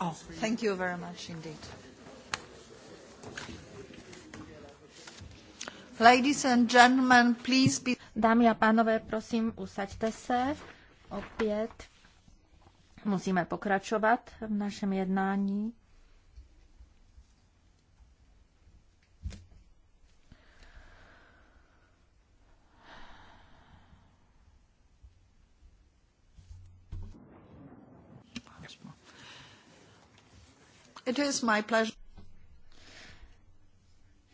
Oh, thank you very much indeed. Ladies and gentlemen, please be... Dámy a pánové, prosím, usaďte se. Opět musíme pokračovat v našem jednání. Je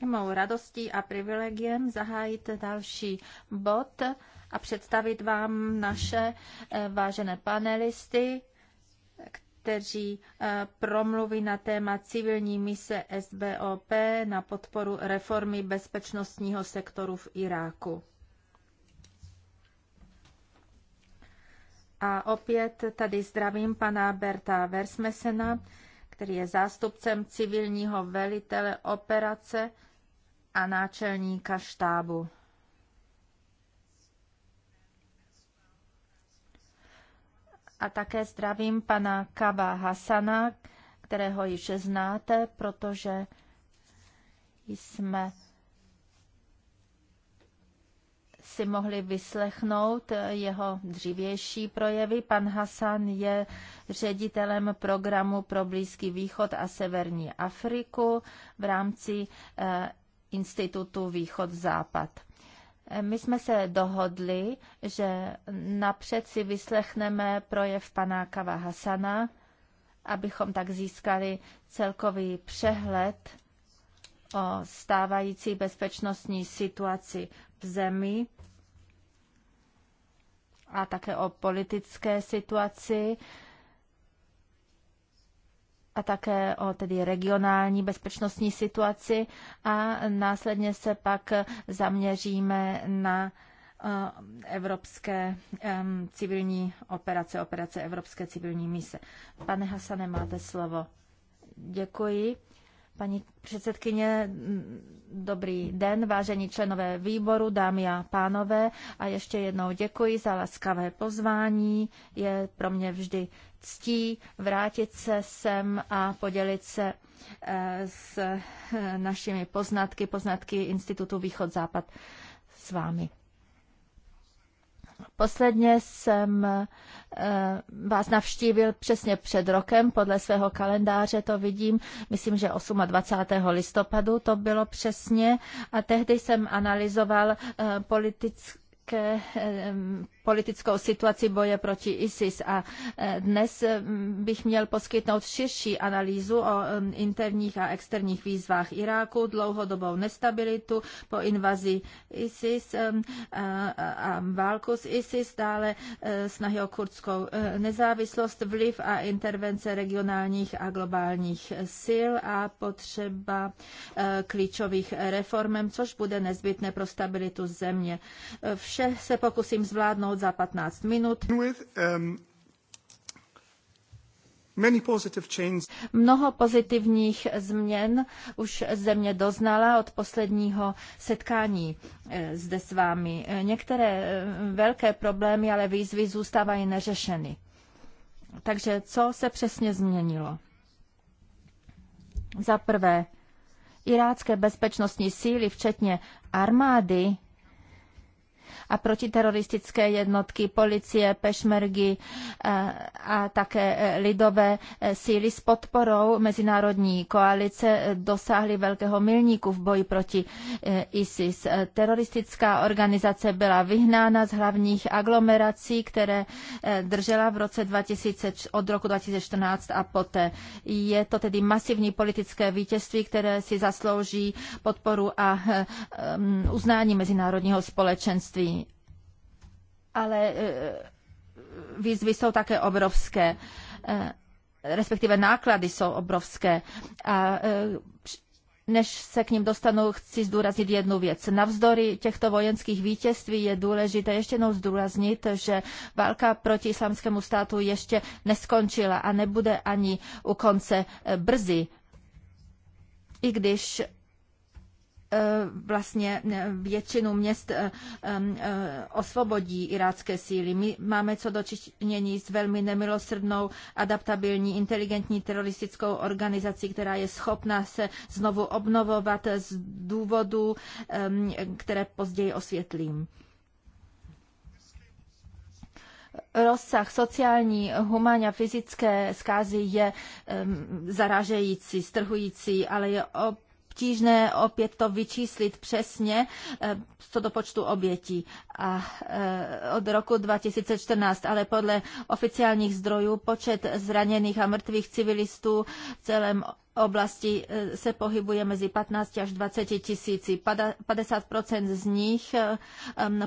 Mou radostí a privilegiem zahájit další bod a představit vám naše eh, vážené panelisty, kteří eh, promluví na téma civilní mise SBOP na podporu reformy bezpečnostního sektoru v Iráku. A opět tady zdravím pana Berta Versmesena, který je zástupcem civilního velitele operace a náčelníka štábu. A také zdravím pana Kaba Hasana, kterého již znáte, protože jsme si mohli vyslechnout jeho dřívější projevy. Pan Hasan je ředitelem programu pro Blízký východ a Severní Afriku v rámci eh, Institutu Východ-Západ. Eh, my jsme se dohodli, že napřed si vyslechneme projev pana Kava Hasana, abychom tak získali celkový přehled o stávající bezpečnostní situaci zemi a také o politické situaci a také o tedy regionální bezpečnostní situaci a následně se pak zaměříme na eh, evropské civilní operace, operace Evropské civilní mise. Pane Hasane, máte slovo. Děkuji. Paní předsedkyně, mm, dobrý den, vážení členové výboru, dámy a pánové. A ještě jednou děkuji za laskavé pozvání. Je pro mě vždy ctí vrátit se sem a podělit se eh, s eh, našimi poznatky, poznatky Institutu Východ-Západ s vámi. Posledně jsem eh, vás navštívil přesně před rokem, podle svého kalendáře to vidím, myslím, že 28. listopadu to bylo přesně a tehdy jsem analyzoval eh, politické eh, politickou situaci boje proti ISIS. A eh, dnes mm, bych měl poskytnout širší analýzu o mm, interních a externích výzvách Iráku, dlouhodobou nestabilitu po invazi ISIS eh, a válku s ISIS, dále eh, snahy o kurdskou nezávislost, vliv a intervence regionálních a globálních sil a potřeba klíčových reformem, což bude nezbytné pro stabilitu země. Vše se pokusím zvládnout minut za 15 minut. Mnoho pozitivních změn už země doznala od posledního setkání eh, zde s vámi. Některé eh, velké problémy, ale výzvy zůstávají neřešeny. Takže co se přesně změnilo? Za prvé, irácké bezpečnostní síly, včetně armády, a protiteroristické jednotky, policie, pešmergy eh, a také eh, lidové eh, síly s podporou mezinárodní koalice dosáhly velkého milníku v boji proti ISIS. Teroristická organizace byla vyhnána z hlavních aglomerací, které držela v roce 2000, od roku 2014 a poté. Je to tedy masivní politické vítězství, které si zaslouží podporu a uznání mezinárodního společenství úsilí, ale e, výzvy jsou také obrovské, e, respektive náklady jsou obrovské. A e, než se k ním dostanu, chci zdůraznit jednu věc. Navzdory těchto vojenských vítězství je důležité ještě jednou zdůraznit, že válka proti islámskému státu ještě neskončila a nebude ani u konce brzy. I když Eh, vlastně eh, většinu měst eh, osvobodí irácké síly. My máme co dočinění s velmi nemilosrdnou, adaptabilní, inteligentní teroristickou organizací, která je schopná se znovu obnovovat z důvodů, které později osvětlím rozsah sociální, a fyzické zkázy je um, zarážející, strhující, ale je ob obtížné opět to vyčíslit přesně eh, co do počtu obětí a eh, od roku 2014, ale podle oficiálních zdrojů počet zraněných a mrtvých civilistů v celém oblasti eh, se pohybuje mezi 15 až 20 tisíci. 50 z nich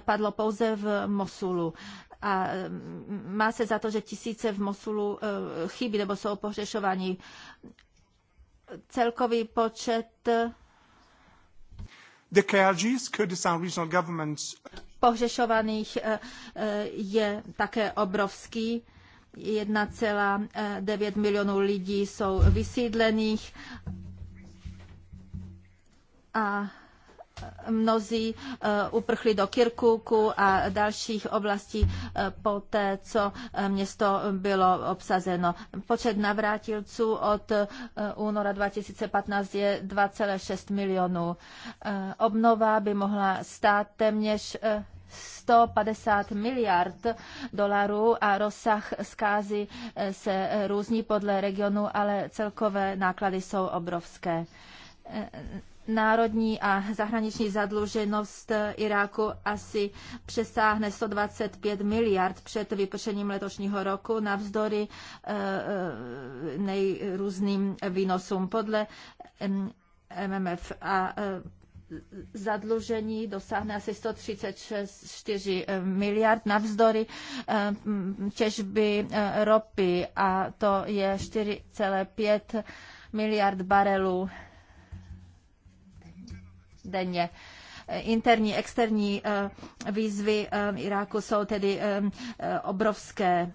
padlo pouze v Mosulu a mm, má se za to, že tisíce v Mosulu chybí nebo jsou pohřešováni celkový počet The KRGs, Kurdistan Regional Governments. pohřešovaných eh, eh, je také obrovský. 1,9 milionů lidí jsou vysídlených a mnozí eh, uprchli do Kirkuku a dalších oblastí eh, po té, co eh, město bylo obsazeno. Počet navrátilců od února 2015 je 2,6 milionů. Obnova by mohla stát téměř 150 miliard dolarů a rozsah zkázy se různí podle regionu, ale celkové náklady jsou obrovské národní a zahraniční zadluženost Iráku asi přesáhne 125 miliard před vypršením letošního roku navzdory eh, eh, nejrůzným výnosům. Podle MMF a eh, zadlužení dosáhne asi 134 miliard navzdory těžby ropy a to je 4,5 miliard barelů denně. Interní, externí eh, výzvy eh, Iráku jsou tedy eh, obrovské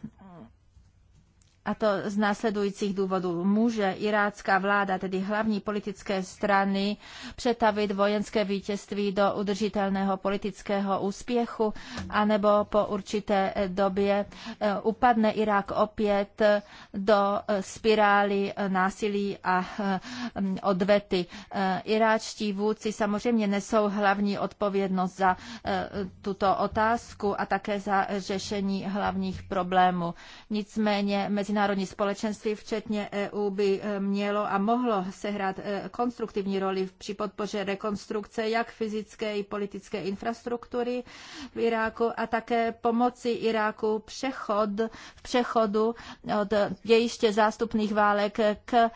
a to z následujících důvodů. Může irácká vláda, tedy hlavní politické strany, přetavit vojenské vítězství do udržitelného politického úspěchu, anebo po určité době eh, upadne Irák opět eh, do eh, spirály násilí a odvety. Iráčtí vůdci samozřejmě nesou hlavní odpovědnost za tuto otázku a také za řešení hlavních problémů. Nicméně mezi mezinárodní společenství, včetně EU, by e, mělo a mohlo sehrát e, konstruktivní roli při podpoře rekonstrukce jak fyzické i politické infrastruktury v Iráku a také pomoci Iráku přechod, v přechodu od dějiště zástupných válek k e,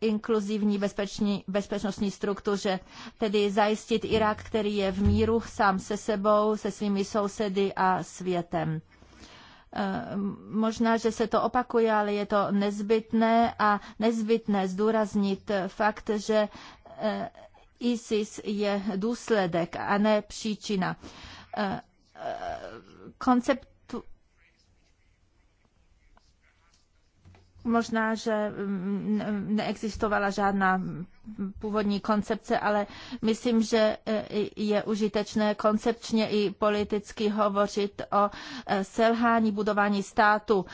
inkluzivní bezpeční, bezpečnostní struktuře, tedy zajistit Irák, který je v míru sám se sebou, se svými sousedy a světem. Eh, možná, že se to opakuje, ale je to nezbytné a nezbytné zdůraznit fakt, že eh, ISIS je důsledek a ne příčina eh, koncept Možná, že mm, neexistovala žádná původní koncepce, ale myslím, že e, je užitečné koncepčně i politicky hovořit o e, selhání budování státu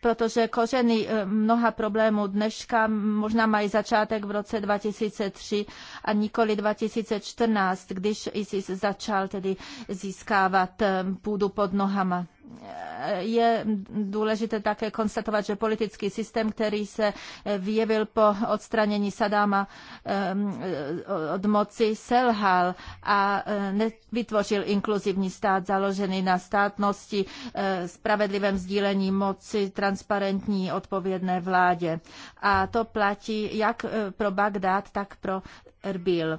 protože kořeny e, mnoha problémů dneška možná mají začátek v roce 2003 a nikoli 2014, když ISIS začal tedy získávat půdu pod nohama je důležité také konstatovat, že politický systém, který se vyjevil po odstranění Sadáma od moci, selhal a e, nevytvořil inkluzivní stát založený na státnosti, e, spravedlivém sdílení moci, transparentní odpovědné vládě. A to platí jak e, pro Bagdád, tak pro Erbil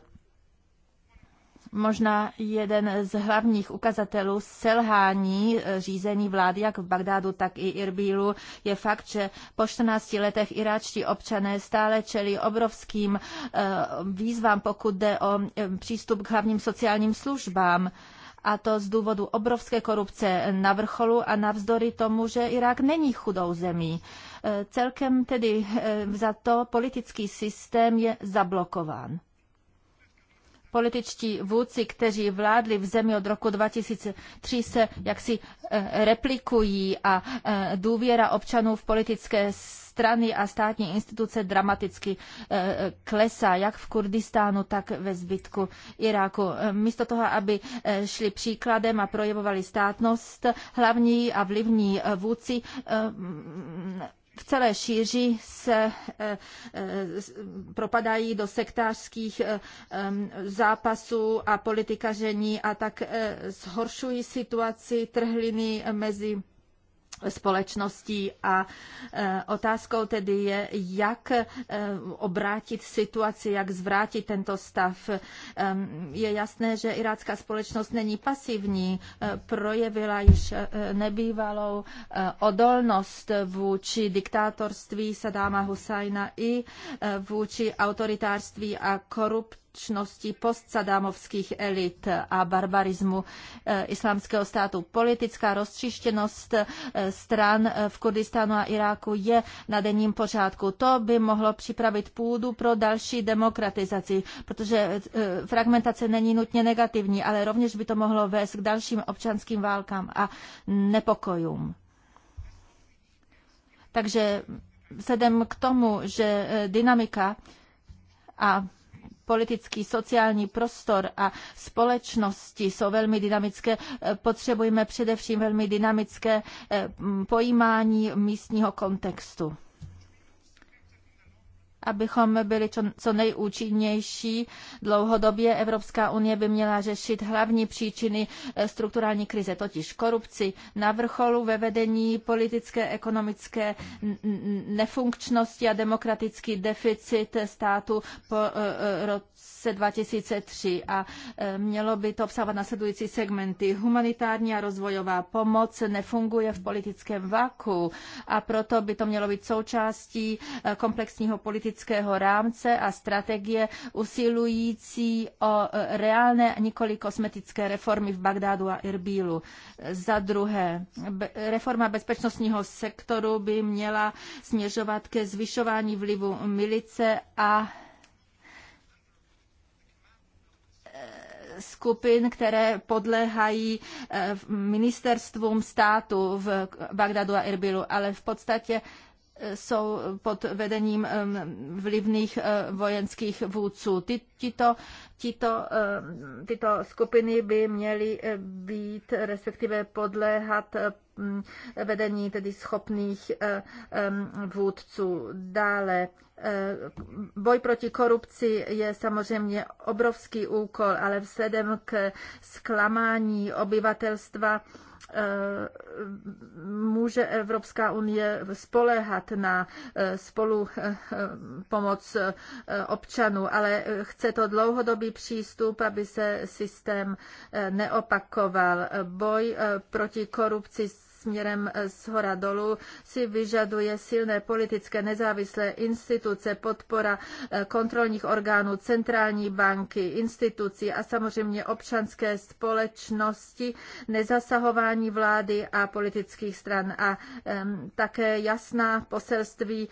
možná jeden z hlavních ukazatelů selhání eh, řízení vlády, jak v Bagdádu, tak i Irbílu, je fakt, že po 14 letech iráčtí občané stále čelí obrovským eh, výzvám, pokud jde o eh, přístup k hlavním sociálním službám a to z důvodu obrovské korupce na vrcholu a navzdory tomu, že Irák není chudou zemí. Celkem tedy za to politický systém je zablokován političtí vůdci, kteří vládli v zemi od roku 2003, se jaksi eh, replikují a eh, důvěra občanů v politické strany a státní instituce dramaticky eh, klesá, jak v Kurdistánu, tak ve zbytku Iráku. Místo toho, aby šli příkladem a projevovali státnost, hlavní a vlivní vůdci v celé šíři se eh, eh, propadají do sektářských eh, zápasů a politikaření a tak zhoršují situaci trhliny mezi společností a e, otázkou tedy je, jak e, obrátit situaci, jak zvrátit tento stav. E, je jasné, že irácká společnost není pasivní, projevila již nebývalou odolnost vůči diktátorství Sadáma Husajna i vůči autoritářství a korupci skutečností postsadámovských elit a barbarismu eh, islámského státu. Politická rozčištěnost eh, stran eh, v Kurdistánu a Iráku je na denním pořádku. To by mohlo připravit půdu pro další demokratizaci, protože fragmentace není nutně negativní, ale rovněž by to mohlo vést k dalším občanským válkám a nepokojům. Takže vzhledem k tomu, že dynamika a politický, sociální prostor a společnosti jsou velmi dynamické. Potřebujeme především velmi dynamické eh, pojímání místního kontextu abychom byli co nejúčinnější. Dlouhodobě Evropská unie by měla řešit hlavní příčiny eh, strukturální krize, totiž korupci na vrcholu ve vedení politické, ekonomické nefunkčnosti a demokratický deficit státu po eh, eh, roce 2003. A mělo by to obsahovat nasledující segmenty. Humanitární a rozvojová pomoc nefunguje v politickém vaku a proto by to mělo být součástí komplexního politického politického rámce a strategie usilující o e, reálné, nikoli kosmetické reformy v Bagdádu a Irbílu. Za druhé, reforma bezpečnostního sektoru by měla směřovat ke zvyšování vlivu milice a e, skupin, které podléhají e, ministerstvům státu v Bagdadu a Erbilu, ale v podstatě jsou pod vedením vlivných eh, vojenských vůdců. Ty, tyto tyto tyto skupiny by měly eh, být, respektive podléhat vedení tedy schopných eh, vůdců. Dále Boj proti korupci je samozřejmě obrovský úkol, ale vzhledem k zklamání obyvatelstva Eh, může Evropská unie spolehat na eh, spolu eh, pomoc občanů, ale chce to dlouhodobý přístup, aby se systém neopakoval. Boj proti korupci směrem eh, z hora dolů si vyžaduje silné politické nezávislé instituce, podpora eh, kontrolních orgánů, centrální banky, institucí a samozřejmě občanské společnosti, nezasahování vlády a politických stran a také jasná poselství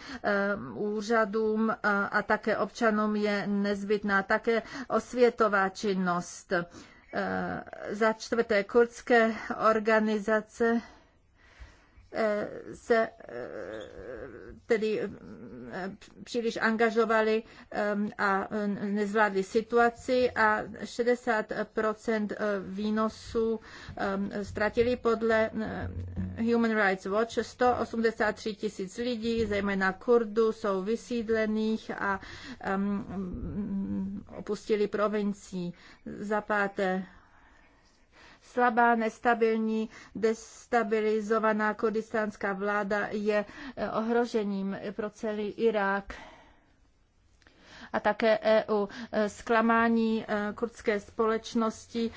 úřadům eh, a také občanům je nezbytná také osvětová činnost. Za čtvrté, kurdské organizace se eh, tedy eh, příliš angažovali eh, a nezvládli situaci a 60 výnosů ztratili podle Human Rights Watch 183 tisíc lidí, zejména Kurdů, jsou vysídlených a opustili provincii. Za páté slabá, nestabilní, destabilizovaná kurdistánská vláda je eh, ohrožením pro celý Irák a také EU. Eh, zklamání eh, kurdské společnosti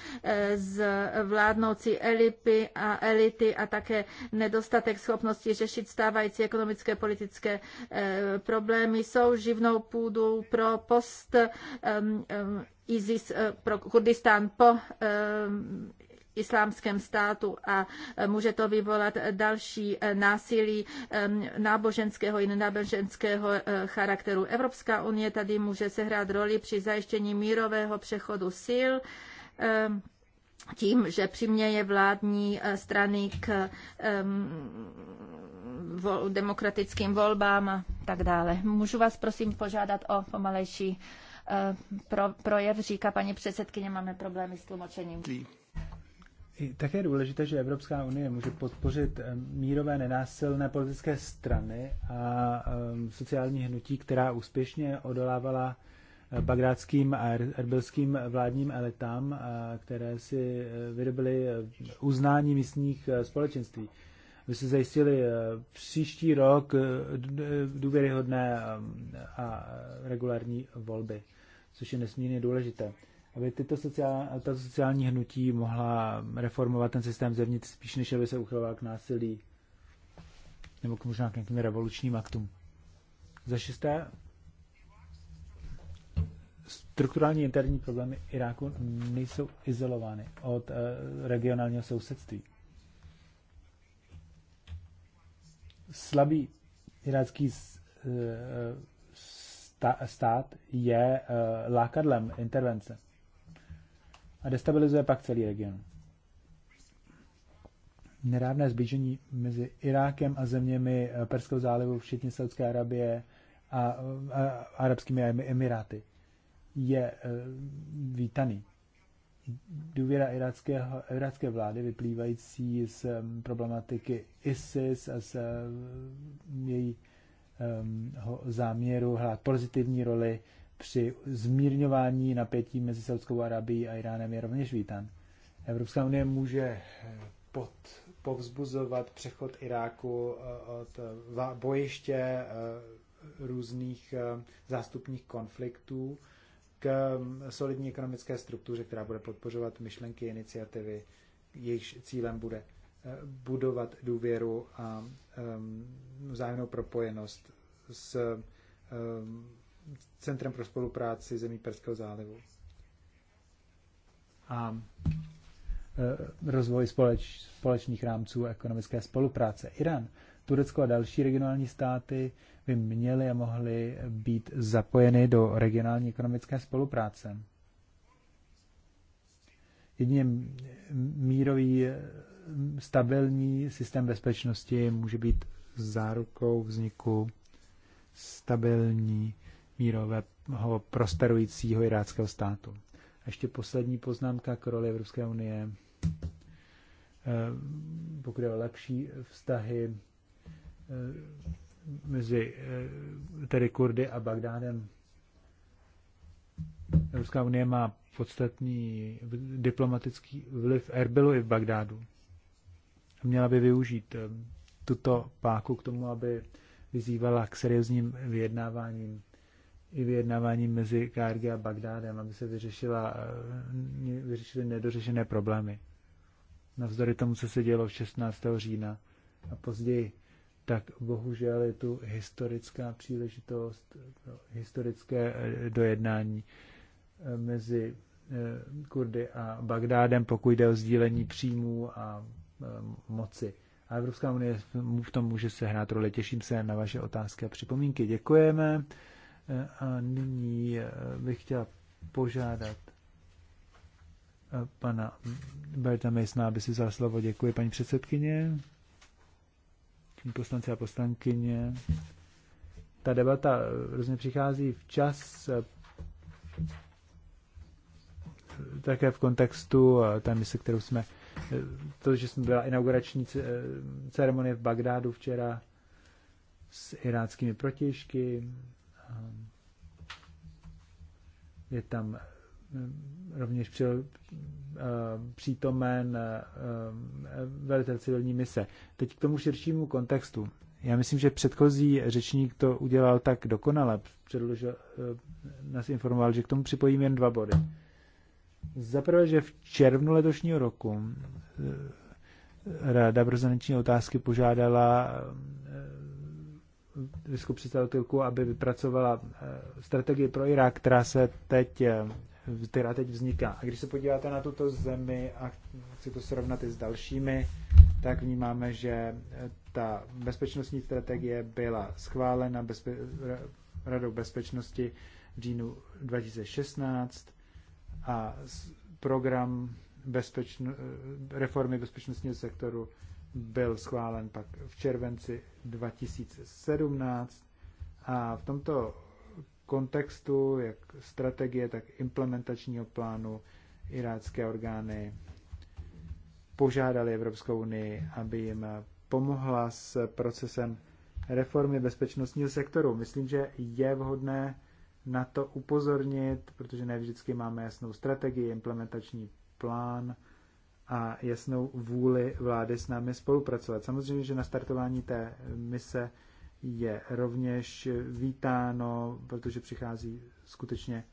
z vládnoucí elity a, elity a také nedostatek schopnosti řešit stávající ekonomické politické problémy jsou živnou půdou pro post ISIS pro Kurdistán po islámském státu a e, může to vyvolat další e, násilí e, náboženského i náboženského charakteru. Evropská unie tady může sehrát roli při zajištění mírového přechodu sil tím, že přiměje vládní strany k demokratickým volbám a tak dále. Můžu vás prosím požádat o pomalejší pro, projev, říká paní předsedkyně, máme problémy s tlumočením. Také je důležité, že Evropská unie může podpořit eh, mírové nenásilné politické strany a ehm, sociální hnutí, která úspěšně odolávala eh, bagráckým a er-, erbilským vládním elitám, eh, které si vyrobily uznání místních společenství. Vy si zajistili příští rok důvěryhodné ehm, a regulární volby, což je nesmírně důležité aby tyto sociální, ta sociální hnutí mohla reformovat ten systém zevnitř spíš, než aby se uchylovala k násilí nebo k možná k nějakým revolučním aktům. Za šesté, strukturální interní problémy Iráku nejsou izolovány od uh, regionálního sousedství. Slabý irácký uh, stát je uh, lákadlem intervence a destabilizuje pak celý region. Nedávné zblížení mezi Irákem a zeměmi eh, Perského zálivu, včetně Saudské Arabie a, a, eh, a Arabskými Emiráty, je e, vítaný. Důvěra iráckého, irácké vlády vyplývající z um, problematiky ISIS a z um, um, záměru hrát pozitivní roli při zmírňování napětí mezi Saudskou Arabií a Iránem je rovněž vítán. Evropská unie může eh, pod, povzbuzovat přechod Iráku eh, od eh, bojiště různých zástupních konfliktů k mm, solidní ekonomické struktuře, která bude podpořovat myšlenky iniciativy, jejichž cílem bude budovat důvěru a mm, vzájemnou propojenost s Centrem pro spolupráci zemí Perského zálivu a e, rozvoj společ, společných rámců ekonomické spolupráce. Irán, Turecko a další regionální státy by měly a mohly být zapojeny do regionální ekonomické spolupráce. Jedině mírový e, stabilní systém bezpečnosti může být zárukou vzniku stabilní mírového prosperujícího iráckého státu. A ještě poslední poznámka k roli Evropské unie, eh, pokud je o lepší vztahy eh, mezi eh, tedy Kurdy a Bagdádem. Evropská unie má podstatný diplomatický vliv v Erbilu i v Bagdádu. Měla by využít tuto páku k tomu, aby vyzývala k seriózním vyjednáváním i vyjednávání mezi KRG a Bagdádem, aby se vyřešila, eh, vyřešily nedořešené problémy. Navzdory tomu, co se dělo 16. října a později, tak bohužel je tu historická příležitost, historické eh, dojednání eh, mezi Kurdy a Bagdádem, pokud jde o sdílení příjmů a moci. A Evropská unie v tom může sehrát roli. Těším se na vaše otázky a připomínky. Děkujeme. A nyní eh, bych chtěla požádat eh, pana Berta Mejsna, aby si za slovo. Děkuji, paní předsedkyně. Poslanci a poslankyně. Ta debata eh, různě přichází včas, také v kontextu té mise, kterou jsme, to, že jsme byla inaugurační ceremonie v Bagdádu včera s iráckými protěžky, Ehm, je tam ehm, rovněž při, ehm, přítomen velitel civilní mise. Teď k tomu širšímu kontextu. Já myslím, že předchozí řečník to udělal tak dokonale, předložil, nás informoval, že k tomu připojím jen dva body. Za prvé, že v červnu letošního roku Rada pro zahraniční otázky požádala vysku představitelku, aby vypracovala eh, strategii pro Irák, která se teď eh, která teď vzniká. A když se podíváte na tuto zemi a chci to srovnat i s dalšími, tak vnímáme, že eh, ta bezpečnostní strategie byla schválena bezpe- Radou bezpečnosti v říjnu 2016 a program bezpečno- reformy bezpečnostního sektoru byl schválen pak v červenci 2017 a v tomto kontextu, jak strategie, tak implementačního plánu, irácké orgány požádali Evropskou unii, aby jim pomohla s procesem reformy bezpečnostního sektoru. Myslím, že je vhodné na to upozornit, protože ne vždycky máme jasnou strategii, implementační plán a jasnou vůli vlády s námi spolupracovat. Samozřejmě, že na startování té mise je rovněž vítáno, protože přichází skutečně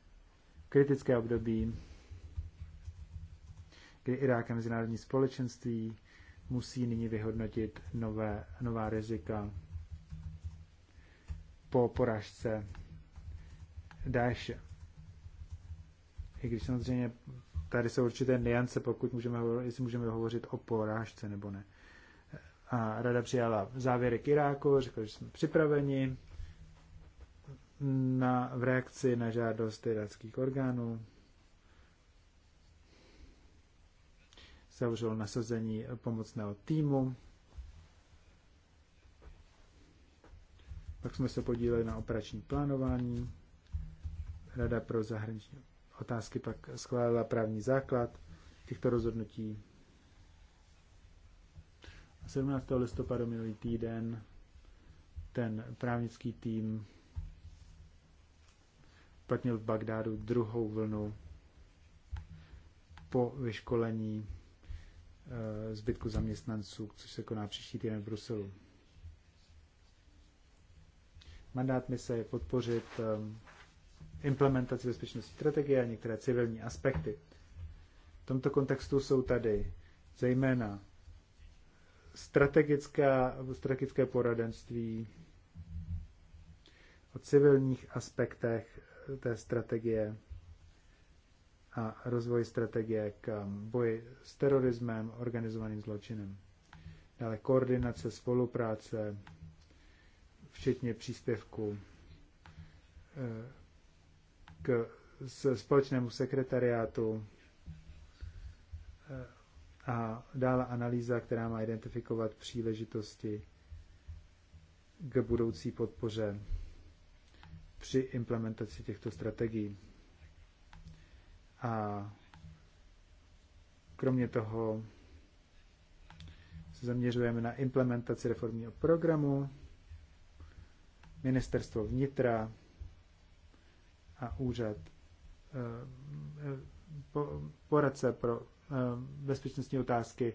kritické období, kdy Irák a mezinárodní společenství musí nyní vyhodnotit nové, nová rizika po poražce Daeše. I když samozřejmě tady jsou určité niance, pokud můžeme, jestli můžeme hovořit o porážce nebo ne. A rada přijala závěry k Iráku, řekla, že jsme připraveni na, v reakci na žádost iráckých orgánů. Zavřel nasazení pomocného týmu. Pak jsme se podíleli na operační plánování. Rada pro zahraniční otázky pak schválila právní základ těchto rozhodnutí. 17. listopadu minulý týden ten právnický tým uplatnil v Bagdádu druhou vlnu po vyškolení eh, zbytku zaměstnanců, což se koná příští týden v Bruselu. Mandát mise je podpořit eh, implementaci bezpečnostní strategie a některé civilní aspekty. V tomto kontextu jsou tady zejména strategická, strategické poradenství o civilních aspektech té strategie a rozvoj strategie k boji s terorismem, organizovaným zločinem. Dále koordinace, spolupráce, včetně příspěvku eh, k společnému sekretariátu eh, a dále analýza, která má identifikovat příležitosti k budoucí podpoře při implementaci těchto strategií. A kromě toho se zaměřujeme na implementaci reformního programu, ministerstvo vnitra, a úřad eh, poradce pro eh, bezpečnostní otázky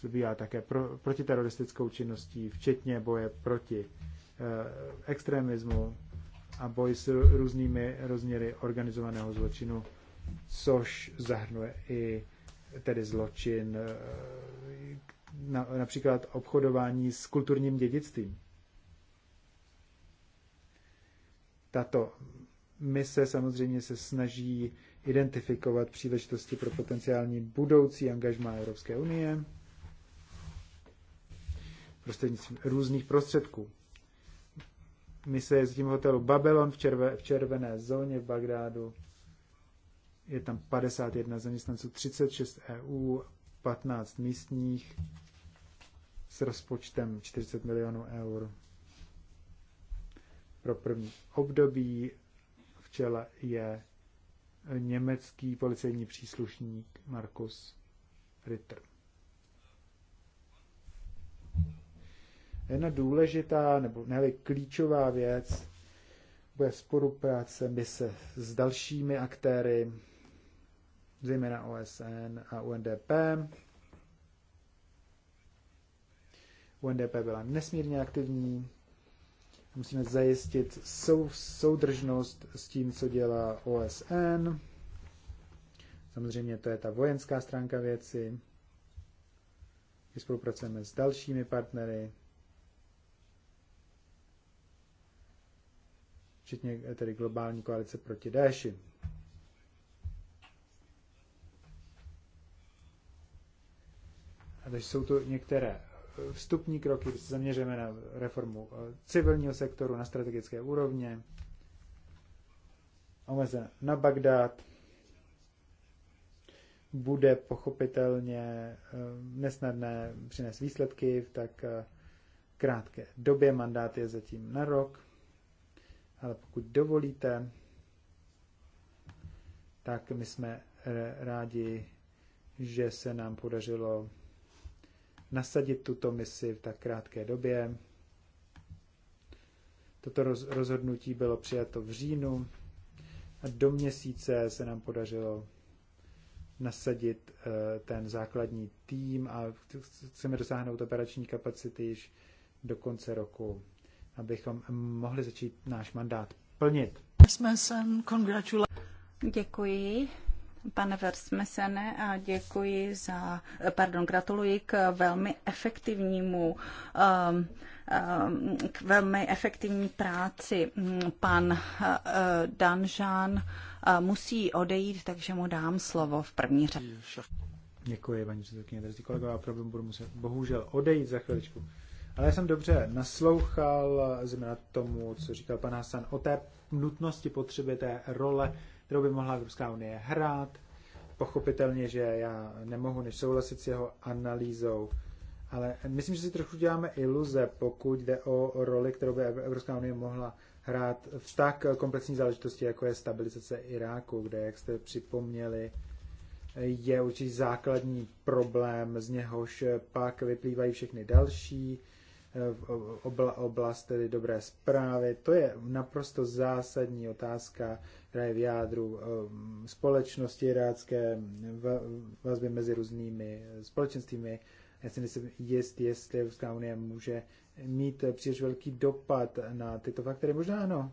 zabývá také pro, protiteroristickou činností, včetně boje proti eh, extremismu a boj s různými rozměry organizovaného zločinu, což zahrnuje i tedy zločin, na, například obchodování s kulturním dědictvím. Tato mise samozřejmě se snaží identifikovat příležitosti pro potenciální budoucí angažmá Evropské unie prostřednictvím různých prostředků. Mise je zatím v hotelu Babylon v, červe, v červené zóně v Bagdádu. Je tam 51 zaměstnanců, 36 EU, 15 místních s rozpočtem 40 milionů eur pro první období čele je německý policejní příslušník Markus Ritter. Jedna důležitá, nebo ne klíčová věc bude spolupráce mise s dalšími aktéry, zejména OSN a UNDP. UNDP byla nesmírně aktivní Musíme zajistit sou, soudržnost s tím, co dělá OSN. Samozřejmě to je ta vojenská stránka věci. My spolupracujeme s dalšími partnery, včetně eh, tedy globální koalice proti Daeši. A takže jsou tu některé vstupní kroky, se zaměříme na reformu eh, civilního sektoru na strategické úrovně, omezen na Bagdád, bude pochopitelně eh, nesnadné přinést výsledky v tak eh, krátké době. Mandát je zatím na rok, ale pokud dovolíte, tak my jsme rádi, že se nám podařilo nasadit tuto misi v tak krátké době. Toto rozhodnutí bylo přijato v říjnu a do měsíce se nám podařilo nasadit eh, ten základní tým a chceme dosáhnout operační kapacity již do konce roku, abychom mohli začít náš mandát plnit. Děkuji pane Versmesene, a děkuji za, pardon, gratuluji k velmi efektivnímu um, um k velmi efektivní práci. Pan uh, Danžán uh, musí odejít, takže mu dám slovo v první řadě. Děkuji, paní předsedkyně. Drzí kolegové, opravdu budu muset bohužel odejít za chviličku. Ale já jsem dobře naslouchal zejména tomu, co říkal pan Hasan, o té nutnosti potřeby té role kterou by mohla Evropská unie hrát. Pochopitelně, že já nemohu než souhlasit s jeho analýzou, ale myslím, že si trochu děláme iluze, pokud jde o roli, kterou by Evropská unie mohla hrát v tak komplexní záležitosti, jako je stabilizace Iráku, kde, jak jste připomněli, je určitě základní problém, z něhož pak vyplývají všechny další oblast tedy dobré zprávy. To je naprosto zásadní otázka, která je v jádru um, společnosti irácké, vazby mezi různými společenstvími. Já si myslím, jist, jestli Evropská unie může mít příliš velký dopad na tyto faktory. Možná ano,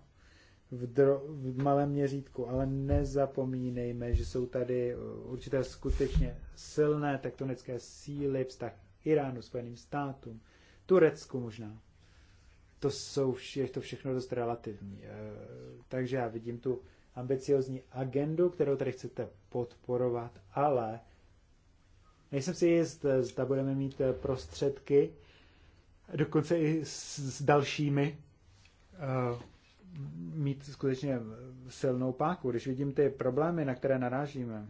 v, dro- v malém měřítku, ale nezapomínejme, že jsou tady uh, určité skutečně silné tektonické síly, vztah Iránu, Spojeným státům, Turecku možná. To jsou, je to všechno dost relativní. Eh, takže já vidím tu ambiciozní agendu, kterou tady chcete podporovat, ale nejsem si jist, eh, zda budeme mít eh, prostředky, dokonce i s, s dalšími, mít skutečně silnou páku. Když vidím ty problémy, na které narážíme,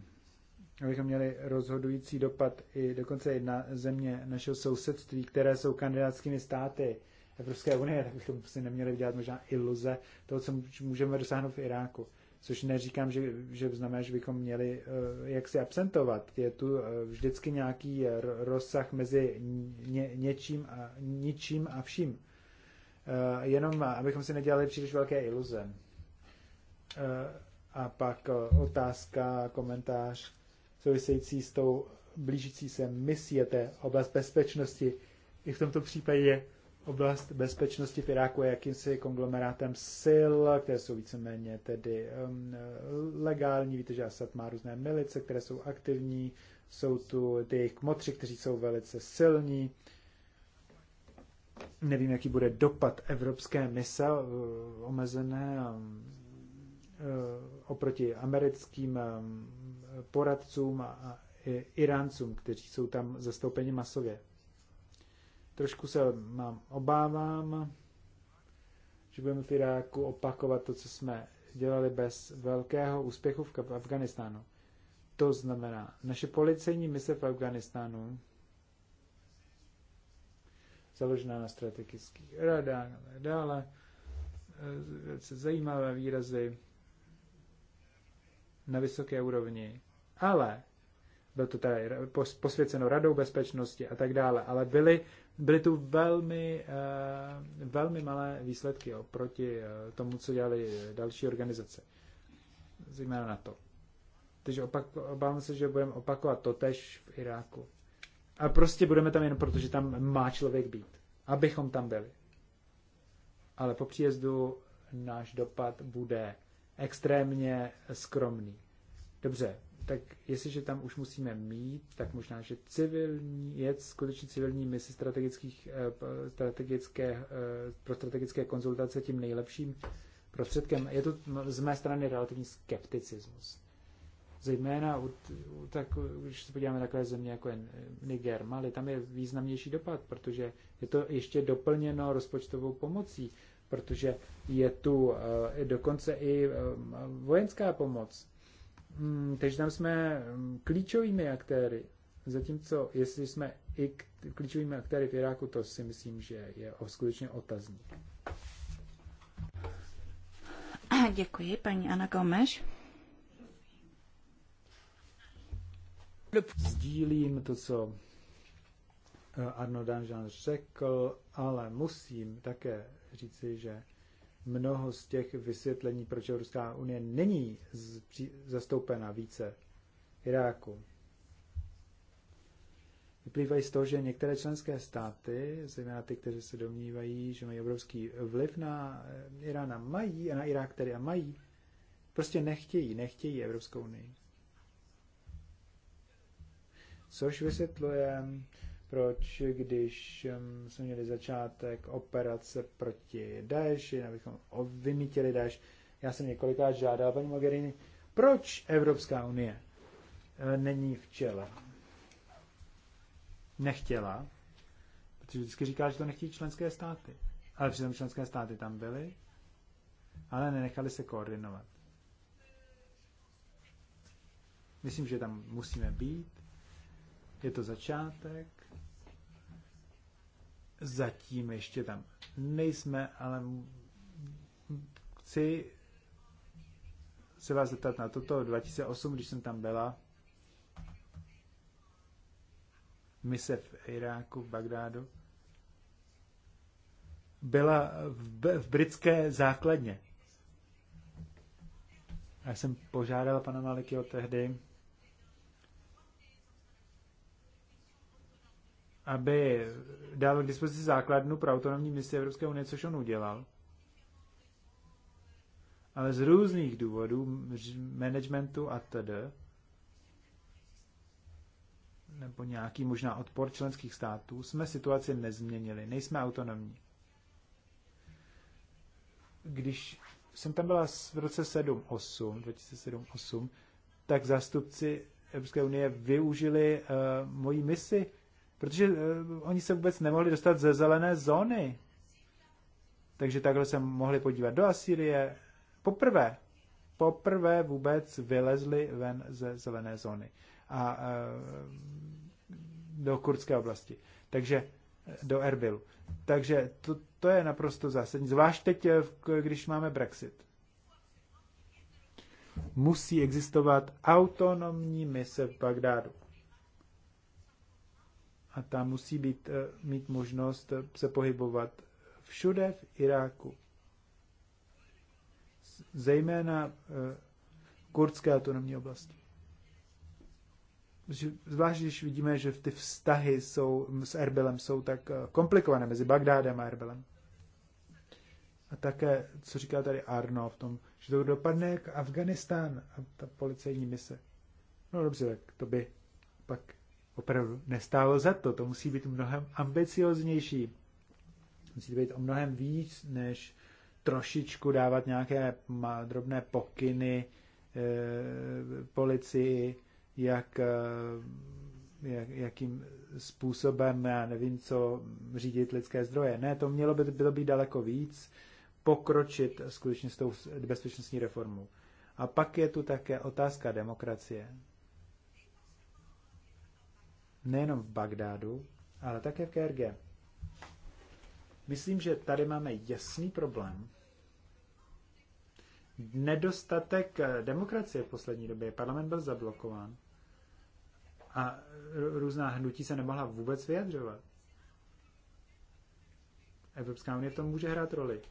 abychom měli rozhodující dopad i dokonce i na země našeho sousedství, které jsou kandidátskými státy Evropské unie, tak bychom si neměli dělat možná iluze toho, co můžeme dosáhnout v Iráku. Což neříkám, že, že znamená, že bychom měli eh, jak si absentovat. Je tu eh, vždycky nějaký eh, rozsah mezi ně, něčím a, ničím a vším. Jenom abychom si nedělali příliš velké iluze. A pak otázka, komentář související s tou blížící se misí, a oblast bezpečnosti. I v tomto případě oblast bezpečnosti v Iráku je jakýmsi konglomerátem sil, které jsou víceméně tedy um, legální. Víte, že Asad má různé milice, které jsou aktivní, jsou tu ty jejich kmotři, kteří jsou velice silní. Nevím, jaký bude dopad evropské mise uh, omezené um, uh, oproti americkým um, poradcům a Iráncům, kteří jsou tam zastoupeni masově. Trošku se mám obávám, že budeme v Iráku opakovat to, co jsme dělali bez velkého úspěchu v Afganistánu. To znamená, naše policejní mise v Afganistánu, založená na strategických radách a tak dále, e, velice zajímavé výrazy, na vysoké úrovni, ale bylo to tady posvěceno radou bezpečnosti a tak dále, ale byly, byly tu velmi, eh, velmi malé výsledky oproti eh, tomu, co dělali eh, další organizace, zejména na to. Takže opak, obávám se, že budeme opakovat to tež v Iráku. A prostě budeme tam jen proto, že tam má člověk být. Abychom tam byli. Ale po příjezdu náš dopad bude extrémně skromný. Dobře, tak jestliže tam už musíme mít, tak možná, že civilní, je skutečně civilní misi strategických, eh, strategické, eh, pro strategické konzultace tím nejlepším prostředkem. Je to z mé strany relativní skepticismus. Zejména u, u tak, když se podíváme na takové země jako je Niger, Mali, tam je významnější dopad, protože je to ještě doplněno rozpočtovou pomocí protože je tu eh, dokonce i eh, vojenská pomoc. Hmm, takže tam jsme hmm, klíčovými aktéry. Zatímco, jestli jsme i klíčovými aktéry v Iráku, to si myslím, že je skutečně otazník. *clears throat* Děkuji, paní Ana Gomeš. Sdílím to, co eh, Arno Danžan řekl, ale musím také říci, že mnoho z těch vysvětlení, proč Evropská unie není zastoupena více Iráku, vyplývají z toho, že některé členské státy, zejména ty, kteří se domnívají, že mají obrovský vliv na eh, Irán a mají, a na Irák tedy a mají, prostě nechtějí, nechtějí Evropskou unii. Což vysvětluje proč, když jsme měli začátek operace proti Daeši, abychom vymítili Daesh, já jsem několikrát žádal paní Mogherini, proč Evropská unie eh, není v čele? Nechtěla, protože vždycky říká, že to nechtějí členské státy. Ale přitom členské státy tam byly, ale nenechali se koordinovat. Myslím, že tam musíme být. Je to začátek. Zatím ještě tam nejsme, ale chci se vás zeptat na toto 2008, když jsem tam byla. Mise v Iráku, v Bagdádu. Byla v, v britské základně. Já jsem požádala pana Malikyho tehdy, aby dal k dispozici základnu pro autonomní misi Evropské unie, což on udělal. Ale z různých důvodů, managementu a td., nebo nějaký možná odpor členských států, jsme situaci nezměnili, nejsme autonomní. Když jsem tam byla v roce 2007 2008 tak zástupci Evropské unie využili uh, moji misi protože eh, oni se vůbec nemohli dostat ze zelené zóny. Takže takhle se mohli podívat do Asýrie. Poprvé, poprvé vůbec vylezli ven ze zelené zóny a eh, do kurdské oblasti. Takže eh, do Erbilu. Takže to, to je naprosto zásadní, zvlášť teď, když máme Brexit. Musí existovat autonomní mise v Bagdádu a ta musí být, eh, mít možnost eh, se pohybovat všude v Iráku. Zejména eh, kurdské autonomní oblasti. Zvlášť, když vidíme, že ty vztahy jsou, s Erbilem jsou tak komplikované mezi Bagdádem a Erbilem. A také, co říká tady Arno v tom, že to dopadne jak Afganistán a ta policejní mise. No dobře, tak to by pak opravdu nestálo za to. To musí být mnohem ambicioznější. Musí to být o mnohem víc, než trošičku dávat nějaké drobné pokyny eh, policii, jak, eh, jak, jakým způsobem, já nevím, co řídit lidské zdroje. Ne, to mělo by bylo být daleko víc, pokročit skutečně s tou bezpečnostní reformou. A pak je tu také otázka demokracie nejenom v Bagdádu, ale také v KRG. Myslím, že tady máme jasný problém. Nedostatek eh, demokracie v poslední době. Parlament byl zablokován a různá hnutí se nemohla vůbec vyjadřovat. Evropská unie v tom může hrát roli.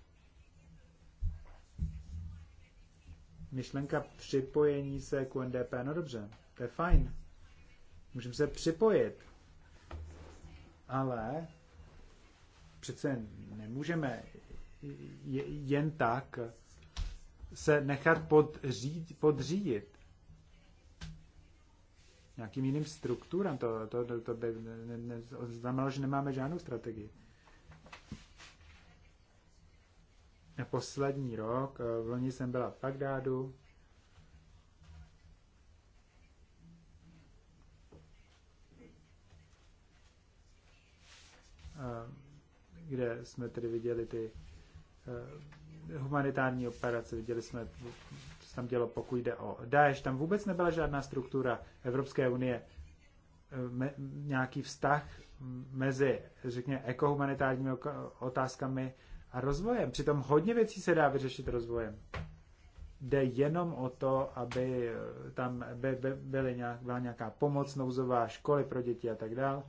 Myšlenka připojení se k UNDP, no dobře, to je fajn, Můžeme se připojit, ale přece nemůžeme jen tak se nechat podřídit, podřídit nějakým jiným strukturám. To, to, to by ne, ne, znamenalo, že nemáme žádnou strategii. Na poslední rok, v loni jsem byla v Bagdádu, kde jsme tedy viděli ty eh, humanitární operace, viděli jsme, co se tam dělo, pokud jde o Daesh. Tam vůbec nebyla žádná struktura Evropské unie, eh, me, nějaký vztah mezi, řekněme, ekohumanitárními otázkami a rozvojem. Přitom hodně věcí se dá vyřešit rozvojem. Jde jenom o to, aby eh, tam by, by, byly nějak, byla nějaká pomoc, nouzová, školy pro děti a tak dále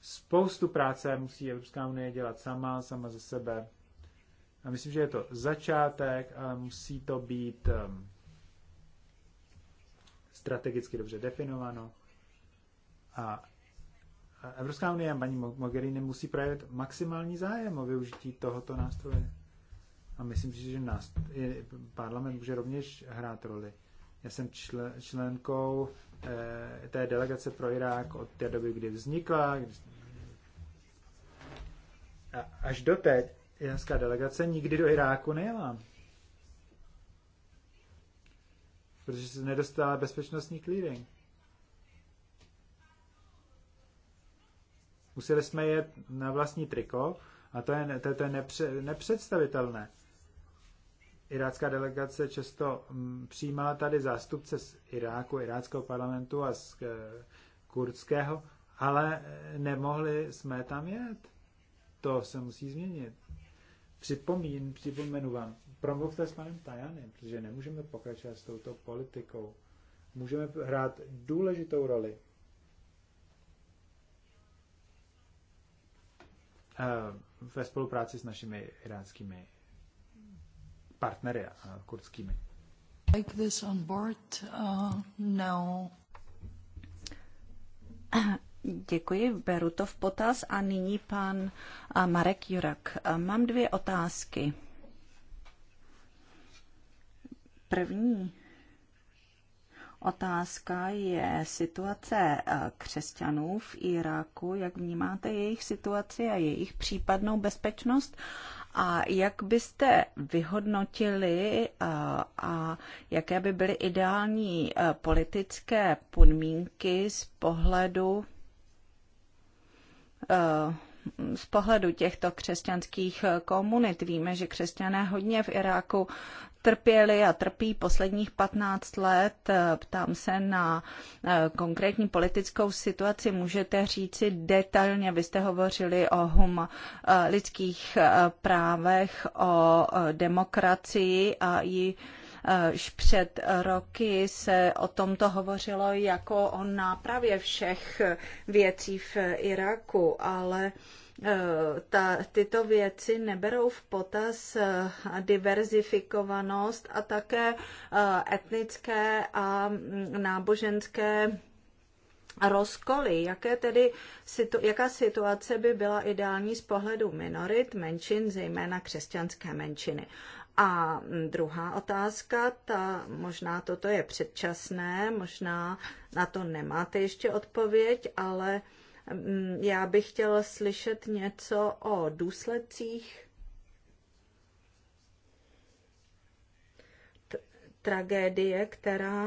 spoustu práce musí Evropská unie dělat sama, sama ze sebe. A myslím, že je to začátek, ale musí to být um, strategicky dobře definováno. A Evropská unie a paní Mogherini musí projevit maximální zájem o využití tohoto nástroje. A myslím si, že nás, parlament může rovněž hrát roli. Já jsem člen, členkou eh, té delegace pro Irák od té doby, kdy vznikla. Kdy... A až doteď iránská delegace nikdy do Iráku nejela. Protože se nedostala bezpečnostní clearing. Museli jsme jet na vlastní triko a to je, to, to je nepře, nepředstavitelné irácká delegace často mm, přijímala tady zástupce z Iráku, iráckého parlamentu a z eh, kurdského, ale eh, nemohli jsme tam jet. To se musí změnit. Připomín, připomenu vám, promluvte s panem Tajanem, protože nemůžeme pokračovat s touto politikou. Můžeme hrát důležitou roli. Eh, ve spolupráci s našimi iránskými partnery eh, kurdskými. Like this on board, uh, no. *clears throat* Děkuji, beru to v potaz. A nyní pan eh, Marek Jurak. Eh, mám dvě otázky. První Otázka je situace eh, křesťanů v Iráku. Jak vnímáte jejich situaci a jejich případnou bezpečnost? A jak byste vyhodnotili a, eh, a jaké by byly ideální eh, politické podmínky z pohledu z pohledu těchto křesťanských komunit. Víme, že křesťané hodně v Iráku trpěli a trpí posledních 15 let. Ptám se na eh, konkrétní politickou situaci. Můžete říci detailně, vy jste hovořili o hum, eh, lidských eh, právech, o demokracii a i Již před roky se o tomto hovořilo jako o nápravě všech věcí v Iraku, ale Eh, ta, tyto věci neberou v potaz eh, diverzifikovanost a také eh, etnické a mm, náboženské rozkoly, jaké tedy, situ, jaká situace by byla ideální z pohledu minorit, menšin, zejména křesťanské menšiny. A mm, druhá otázka, ta možná toto je předčasné, možná na to nemáte ještě odpověď, ale uh, Mm, já bych chtěla slyšet něco o důsledcích tragédie, která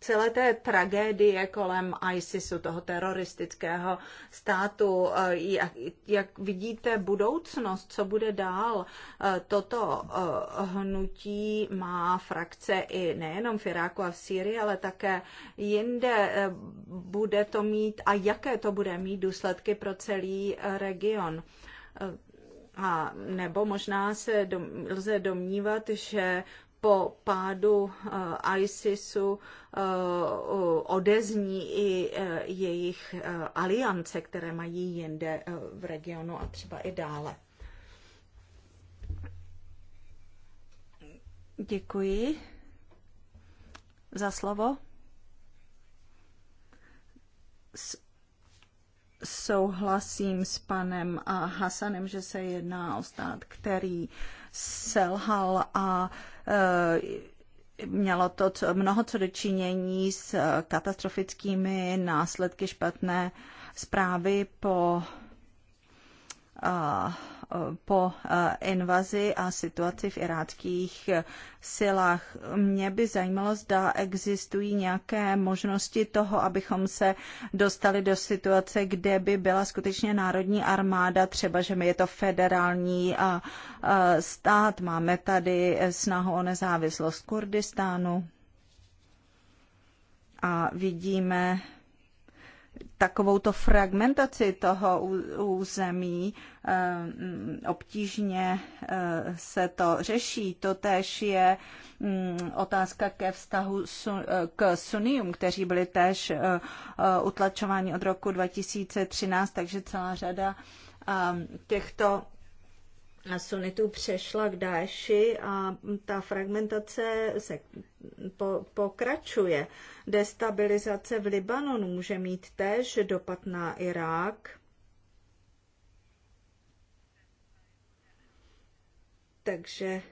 celé té tragédie kolem ISISu, toho teroristického státu, eh, jak, jak vidíte budoucnost, co bude dál. Eh, toto eh, hnutí má frakce i nejenom v Iráku a v Sýrii, ale také jinde bude to mít a jaké to bude mít důsledky pro celý region. A nebo možná se dom, lze domnívat, že po pádu eh, ISISu eh, odezní i eh, jejich aliance, které mají jinde v regionu a třeba i dále. Děkuji za slovo. S souhlasím s panem Hasanem, že se jedná o stát, který selhal a eh, mělo to co, mnoho co dočinění s eh, katastrofickými následky špatné zprávy po uh, po eh, invazi a situaci v iráckých eh, silách. Mě by zajímalo, zda existují nějaké možnosti toho, abychom se dostali do situace, kde by byla skutečně národní armáda, třeba, že my je to federální a, eh, a stát. Máme tady snahu o nezávislost Kurdistánu a vidíme takovouto fragmentaci toho území eh, mm, obtížně eh, se to řeší. To též je mm, otázka ke vztahu eh, k Sunium, kteří byli též utlačováni od roku 2013, takže celá řada těchto sunitů přešla k Daeši a ta fragmentace se po, pokračuje. Destabilizace v Libanonu může mít též dopad na Irák. Takže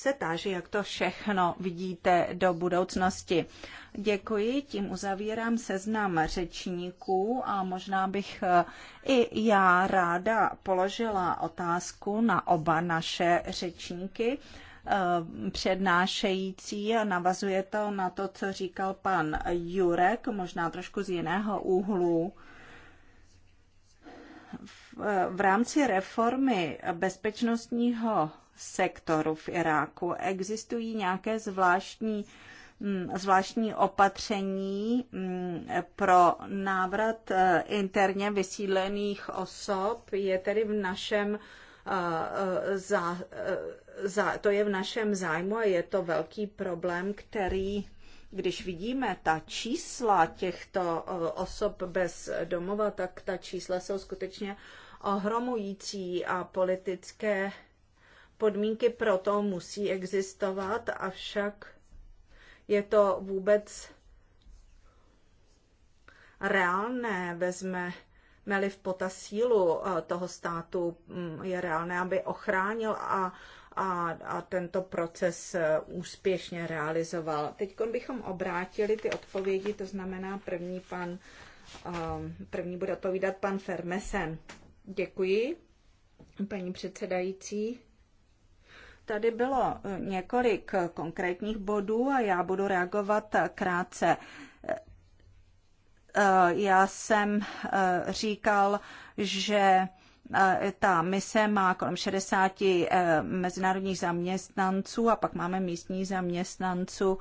se táži, jak to všechno vidíte do budoucnosti. Děkuji, tím uzavírám seznam řečníků a možná bych eh, i já ráda položila otázku na oba naše řečníky eh, přednášející a navazuje to na to, co říkal pan Jurek, možná trošku z jiného úhlu. V, eh, v rámci reformy bezpečnostního sektoru v Iráku. Existují nějaké zvláštní mm, zvláštní opatření mm, pro návrat eh, interně vysídlených osob je tedy v našem eh, eh, za, za, to je v našem zájmu a je to velký problém, který když vidíme ta čísla těchto osob bez domova, tak ta čísla jsou skutečně ohromující a politické Podmínky pro to musí existovat, avšak je to vůbec reálné, vezme měli v potaz sílu eh, toho státu, mm, je reálné, aby ochránil a, a, a tento proces eh, úspěšně realizoval. Teď bychom obrátili ty odpovědi, to znamená první pan, ehm, první bude odpovídat pan Fermesen. Děkuji, paní předsedající. Tady bylo eh, několik eh, konkrétních bodů a já budu reagovat eh, krátce. Já jsem říkal, že ta mise má kolem 60 mezinárodních zaměstnanců a pak máme místní zaměstnanců,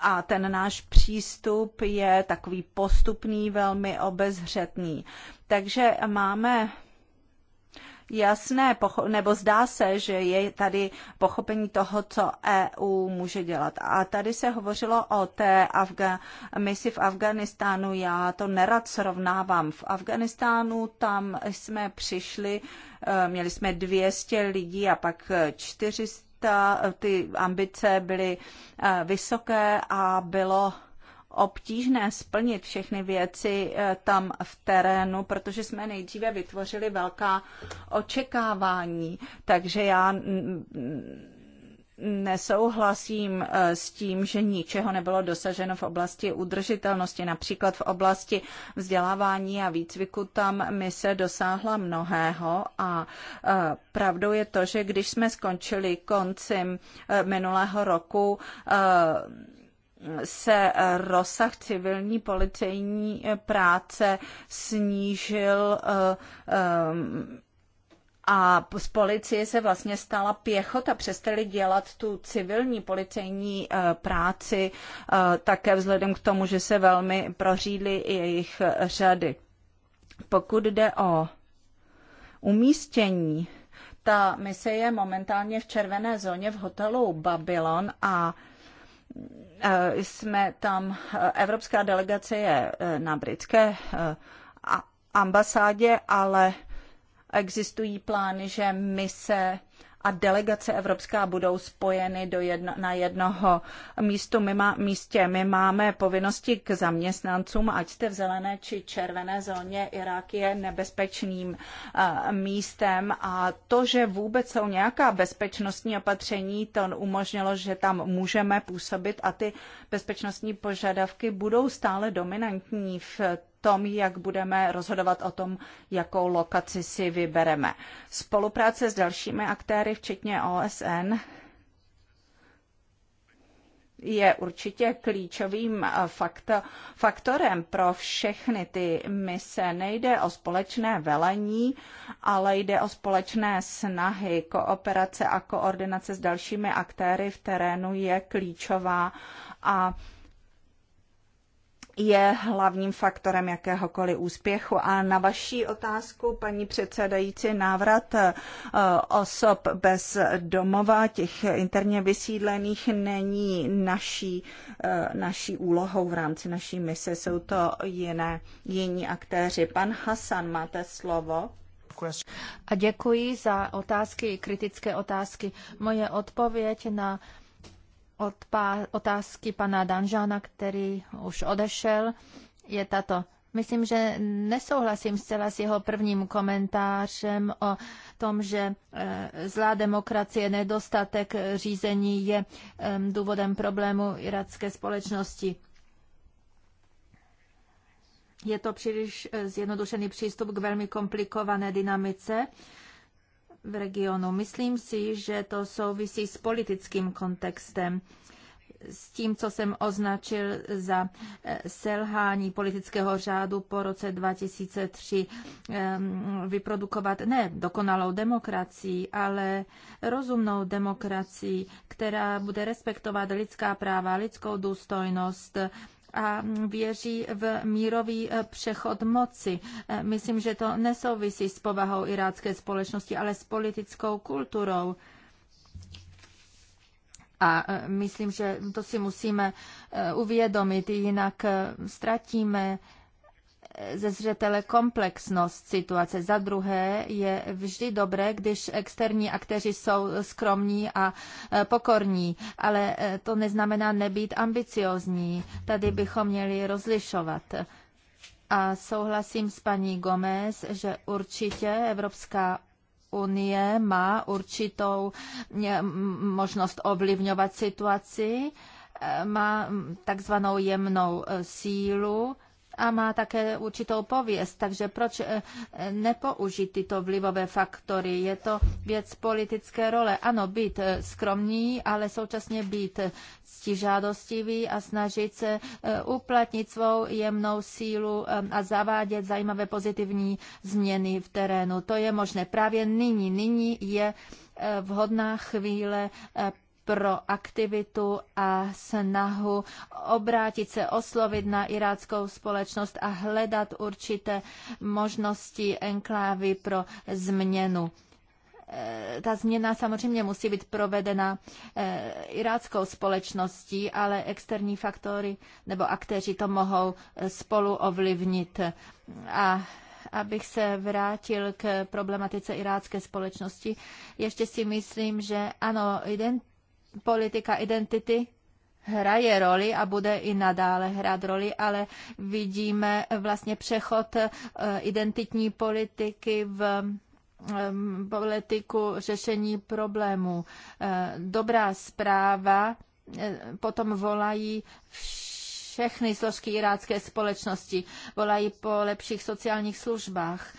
a ten náš přístup je takový postupný, velmi obezřetný. Takže máme jasné, nebo zdá se, že je tady pochopení toho, co EU může dělat. A tady se hovořilo o té Afga- misi v Afganistánu. Já to nerad srovnávám. V Afganistánu tam jsme přišli, eh, měli jsme 200 lidí a pak 400 ty ambice byly eh, vysoké a bylo obtížné splnit všechny věci eh, tam v terénu, protože jsme nejdříve vytvořili velká očekávání. Takže já nesouhlasím eh, s tím, že ničeho nebylo dosaženo v oblasti udržitelnosti, například v oblasti vzdělávání a výcviku, tam mi se dosáhla mnohého a eh, pravdou je to, že když jsme skončili koncem minulého roku se rozsah civilní policejní práce snížil eh, eh, a z policie se vlastně stala pěchota, přestali dělat tu civilní policejní eh, práci také vzhledem k tomu, že se velmi prořídly jejich řady. Pokud jde o umístění, ta mise je momentálně v červené zóně v hotelu Babylon a Eh, jsme tam, eh, evropská delegace je eh, na britské ambasádě, ale existují plány, že mise a delegace evropská budou spojeny do jedno, na jednoho místu. My má, místě. My máme povinnosti k zaměstnancům, ať jste v zelené či červené zóně, Irák je nebezpečným uh, místem a to, že vůbec jsou nějaká bezpečnostní opatření, to umožnilo, že tam můžeme působit a ty bezpečnostní požadavky budou stále dominantní v tom, jak budeme rozhodovat o tom, jakou lokaci si vybereme. Spolupráce s dalšími aktéry, včetně OSN, je určitě klíčovým eh, faktorem pro všechny ty mise. Nejde o společné velení, ale jde o společné snahy. Kooperace a koordinace s dalšími aktéry v terénu je klíčová a je hlavním faktorem jakéhokoliv úspěchu. A na vaší otázku, paní předsedající, návrat eh, osob bez domova, těch interně vysídlených, není naší, eh, naší úlohou v rámci naší mise. Jsou to jiné, jiní aktéři. Pan Hasan, máte slovo. A děkuji za otázky, kritické otázky. Moje odpověď na otázky pana Danžána, který už odešel, je tato. Myslím, že nesouhlasím zcela s jeho prvním komentářem o tom, že e, zlá demokracie, nedostatek řízení je e, důvodem problému iracké společnosti. Je to příliš e, zjednodušený přístup k velmi komplikované dynamice v regionu. Myslím si, že to souvisí s politickým kontextem s tím, co jsem označil za eh, selhání politického řádu po roce 2003, ehm, vyprodukovat ne dokonalou demokracii, ale rozumnou demokracii, která bude respektovat lidská práva, lidskou důstojnost, a věří v mírový eh, přechod moci. Eh, myslím, že to nesouvisí s povahou irácké společnosti, ale s politickou kulturou. A eh, myslím, že to si musíme uvědomit, jinak ztratíme ze zřetele komplexnost situace. Za druhé je vždy dobré, když externí akteři jsou skromní a e, pokorní, ale e, to neznamená nebýt ambiciozní. Tady bychom měli rozlišovat. A souhlasím s paní Gomez, že určitě Evropská unie má určitou e, možnost ovlivňovat situaci, má takzvanou jemnou sílu a má také určitou pověst, takže proč eh, nepoužít tyto vlivové faktory? Je to věc politické role. Ano, být eh, skromný, ale současně být ctižádostivý a snažit se eh, uplatnit svou jemnou sílu a zavádět zajímavé pozitivní změny v terénu. To je možné právě nyní. Nyní je vhodná chvíle pro aktivitu a snahu obrátit se, oslovit na iráckou společnost a hledat určité možnosti enklávy pro změnu eh, ta změna samozřejmě musí být provedena eh, iráckou společností, ale externí faktory nebo aktéři to mohou eh, spolu ovlivnit. A abych se vrátil k problematice irácké společnosti, ještě si myslím, že ano, ident politika identity hraje roli a bude i nadále hrát roli, ale vidíme vlastně přechod eh, identitní politiky v politiku řešení problémů. Eh, dobrá zpráva eh, potom volají všechny složky irácké společnosti, volají po lepších sociálních službách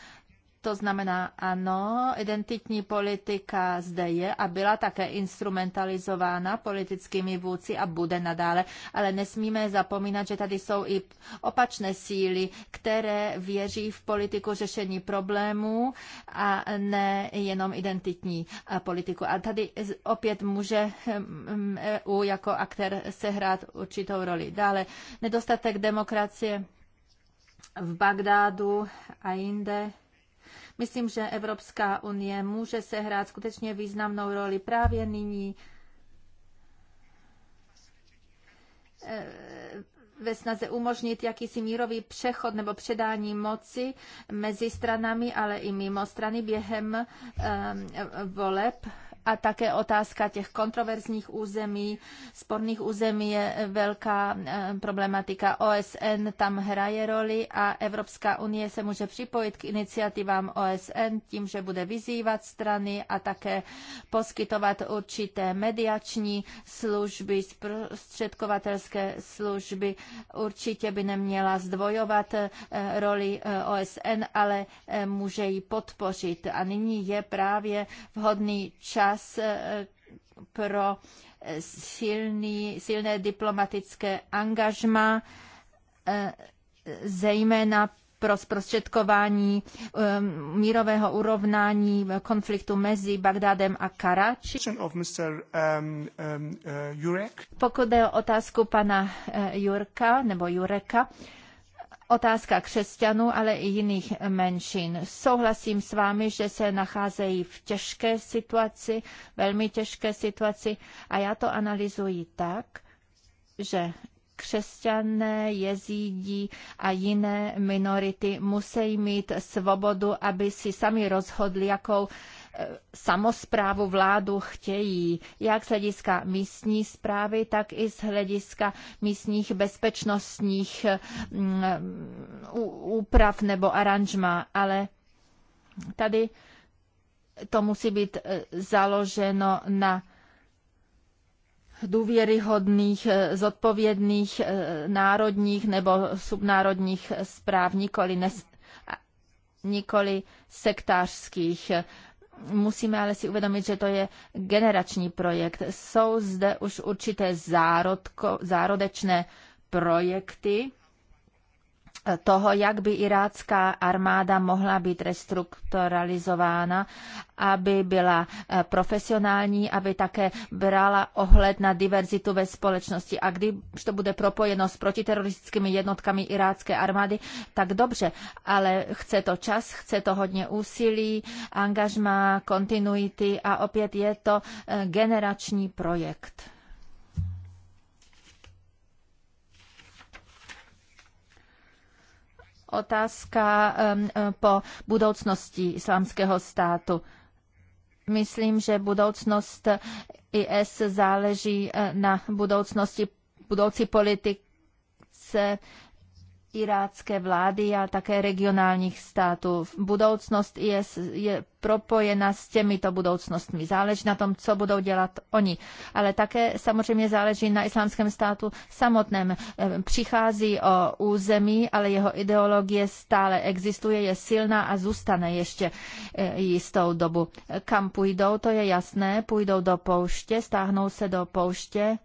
to znamená, ano, identitní politika zde je a byla také instrumentalizována politickými vůdci a bude nadále, ale nesmíme zapomínat, že tady jsou i opačné síly, které věří v politiku řešení problémů a ne jenom identitní eh, politiku. A tady opět může hm, hm, EU jako aktér sehrát určitou roli. Dále nedostatek demokracie v Bagdádu a jinde Myslím, že Evropská unie může sehrát skutečně významnou roli právě nyní eh, ve snaze umožnit jakýsi mírový přechod nebo předání moci mezi stranami, ale i mimo strany během eh, voleb a také otázka těch kontroverzních území, sporných území je velká eh, problematika. OSN tam hraje roli a Evropská unie se může připojit k iniciativám OSN tím, že bude vyzývat strany a také poskytovat určité mediační služby, zprostředkovatelské služby. Určitě by neměla zdvojovat eh, roli eh, OSN, ale může ji podpořit. A nyní je právě vhodný čas čas eh, pro silný, silné diplomatické angažma, eh, zejména pro zprostředkování eh, mírového urovnání konfliktu mezi Bagdádem a Karači. Um, um, uh, Pokud jde o otázku pana Jurka nebo Jureka, otázka křesťanů, ale i jiných menšin. Souhlasím s vámi, že se nacházejí v těžké situaci, velmi těžké situaci a já to analyzuji tak, že křesťané, jezídi a jiné minority musí mít svobodu, aby si sami rozhodli, jakou samozprávu vládu chtějí, jak z hlediska místní zprávy, tak i z hlediska místních bezpečnostních mm, úprav nebo aranžma, ale tady to musí být e, založeno na důvěryhodných, e, zodpovědných e, národních nebo subnárodních správ, nikoli, nes, nikoli sektářských Musíme ale si uvědomit, že to je generační projekt. Jsou zde už určité zárodko, zárodečné projekty, toho, jak by irácká armáda mohla být restrukturalizována, aby byla eh, profesionální, aby také brala ohled na diverzitu ve společnosti. A když to bude propojeno s protiteroristickými jednotkami irácké armády, tak dobře, ale chce to čas, chce to hodně úsilí, angažma, kontinuity a opět je to eh, generační projekt. otázka e, po budoucnosti islámského státu. Myslím, že budoucnost IS záleží e, na budoucnosti budoucí politice irácké vlády a také regionálních států. Budoucnost je, je propojena s těmito budoucnostmi. Záleží na tom, co budou dělat oni. Ale také samozřejmě záleží na islámském státu samotném. E, přichází o území, ale jeho ideologie stále existuje, je silná a zůstane ještě e, jistou dobu. Kam půjdou, to je jasné. Půjdou do pouště, stáhnou se do pouště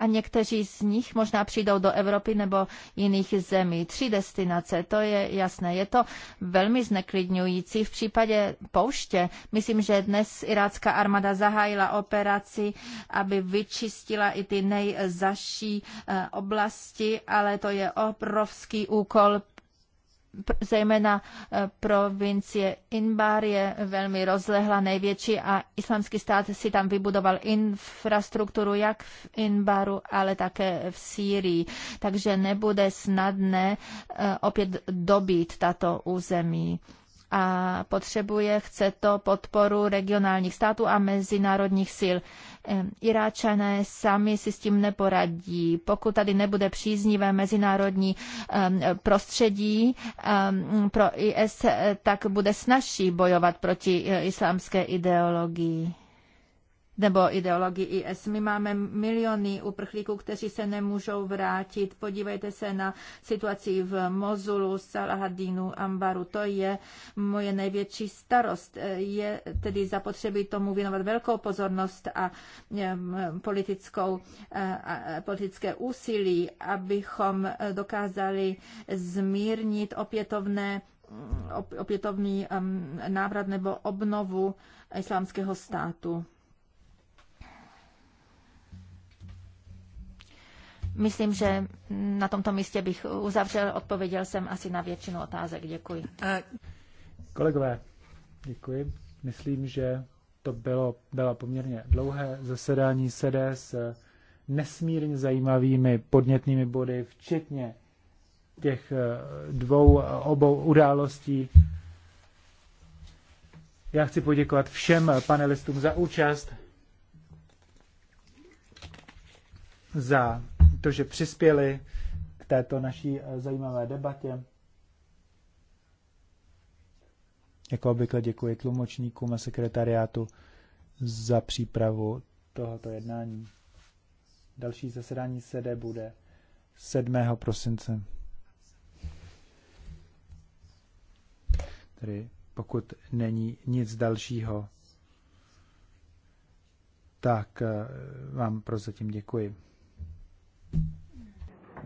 a někteří z nich možná přijdou do Evropy nebo jiných zemí. Tři destinace, to je jasné. Je to velmi zneklidňující. V případě pouště, myslím, že dnes irácká armáda zahájila operaci, aby vyčistila i ty nejzaší eh, oblasti, ale to je obrovský úkol zejména eh, provincie Inbar je velmi rozlehla, největší a islamský stát si tam vybudoval infrastrukturu jak v Inbaru, ale také v Sýrii. Takže nebude snadné eh, opět dobít tato území a potřebuje, chce to podporu regionálních států a mezinárodních sil. Iráčané sami si s tím neporadí. Pokud tady nebude příznivé mezinárodní prostředí pro IS, eh, tak bude snažší bojovat proti eh, islámské ideologii nebo ideologii IS. My máme miliony uprchlíků, kteří se nemůžou vrátit. Podívejte se na situaci v Mozulu, Salahadinu, Ambaru. To je moje největší starost. Je tedy zapotřebí tomu věnovat velkou pozornost a politickou, politické úsilí, abychom dokázali zmírnit opětovné opětovný návrat nebo obnovu islámského státu. Myslím, že na tomto místě bych uzavřel, odpověděl jsem asi na většinu otázek. Děkuji. Kolegové, děkuji. Myslím, že to bylo, bylo poměrně dlouhé zasedání sede s e eh, nesmírně zajímavými podnětnými body, včetně těch eh, dvou eh, obou událostí. Já chci poděkovat všem panelistům za účast, za to, že přispěli k této naší eh, zajímavé debatě. Jako obvykle děkuji tlumočníkům a sekretariátu za přípravu tohoto jednání. Další zasedání sede bude 7. prosince. Tedy pokud není nic dalšího, tak eh, vám prozatím děkuji.